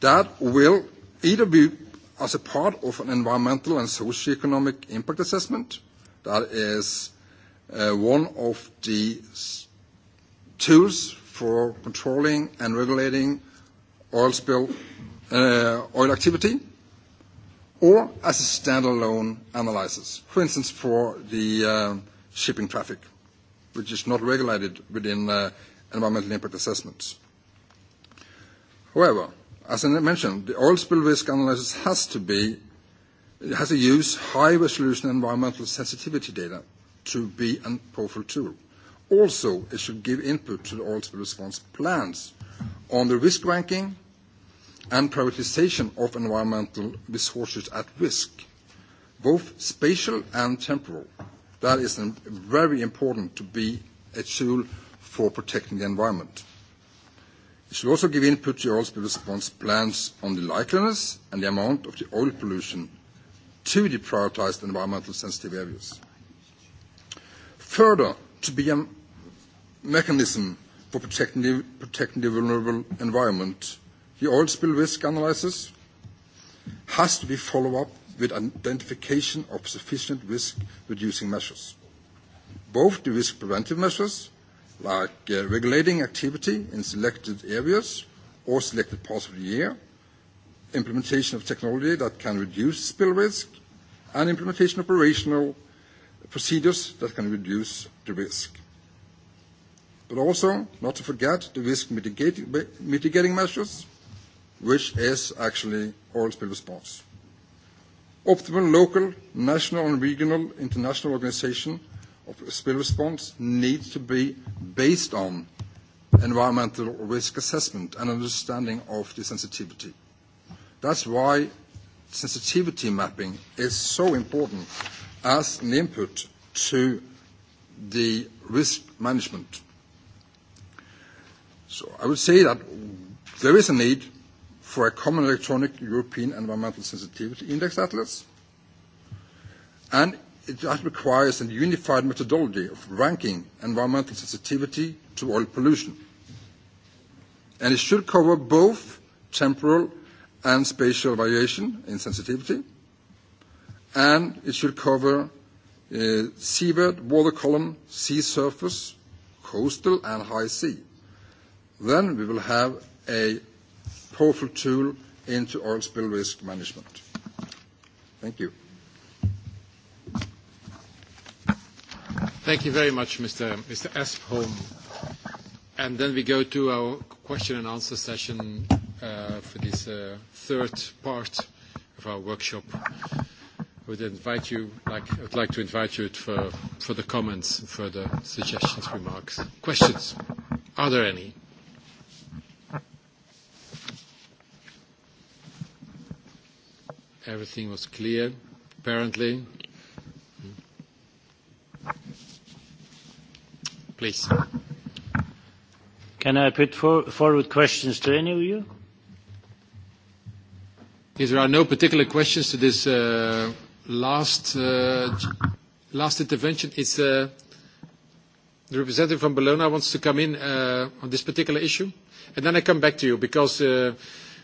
That will either be as a part of an environmental and socioeconomic impact assessment. That is one of the tools for controlling and regulating oil spill uh, oil activity, or as a standalone analysis, for instance, for the uh, shipping traffic, which is not regulated within uh, environmental impact assessments. However, as I mentioned, the oil spill risk analysis has to be it has to use high resolution environmental sensitivity data to be a powerful tool. Also, it should give input to the oilspill response plans on the risk ranking and prioritisation of environmental resources at risk, both spatial and temporal. That is very important to be a tool for protecting the environment. It should also give input to oil spill response plans on the likeliness and the amount of the oil pollution to the prioritised environmental sensitive areas. Further, to be mechanism for protecting the, protecting the vulnerable environment. The oil spill risk analysis has to be followed up with identification of sufficient risk reducing measures. Both the risk preventive measures, like uh, regulating activity in selected areas or selected parts of the year, implementation of technology that can reduce spill risk, and implementation of operational procedures that can reduce the risk but also not to forget the risk mitigating measures, which is actually oil spill response. Optimal local, national, and regional international organization of spill response needs to be based on environmental risk assessment and understanding of the sensitivity. That's why sensitivity mapping is so important as an input to the risk management So I would say that there is a need for a common electronic European Environmental Sensitivity Index Atlas, and that requires a unified methodology of ranking environmental sensitivity to oil pollution. And it should cover both temporal and spatial variation in sensitivity, and it should cover uh, seabed, water column, sea surface, coastal, and high sea. Then we will have a powerful tool into oil spill risk management. Thank you. Thank you very much, Mr. Espholm. And then we go to our question and answer session for this third part of our workshop. I would invite you, like, I would like to invite you for further comments, further suggestions, remarks. Questions? Are there any? Everything was clear, apparently. Please. Can I put forward questions to any of you? If there are no particular questions to this uh, last uh, last intervention, it's uh, the representative from Bologna wants to come in uh, on this particular issue. and Then I come back to you because Uh,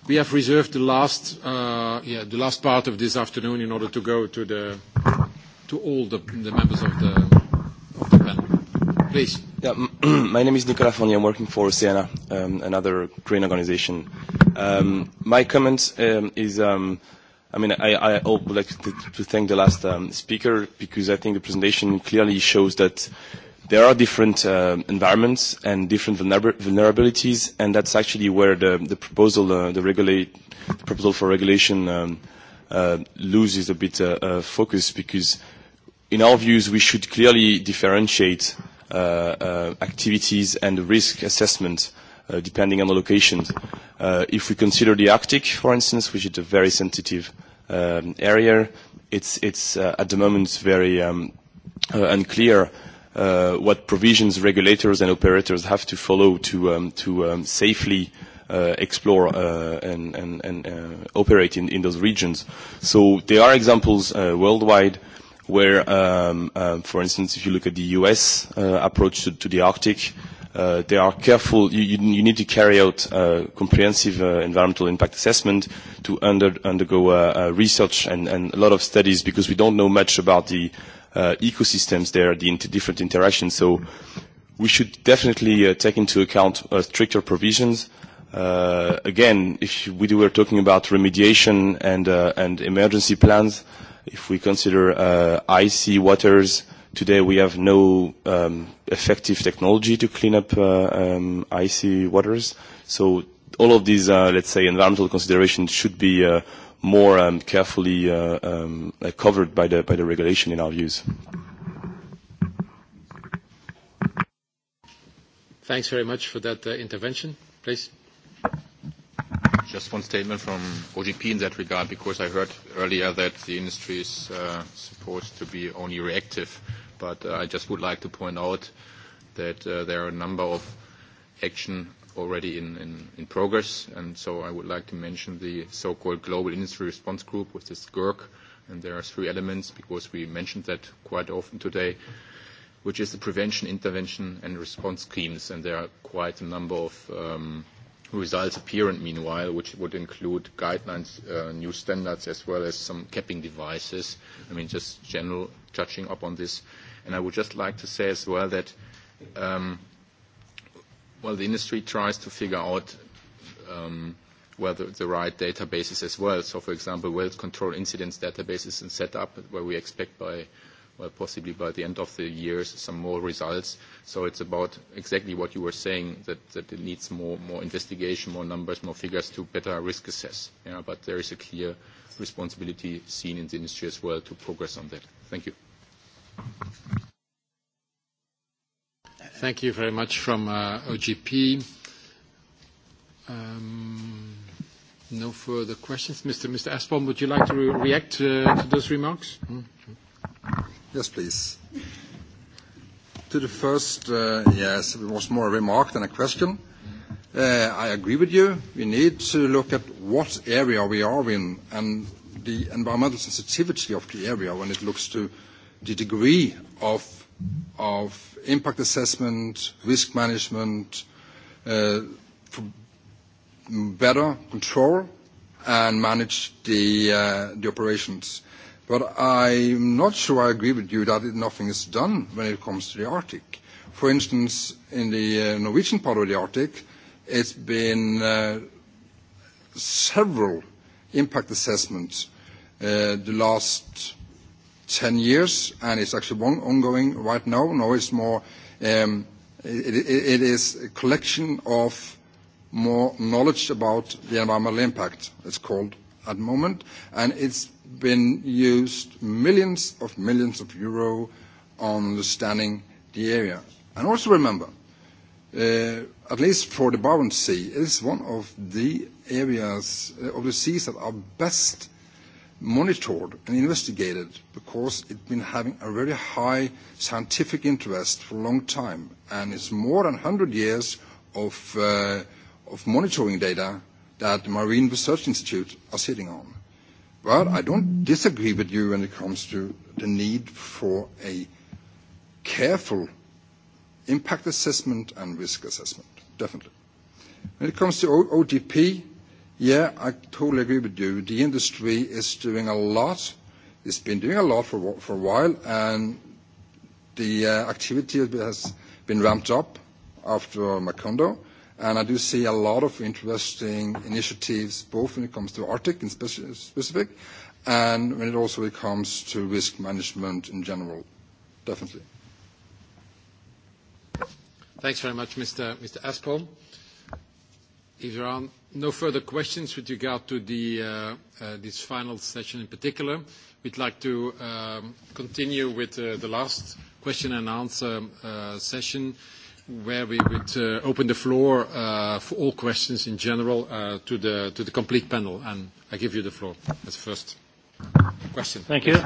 We have reserved the last, uh, yeah, the last part of this afternoon in order to go to the, to all the, the members of the, of the panel. Please. Yeah, my name is Nicola Fournier. I'm working for Oceana, um, another green organization. Um, my comment um, is, um, I mean, I, I would like to, to thank the last um, speaker because I think the presentation clearly shows that there are different uh, environments and different vulner vulnerabilities, and that's actually where the, the proposal, uh, the, regulate, the proposal for regulation um, uh, loses a bit uh, uh, focus because, in our views, we should clearly differentiate uh, uh, activities and risk assessment uh, depending on the locations. Uh, if we consider the Arctic, for instance, which is a very sensitive um, area, it's, it's uh, at the moment very um, uh, unclear uh, what provisions regulators and operators have to follow to, um, to um, safely uh, explore uh, and, and, and uh, operate in, in those regions. So there are examples uh, worldwide where, um, um, for instance, if you look at the U.S. Uh, approach to, to the Arctic, uh, they are careful. You, you, you need to carry out uh, comprehensive uh, environmental impact assessment to under, undergo uh, uh, research and, and a lot of studies because we don't know much about the uh, ecosystems there, the inter different interactions. So we should definitely uh, take into account uh, stricter provisions. Uh, again, if we were talking about remediation and, uh, and emergency plans, if we consider uh, icy waters, today we have no um, effective technology to clean up uh, um, icy waters. So all of these, uh, let's say, environmental considerations should be uh, more um, carefully uh, covered by the, by the regulation in our views. Thanks very much for that intervention. Please. Just one statement from OGP in that regard, because I heard earlier that the industry is supposed to be only reactive, but I just would like to point out that there are a number of action already in progress. and so I would like to mention the so-called Global Industry Response Group, which is GIRC, and there are three elements because we mentioned that quite often today, which is the prevention, intervention, and response schemes. and There are quite a number of results apparent meanwhile, which would include guidelines, uh, new standards, as well as some capping devices. I mean, just general touching up on this. And I would just like to say as well that um, well, the industry tries to figure out um, whether the right databases as well. So, for example, wealth control incidents databases and set up where we expect by well, possibly by the end of the year, some more results. So it's about exactly what you were saying, that, that it needs more, more investigation, more numbers, more figures to better risk assess. Yeah, but there is a clear responsibility seen in the industry as well to progress on that. Thank you. Thank you very much from OGP. no further questions. Mr. Mr. Aspon, would you like to re react to those remarks? Yes, please. To the first, yes, it was more a remark than a question. I agree with you. We need to look at what area we are in and the environmental sensitivity of the area when it looks to the degree of of impact assessment, risk management, uh, for better control and manage the, uh, the operations. But I'm not sure I agree with you that nothing is done when it comes to the Arctic. For instance, in the uh, Norwegian part of the Arctic, it's been uh, several impact assessments uh, the last 10 years, and it's actually one ongoing right now. Now it's more, um it it is a collection of more knowledge about the environmental impact, it's called at the moment, and it's been used millions of millions of euro on understanding the area. And also remember, at least for the Barents Sea, it is one of the areas of the seas that are best monitored and investigated because it's been having a very high scientific interest for a long time, and it's more than 100 years of, uh, of monitoring data that the Marine Research Institute are sitting on. But I don't disagree with you when it comes to the need for a careful impact assessment and risk assessment, definitely. When it comes to OTP, Yeah, I totally agree with you. The industry is doing a lot. It's been doing a lot for for a while, and the uh activity has been ramped up after Macondo, and I do see a lot of interesting initiatives, both when it comes to Arctic in specific, and when it also comes to risk management in general. Definitely. Thanks very much, Mr. Aspel. If there aren't No further questions with regard to this final session in particular. We'd like to continue with the last question and answer session, where we would open the floor for all questions in general to the complete panel. I give you the floor as first question. Thank you.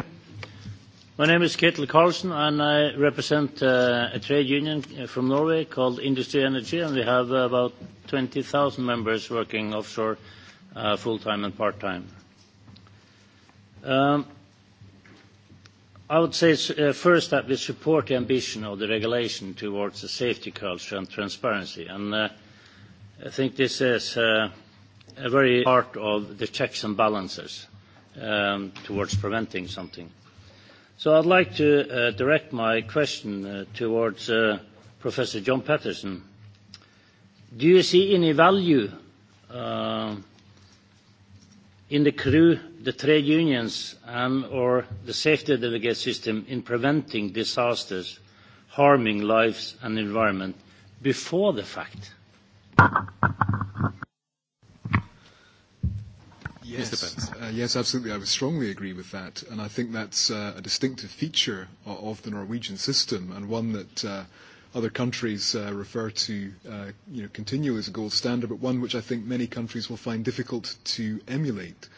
My name is Ketil Karlsen, and I represent uh, a trade union from Norway called Industry Energy, and we have about 20,000 members working offshore uh, full-time and part-time. Um, I would say uh, first that we support the ambition of the regulation towards a safety culture and transparency, and uh, I think this is uh, a very part of the checks and balances um, towards preventing something. So I'd like to direct my question towards Professor John Patterson. Do you see any value in the crew, the trade unions, and or the safety delegate system in preventing disasters, harming lives and environment before the fact? Yes. Yes, absolutely. I would strongly agree with that. And I think that's uh a distinctive feature of the Norwegian system and one that uh other countries uh refer to uh you know, continue as a gold standard, but one which I think many countries will find difficult to emulate.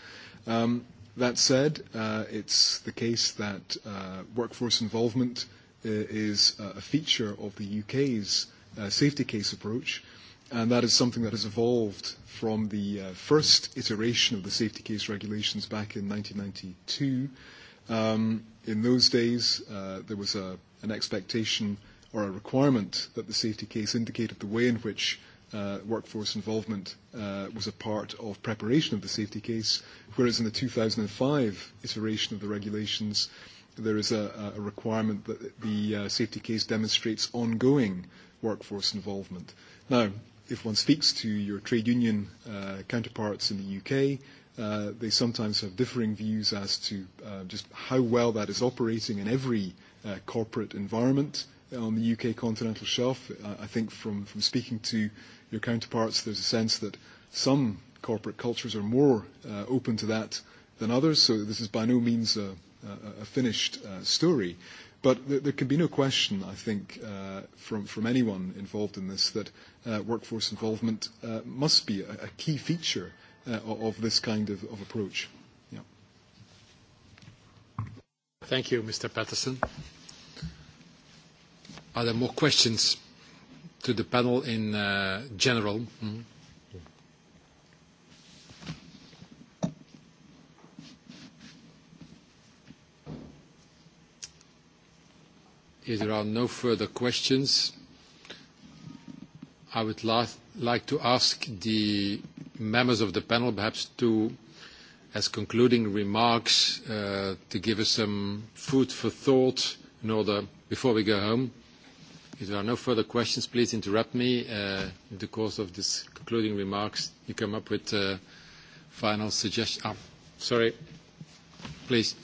Um that said, uh it's the case that uh workforce involvement is a feature of the UK's uh safety case approach and that is something that has evolved from the uh, first iteration of the safety case regulations back in 1992. Um, in those days, uh, there was a, an expectation or a requirement that the safety case indicated the way in which uh, workforce involvement uh, was a part of preparation of the safety case, whereas in the 2005 iteration of the regulations, there is a, a requirement that the uh, safety case demonstrates ongoing workforce involvement. Now, if one speaks to your trade union uh, counterparts in the UK, uh, they sometimes have differing views as to uh, just how well that is operating in every uh, corporate environment on the UK continental shelf. Uh, I think from, from speaking to your counterparts, there's a sense that some corporate cultures are more uh, open to that than others, so this is by no means a, a, a finished uh, story. Uh, But there, there can be no question, I think, uh, from, from anyone involved in this, that uh, workforce involvement uh, must be a, a key feature uh, of this kind of, of approach. Yeah. Thank you, Mr. Patterson. Are there more questions to the panel in uh, general? Mm-hmm. If there are no further questions, I would like to ask the members of the panel perhaps to, as concluding remarks, to give us some food for thought in order before we go home. If there are no further questions, please interrupt me. In the course of these concluding remarks, you come up with final suggestions. Sorry. Please.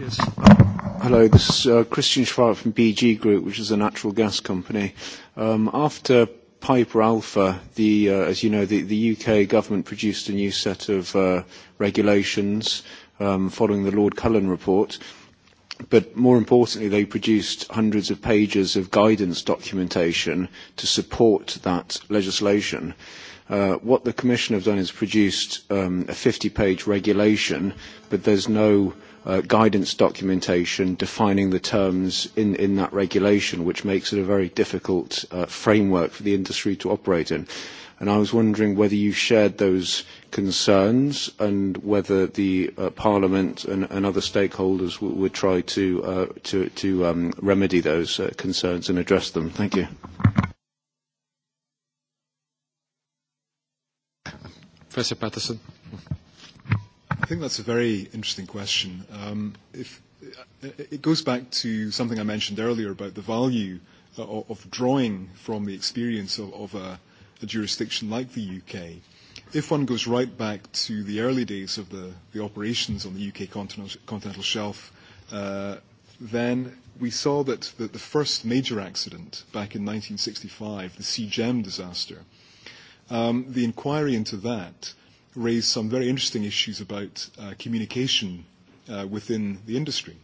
Yes. Hello, this is uh, Christian Schwab from BG Group, which is a natural gas company. after Piper Alpha, the, as you know, the, the UK government produced a new set of uh, regulations um, following the Lord Cullen report. But more importantly, they produced hundreds of pages of guidance documentation to support that legislation. what the Commission have done is produced um, a 50-page regulation, but there's no guidance documentation defining the terms in, in that regulation, which makes it a very difficult framework for the industry to operate in. And I was wondering whether you shared those concerns and whether the Parliament and, and other stakeholders w- would try to, to, to um, remedy those concerns and address them. Thank you. Professor Patterson. I think that's a very interesting question. Um, if, it goes back to something I mentioned earlier about the value of, of drawing from the experience of, of a, a jurisdiction like the UK. If one goes right back to the early days of the, the operations on the UK continental, continental shelf, uh, then we saw that, that the first major accident back in 1965, the Sea Gem disaster, um, the inquiry into that raised some very interesting issues about uh, communication uh, within the industry.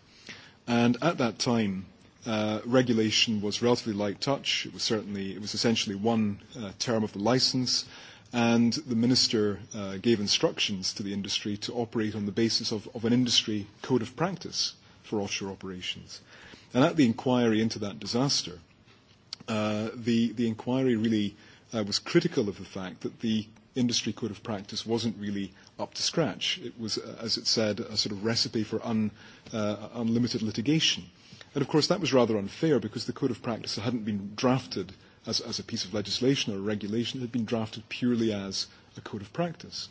And at that time, uh, regulation was relatively light touch. It was certainly, it was essentially one uh, term of the license, and the minister uh, gave instructions to the industry to operate on the basis of, of an industry code of practice for offshore operations. And at the inquiry into that disaster, uh, the, the inquiry really uh, was critical of the fact that the industry code of practice wasn't really up to scratch. It was, as it said, a sort of recipe for un, uh, unlimited litigation. And of course, that was rather unfair because the code of practice hadn't been drafted as, as a piece of legislation or a regulation. It had been drafted purely as a code of practice.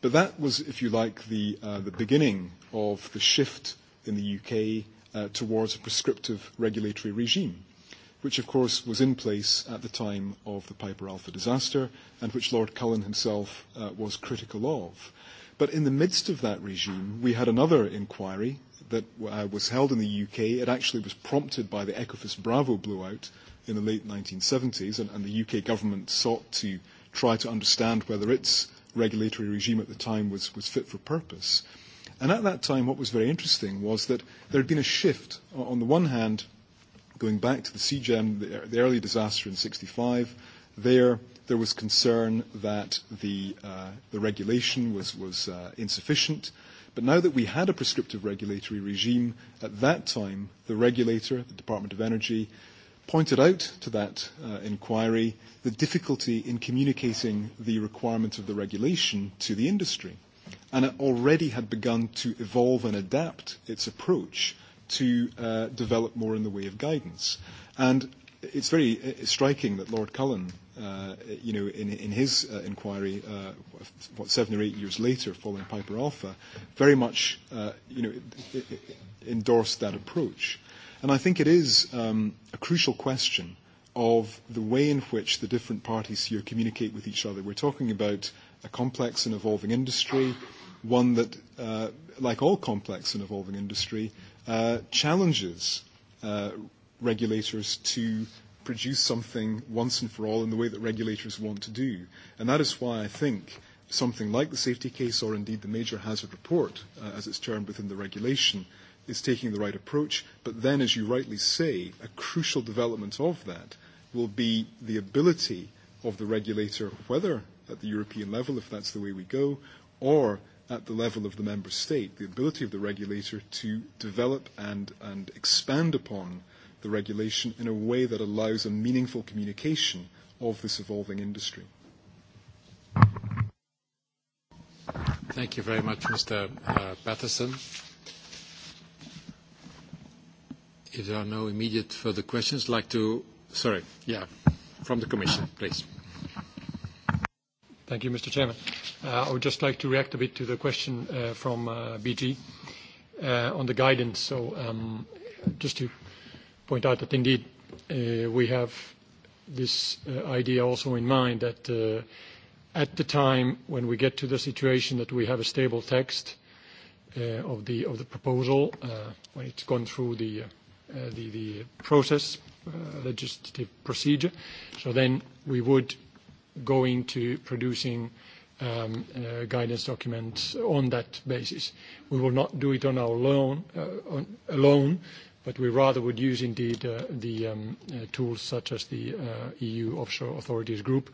But that was, if you like, the, uh, the beginning of the shift in the UK uh, towards a prescriptive regulatory regime which of course was in place at the time of the Piper Alpha disaster and which Lord Cullen himself uh, was critical of. But in the midst of that regime, we had another inquiry that uh, was held in the UK. It actually was prompted by the Ecofis Bravo blowout in the late 1970s, and, and the UK government sought to try to understand whether its regulatory regime at the time was, was fit for purpose. And at that time, what was very interesting was that there had been a shift. On the one hand, Going back to the CGEM, the early disaster in 65, there there was concern that the, uh, the regulation was, was uh, insufficient. But now that we had a prescriptive regulatory regime, at that time, the regulator, the Department of Energy, pointed out to that uh, inquiry the difficulty in communicating the requirement of the regulation to the industry. And it already had begun to evolve and adapt its approach to uh, develop more in the way of guidance. And it's very striking that Lord Cullen, uh, you know, in, in his uh, inquiry, uh, what seven or eight years later, following Piper Alpha, very much, uh, you know, endorsed that approach. And I think it is um, a crucial question of the way in which the different parties here communicate with each other. We're talking about a complex and evolving industry, one that, uh, like all complex and evolving industry, uh, uh, challenges uh, regulators to produce something once and for all in the way that regulators want to do. And that is why I think something like the safety case or indeed the major hazard report, uh, as it's termed within the regulation, is taking the right approach. But then, as you rightly say, a crucial development of that will be the ability of the regulator, whether at the European level, if that's the way we go, or at the level of the member state, the ability of the regulator to develop and, and expand upon the regulation in a way that allows a meaningful communication of this evolving industry. Thank you very much, Mr. Patterson. If there are no immediate further questions, I'd like to... Sorry, yeah, from the Commission, please. Thank you, Mr. Chairman. I would just like to react a bit to the question from BG on the guidance. So Just to point out that indeed, we have this idea also in mind that at the time when we get to the situation that we have a stable text of the proposal, when it's gone through the process, legislative procedure, so then we would go into producing guidance documents on that basis. We will not do it on our own alone, but we rather would use indeed the tools such as the EU Offshore Authorities Group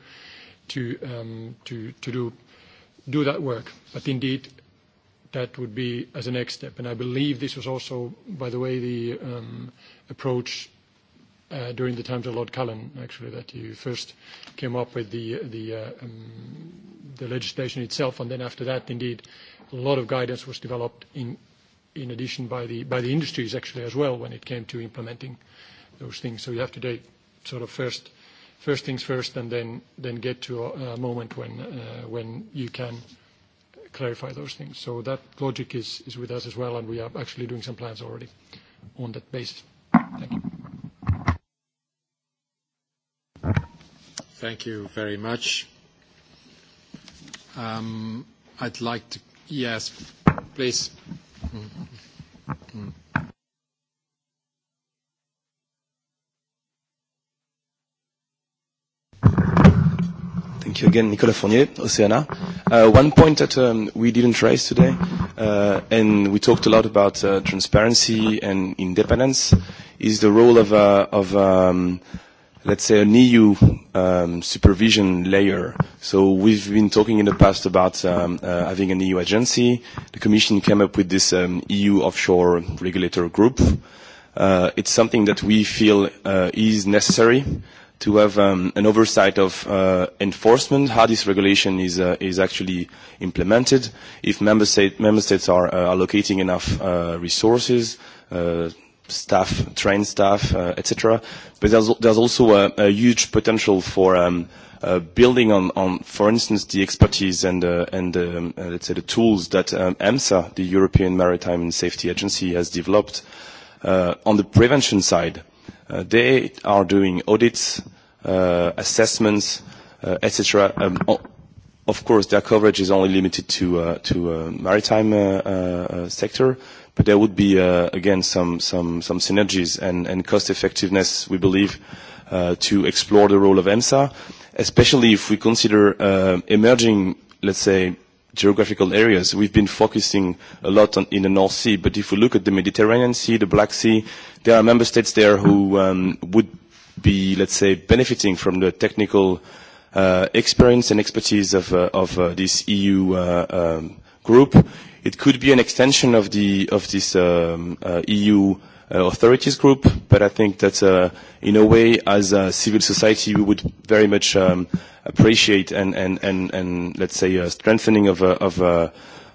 to do that work. But indeed, that would be as a next step. And I believe this was also, by the way, the approach uh, during the times of Lord Cullen, actually, that you first came up with the, the, uh, um, the legislation itself, and then after that, indeed, a lot of guidance was developed in, in addition by the, by the industries, actually, as well, when it came to implementing those things. So you have to date sort of first, first things first, and then, then get to a, a moment when, uh, when you can clarify those things. So that logic is, is with us as well, and we are actually doing some plans already on that basis. Thank you. Thank you very much. Um, I'd like to... Yes, please. Thank you again, Nicolas Fournier, Oceana. Uh, one point that um, we didn't raise today, uh, and we talked a lot about uh, transparency and independence, is the role of, uh, of um, let's say, an EU um, supervision layer. So we've been talking in the past about um, uh, having an EU agency. The Commission came up with this um, EU offshore regulator group. Uh, it's something that we feel uh, is necessary to have um, an oversight of uh, enforcement, how this regulation is, uh, is actually implemented, if member, state, member states are uh, allocating enough uh, resources, uh, staff, train staff, uh, etc. But there's, there's also a, a huge potential for um, uh, building on, on, for instance, the expertise and, uh, and um, uh, let's say the tools that um, EMSA, the European Maritime and Safety Agency, has developed uh, on the prevention side. Uh, they are doing audits, uh, assessments, uh, etc. Um, of course, their coverage is only limited to uh, to uh, maritime uh, uh, sector, But there would be, uh, again, some, some, some synergies and, and cost effectiveness, we believe, uh, to explore the role of EMSA, especially if we consider uh, emerging, let's say, geographical areas. We've been focusing a lot on, in the North Sea, but if we look at the Mediterranean Sea, the Black Sea, there are member states there who um, would be, let's say, benefiting from the technical uh, experience and expertise of, uh, of uh, this EU uh, group It could be an extension of the of this um, uh, EU uh, authorities group, but I think that uh, in a way, as a civil society, we would very much um, appreciate and, and, and, and let's say a strengthening of uh, of uh,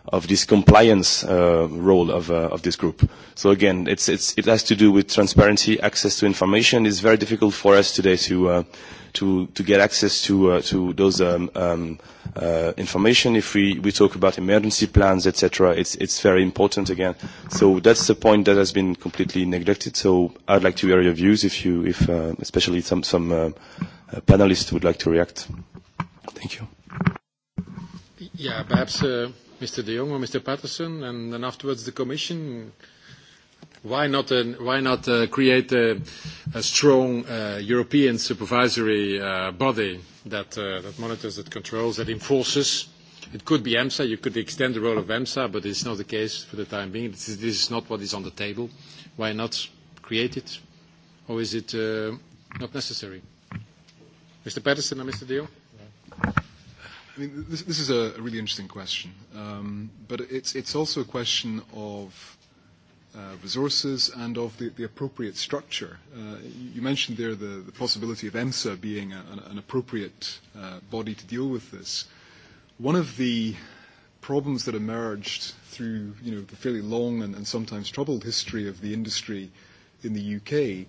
of this compliance uh, role of, uh, of this group. So again, it's, it's, it has to do with transparency, access to information. It's very difficult for us today to, uh, to, to get access to, uh, to those um, um, uh, information. If we, we talk about emergency plans, etc., it's, it's very important again. So that's the point that has been completely neglected. So I'd like to hear your views if you, if uh, especially some, some uh, panelists would like to react. Thank you. Yeah, perhaps uh, Mr. De Jong or Mr. Patterson, and then afterwards the Commission. Why not, why not uh create a, strong uh European supervisory uh body that, uh that monitors, that controls, that enforces? It could be EMSA. You could extend the role of EMSA, but it's not the case for the time being. This is not what is on the table. Why not create it? Or is it uh not necessary? Mr. Patterson and Mr. Deal? I mean, this, this is a really interesting question, um, but it's, it's also a question of resources and of the, the appropriate structure. Uh, you mentioned there the, the possibility of EMSA being a, an appropriate uh, body to deal with this. One of the problems that emerged through you know, the fairly long and, and sometimes troubled history of the industry in the UK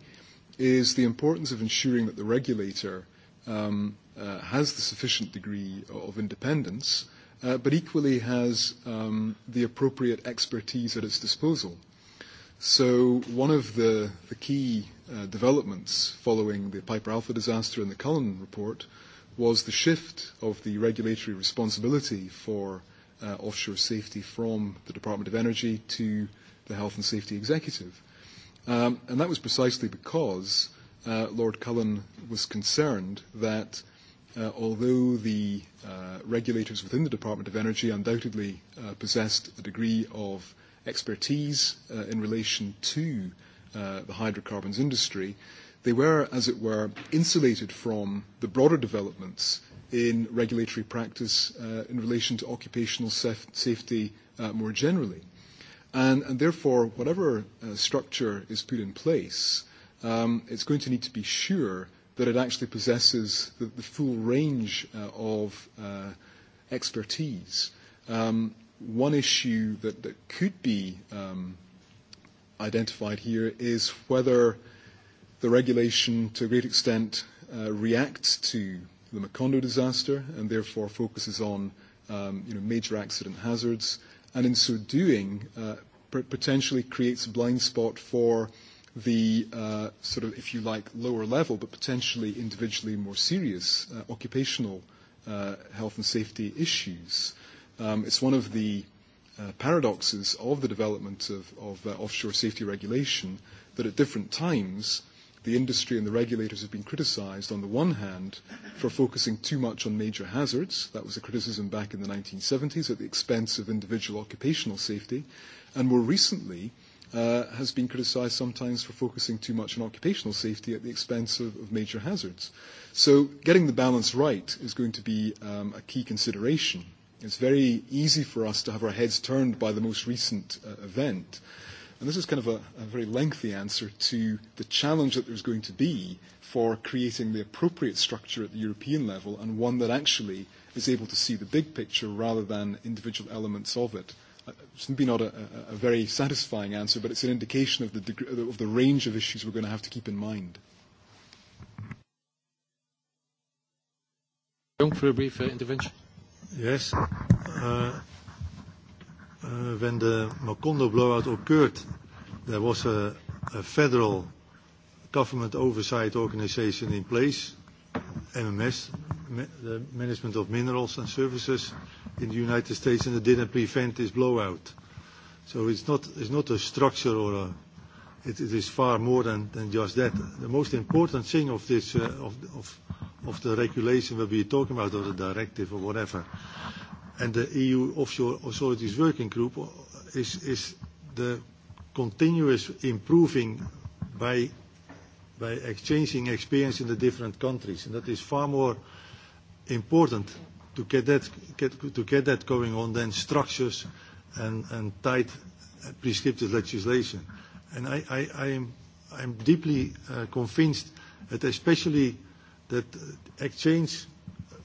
is the importance of ensuring that the regulator um, uh, has the sufficient degree of independence, uh, but equally has um, the appropriate expertise at its disposal So one of the, the key uh, developments following the Piper Alpha disaster and the Cullen report was the shift of the regulatory responsibility for uh, offshore safety from the Department of Energy to the Health and Safety Executive. Um, and that was precisely because uh, Lord Cullen was concerned that uh, although the uh, regulators within the Department of Energy undoubtedly uh, possessed a degree of expertise uh, in relation to uh, the hydrocarbons industry, they were, as it were, insulated from the broader developments in regulatory practice uh, in relation to occupational saf- safety uh, more generally. And, and therefore, whatever uh, structure is put in place, um, it's going to need to be sure that it actually possesses the, the full range uh, of uh, expertise. Um, one issue that, that could be um, identified here is whether the regulation, to a great extent, uh, reacts to the Macondo disaster and therefore focuses on um, you know, major accident hazards, and in so doing, uh, potentially creates a blind spot for the uh, sort of, if you like, lower level, but potentially individually more serious uh, occupational uh, health and safety issues. Uh, Um, it's one of the uh, paradoxes of the development of, of uh, offshore safety regulation that at different times the industry and the regulators have been criticised on the one hand for focusing too much on major hazards. That was a criticism back in the 1970s at the expense of individual occupational safety. And more recently, uh, has been criticised sometimes for focusing too much on occupational safety at the expense of, of major hazards. So getting the balance right is going to be um, a key consideration. It's very easy for us to have our heads turned by the most recent uh, event. And this is kind of a, a very lengthy answer to the challenge that there's going to be for creating the appropriate structure at the European level and one that actually is able to see the big picture rather than individual elements of it. It's maybe not a, a very satisfying answer, but it's an indication of the, degree, of the range of issues we're going to have to keep in mind. Young for a brief uh, intervention. Yes. When the Macondo blowout occurred, there was a federal government oversight organization in place, MMS, the Management of Minerals and Services in the United States, and it didn't prevent this blowout. So It's not it's not a structure or a it, it is far more than, than just that. The most important thing of this, uh, of, of, of the regulation that we are talking about, or the directive or whatever, and the EU Offshore Authorities Working Group is, is the continuous improving by, by exchanging experience in the different countries. And that is far more important to get that, get, to get that going on than structures and, and tight prescriptive legislation. And I, I, I am I'm deeply uh, convinced that especially that exchange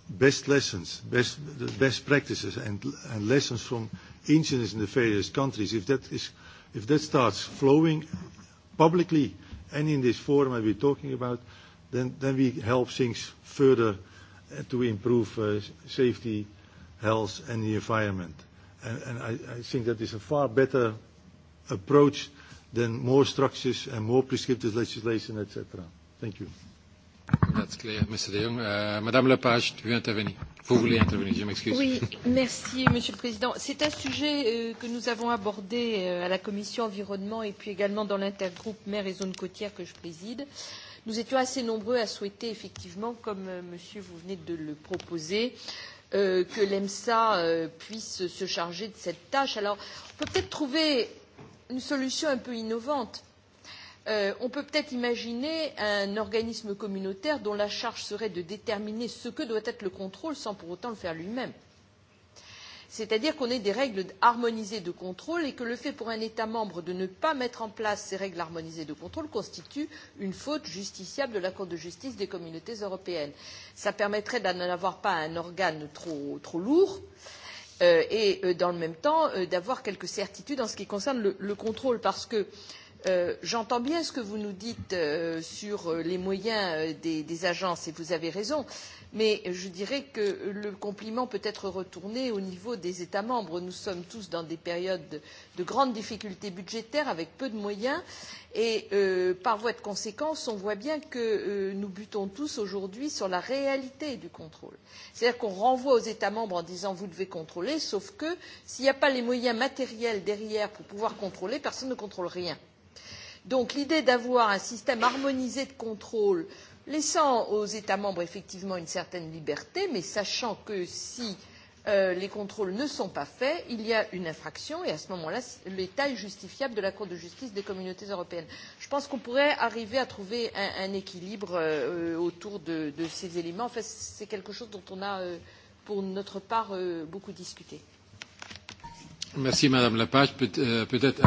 best lessons, best, the best practices and, and lessons from incidents in the various countries, if that, is, if that starts flowing publicly and in this forum I've been talking about, then, then we help things further to improve uh, safety, health and the environment. And, and I, I think that is a far better approach then more structures and more prescriptive legislation, et cetera. Thank you. That's clear, Mr. De Jong. Madame Lepage, tu veux intervenir. Vous voulez intervenir, je m'excuse. Oui, merci, Monsieur le Président. C'est un sujet euh, que nous avons abordé euh, à la Commission environnement et puis également dans l'intergroupe mer et zones côtières que je préside. Nous étions assez nombreux à souhaiter, effectivement, comme euh, Monsieur vous venez de le proposer, euh, que l'EMSA euh, puisse se charger de cette tâche. Alors, on peut peut-être trouver une solution un peu innovante. on peut peut-être imaginer un organisme communautaire dont la charge serait de déterminer ce que doit être le contrôle sans pour autant le faire lui-même. C'est-à-dire qu'on ait des règles harmonisées de contrôle et que le fait pour un État membre de ne pas mettre en place ces règles harmonisées de contrôle constitue une faute justiciable de la Cour de justice des communautés européennes. Cela permettrait d'en avoir pas un organe trop, lourd, euh, et dans le même temps d'avoir quelques certitudes en ce qui concerne le, contrôle parce que j'entends bien ce que vous nous dites sur les moyens des, agences et vous avez raison mais mais je dirais que le compliment peut être retourné au niveau des États membres. Nous sommes tous dans des périodes de grandes difficultés budgétaires avec peu de moyens et par voie de conséquence, on voit bien que nous butons tous aujourd'hui sur la réalité du contrôle. C'est-à-dire qu'on renvoie aux États membres en disant vous devez contrôler, sauf que s'il n'y a pas les moyens matériels derrière pour pouvoir contrôler, personne ne contrôle rien. Donc l'idée d'avoir un système harmonisé de contrôle euh, laissant aux États membres effectivement une certaine liberté, mais sachant que si les contrôles ne sont pas faits, il y a une infraction et à ce moment-là, l'État est justifiable de la Cour de justice des communautés européennes. Je pense qu'on pourrait arriver à trouver un, équilibre autour de, ces éléments. En fait, c'est quelque chose dont on a, pour notre part, beaucoup discuté. Merci, Madame Lepage. Peut-être,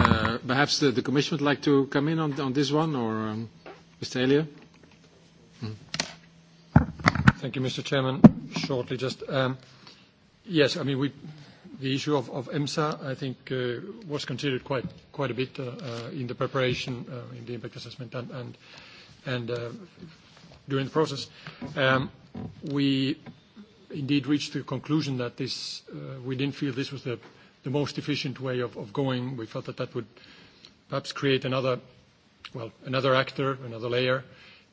perhaps the, Commission would like to come in on, this one, or Mr. Elliott? Thank you, Mr. Chairman. Shortly, just, yes, I mean, we the issue of of EMSA, I think, was considered quite quite a bit in the preparation, in the impact assessment and and during the process. We indeed reached the conclusion that this, we didn't feel this was the the most efficient way of of going. We felt that that would perhaps create another, well, another actor, another layer,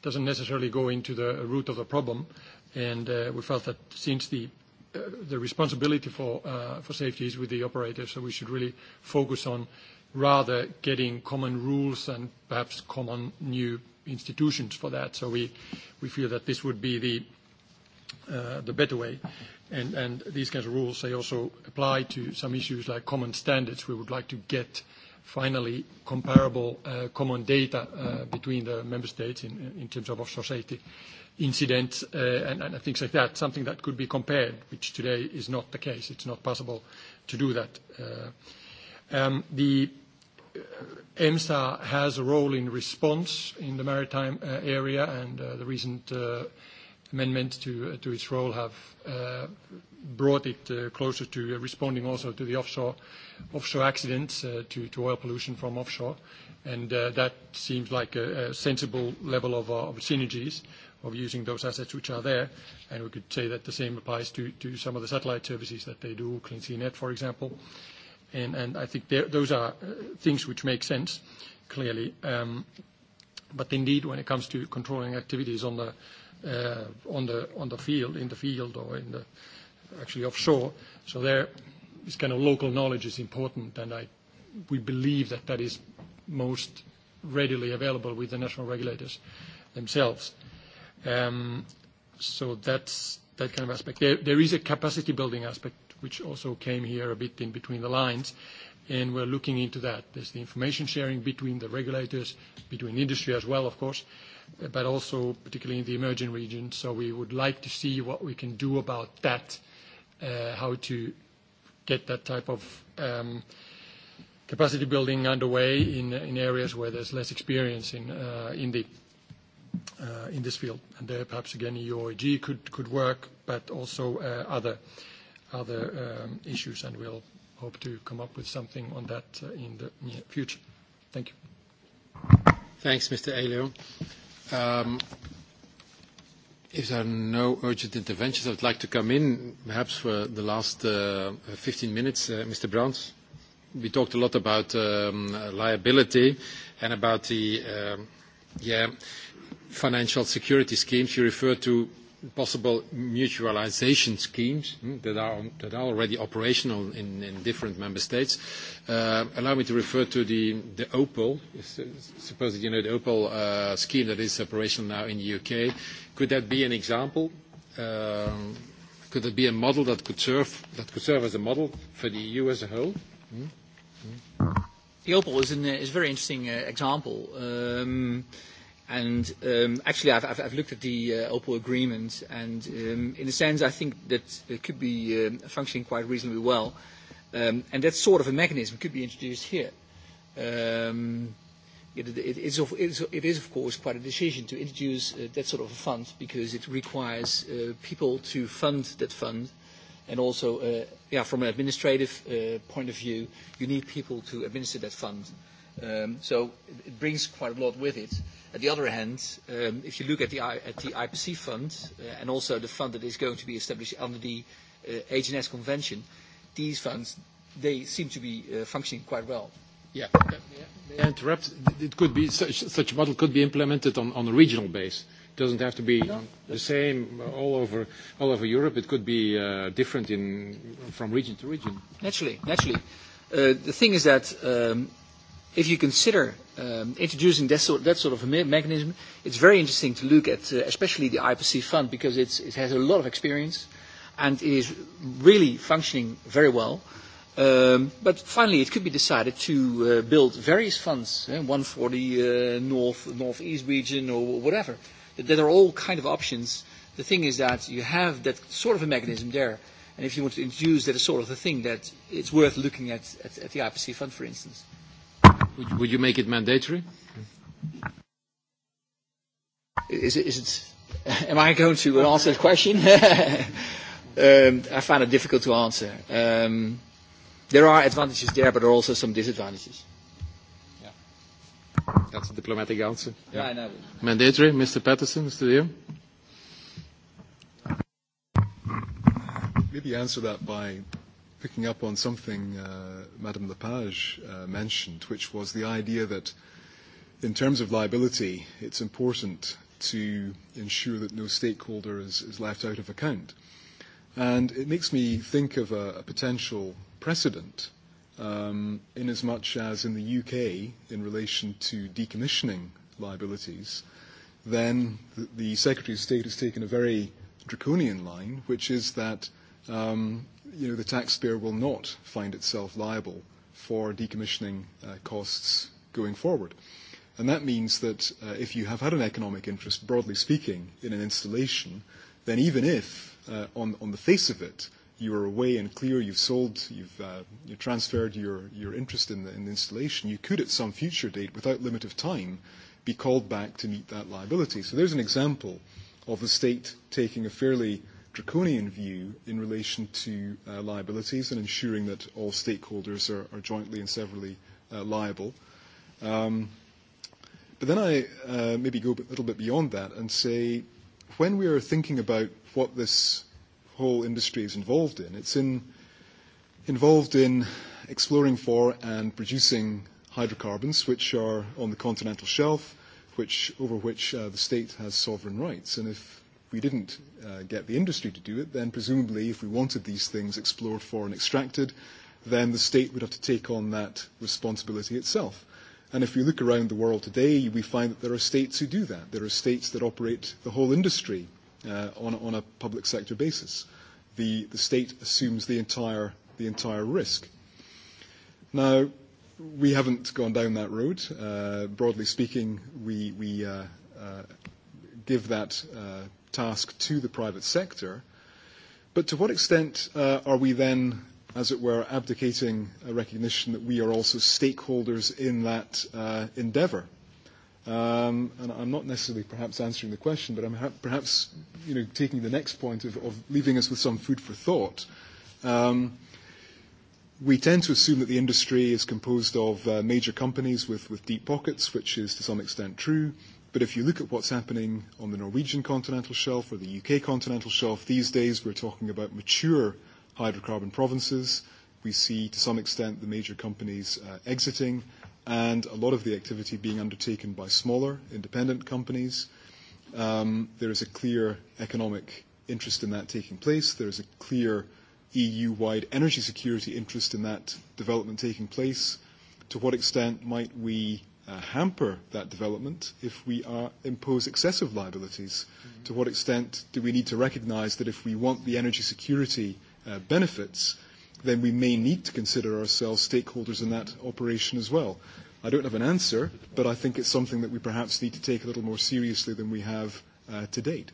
doesn't necessarily go into the root of the problem. And uh, we felt that since the uh, the responsibility for uh, for safety is with the operator, so we should really focus on rather getting common rules and perhaps common new institutions for that. So we we feel that this would be the uh, the better way. And, and these kinds of rules, they also apply to some issues like common standards we would like to get uh, finally, comparable common data between the member states in terms of offshore safety incidents and things like that, something that could be compared, which today is not the case. It's not possible to do that. The EMSA has a role in response in the maritime area, and the recent amendments to its role have brought it closer to responding also to the offshore accidents, to oil pollution from offshore. and That seems like a sensible level of synergies of using those assets which are there. and We could say that the same applies to some of the satellite services that they do, Clean net for example. and I think those are things which make sense, clearly. But Indeed, when it comes to controlling activities on the field, in the field or in the actually offshore. So there, this kind of local knowledge is important, and I we believe that that is most readily available with the national regulators themselves. So that's that kind of aspect. There is a capacity building aspect, which also came here a bit in between the lines, and we're looking into that. There's the information sharing between the regulators, between industry as well, of course, but also particularly in the emerging regions. So we would like to see what we can do about that how to get that type of um capacity building underway in in areas where there's less experience in uh in the uh in this field. And There perhaps again, EUOIG could could work, but also uh other other um issues, and we'll hope to come up with something on that uh in the near future. Thank you. Thanks, Mr. Elio. Um If there are no urgent interventions, I would like to come in perhaps for the last 15 minutes. Mr. Brands, we talked a lot about liability and about the financial security schemes. You referred to possible mutualization schemes that are already operational in different member states. Allow me to refer to the OPAL. Suppose that you know the OPAL scheme that is operational now in the U.K. Could that be an example? Could that be a model that could serve as a model for the EU as a whole? The OPAL is a very interesting example And um, actually, I've, I've, I've looked at the uh, OPPO agreement, and um, in a sense, I think that it could be um, functioning quite reasonably well. Um, and that sort of a mechanism could be introduced here. Um, it, it, is of, it, is, of course, quite a decision to introduce uh, that sort of a fund because it requires uh, people to fund that fund. And also, uh, yeah, from an administrative uh, point of view, you need people to administer that fund. Uh, Um, so it brings quite a lot with it. On the other hand, um, if you look at the, at the IPC fund uh, and also the fund that is going to be established under the uh, HNS convention, these funds, they seem to be uh, functioning quite well. Yeah. May I interrupt? It could be such such a model could be implemented on on a regional base. It doesn't have to be the same all over all over Europe. It could be uh different in from region to region. Naturally. Naturally. Uh The thing is that um if you consider um, introducing that sort, that sort of a me- mechanism, it's very interesting to look at, uh, especially the IPC fund, because it's, it has a lot of experience and it is really functioning very well. Um, but finally, it could be decided to uh, build various funds, uh, one for the uh, north northeast region or whatever. That are all kind of options. The thing is that you have that sort of a mechanism there, and if you want to introduce that sort of a thing, that it's worth looking at, at, at the IPC fund, for instance. Would, you make it mandatory? Is it, am I going to answer the question? I find it difficult to answer. there are advantages there, but there are also some disadvantages. Yeah. That's a diplomatic answer. Yeah, I know. Mandatory, Mr. Patterson, Mr. Deer. Maybe answer that by picking up on something uh, Madame Lepage uh, mentioned, which was the idea that in terms of liability, it's important to ensure that no stakeholder is, is left out of account. And it makes me think of a, a potential precedent um, in as much as in the UK, in relation to decommissioning liabilities, then the, the Secretary of State has taken a very draconian line, which is that um, you know, the taxpayer will not find itself liable for decommissioning uh, costs going forward. And that means that uh, if you have had an economic interest, broadly speaking, in an installation, then even if, uh, on, on the face of it, you are away and clear, you've sold, you've uh, you transferred your, your interest in the, in the installation, you could at some future date, without limit of time, be called back to meet that liability. So there's an example of the state taking a fairly draconian view in relation to uh, liabilities and ensuring that all stakeholders are, are jointly and severally uh, liable. Um, but then I uh, maybe go a little bit beyond that and say when we are thinking about what this whole industry is involved in, it's in, involved in exploring for and producing hydrocarbons which are on the continental shelf, which, over which uh, the state has sovereign rights. And if we didn't uh, get the industry to do it, then presumably if we wanted these things explored for and extracted, then the state would have to take on that responsibility itself. And if we look around the world today, we find that there are states who do that. There are states that operate the whole industry uh, on, on a public sector basis. The, the state assumes the entire, the entire risk. Now, we haven't gone down that road. Uh, broadly speaking, we, we uh, uh, give that uh, task to the private sector. But to what extent uh, are we then, as it were, abdicating a recognition that we are also stakeholders in that uh, endeavour? Um, and I'm not necessarily perhaps answering the question, but I'm ha- perhaps you know, taking the next point of, of leaving us with some food for thought. Um, we tend to assume that the industry is composed of uh, major companies with, with deep pockets, which is to some extent true. But if you look at what's happening on the Norwegian continental shelf or the UK continental shelf these days, we're talking about mature hydrocarbon provinces. We see, to some extent, the major companies uh, exiting and a lot of the activity being undertaken by smaller, independent companies. Um, there is a clear economic interest in that taking place. There is a clear EU-wide energy security interest in that development taking place. To what extent might we uh, hamper that development if we are, impose excessive liabilities? Mm-hmm. To what extent do we need to recognise that if we want the energy security uh, benefits, then we may need to consider ourselves stakeholders in that operation as well? I don't have an answer, but I think it's something that we perhaps need to take a little more seriously than we have uh, to date.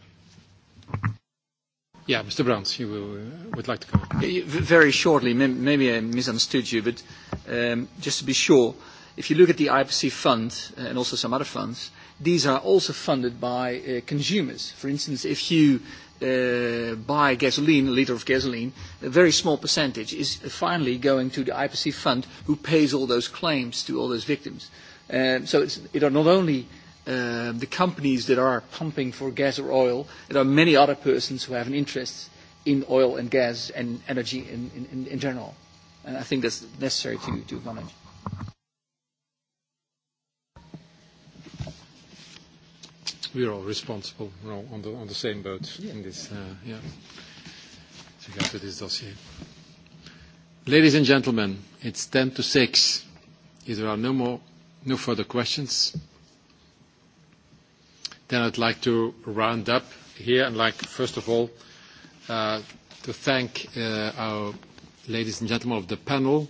Yeah, Mr. Browns, you will, uh, would like to come. Very shortly, maybe I misunderstood you, but um, just to be sure, If you look at the IPC fund and also some other funds, these are also funded by uh, consumers. For instance, if you uh, buy gasoline, a liter of gasoline, a very small percentage is finally going to the IPC fund who pays all those claims to all those victims. Um, so it's, it are not only uh, the companies that are pumping for gas or oil, there are many other persons who have an interest in oil and gas and energy in, in, in general. And I think that's necessary to, to acknowledge. we are all responsible. We're all on the, on the same boat in this, uh, yeah, with to this dossier. Ladies and gentlemen, it's 10 to 6. If there are no more, no further questions, then I'd like to round up here. and like, first of all, uh, to thank uh, our ladies and gentlemen of the panel.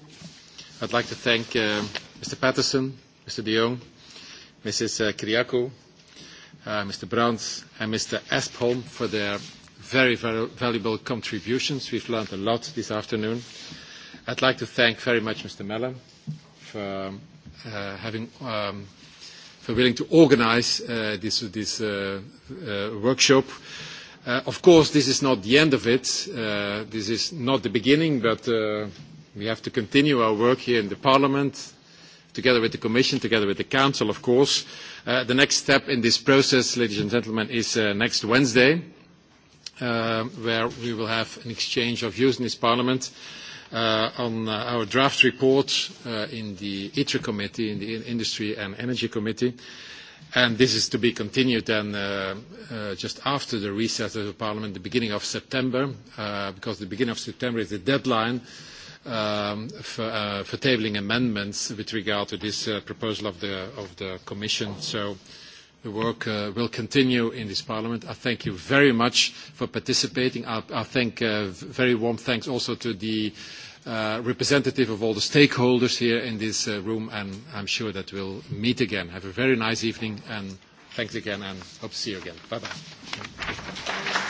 I'd like to thank uh, Mr. Patterson, Mr. De Jong, Mrs. Kiriakou, Mr. Browns and Mr. Espholm for their very valuable contributions. We've learned a lot this afternoon. I'd like to thank very much Mr. Mellon for having for willing to organize this workshop. Of course, this is not the end of it. This is not the beginning, but we have to continue our work here in the parliament, together with the Commission, together with the Council, of course. the next step in this process, ladies and gentlemen, is next Wednesday, where we will have an exchange of views in this Parliament on our draft report in the ITRE Committee, in the Industry and Energy Committee. And this is to be continued then just after the recess of the Parliament, the beginning of September, because the beginning of September is the deadline uh, for tabling amendments with regard to this proposal of the Commission. So the work will continue in this Parliament. I thank you very much for participating. I thank very warm thanks also to the representative of all the stakeholders here in this room, and I'm sure that we'll meet again. Have a very nice evening, and thanks again, and hope to see you again. Bye-bye.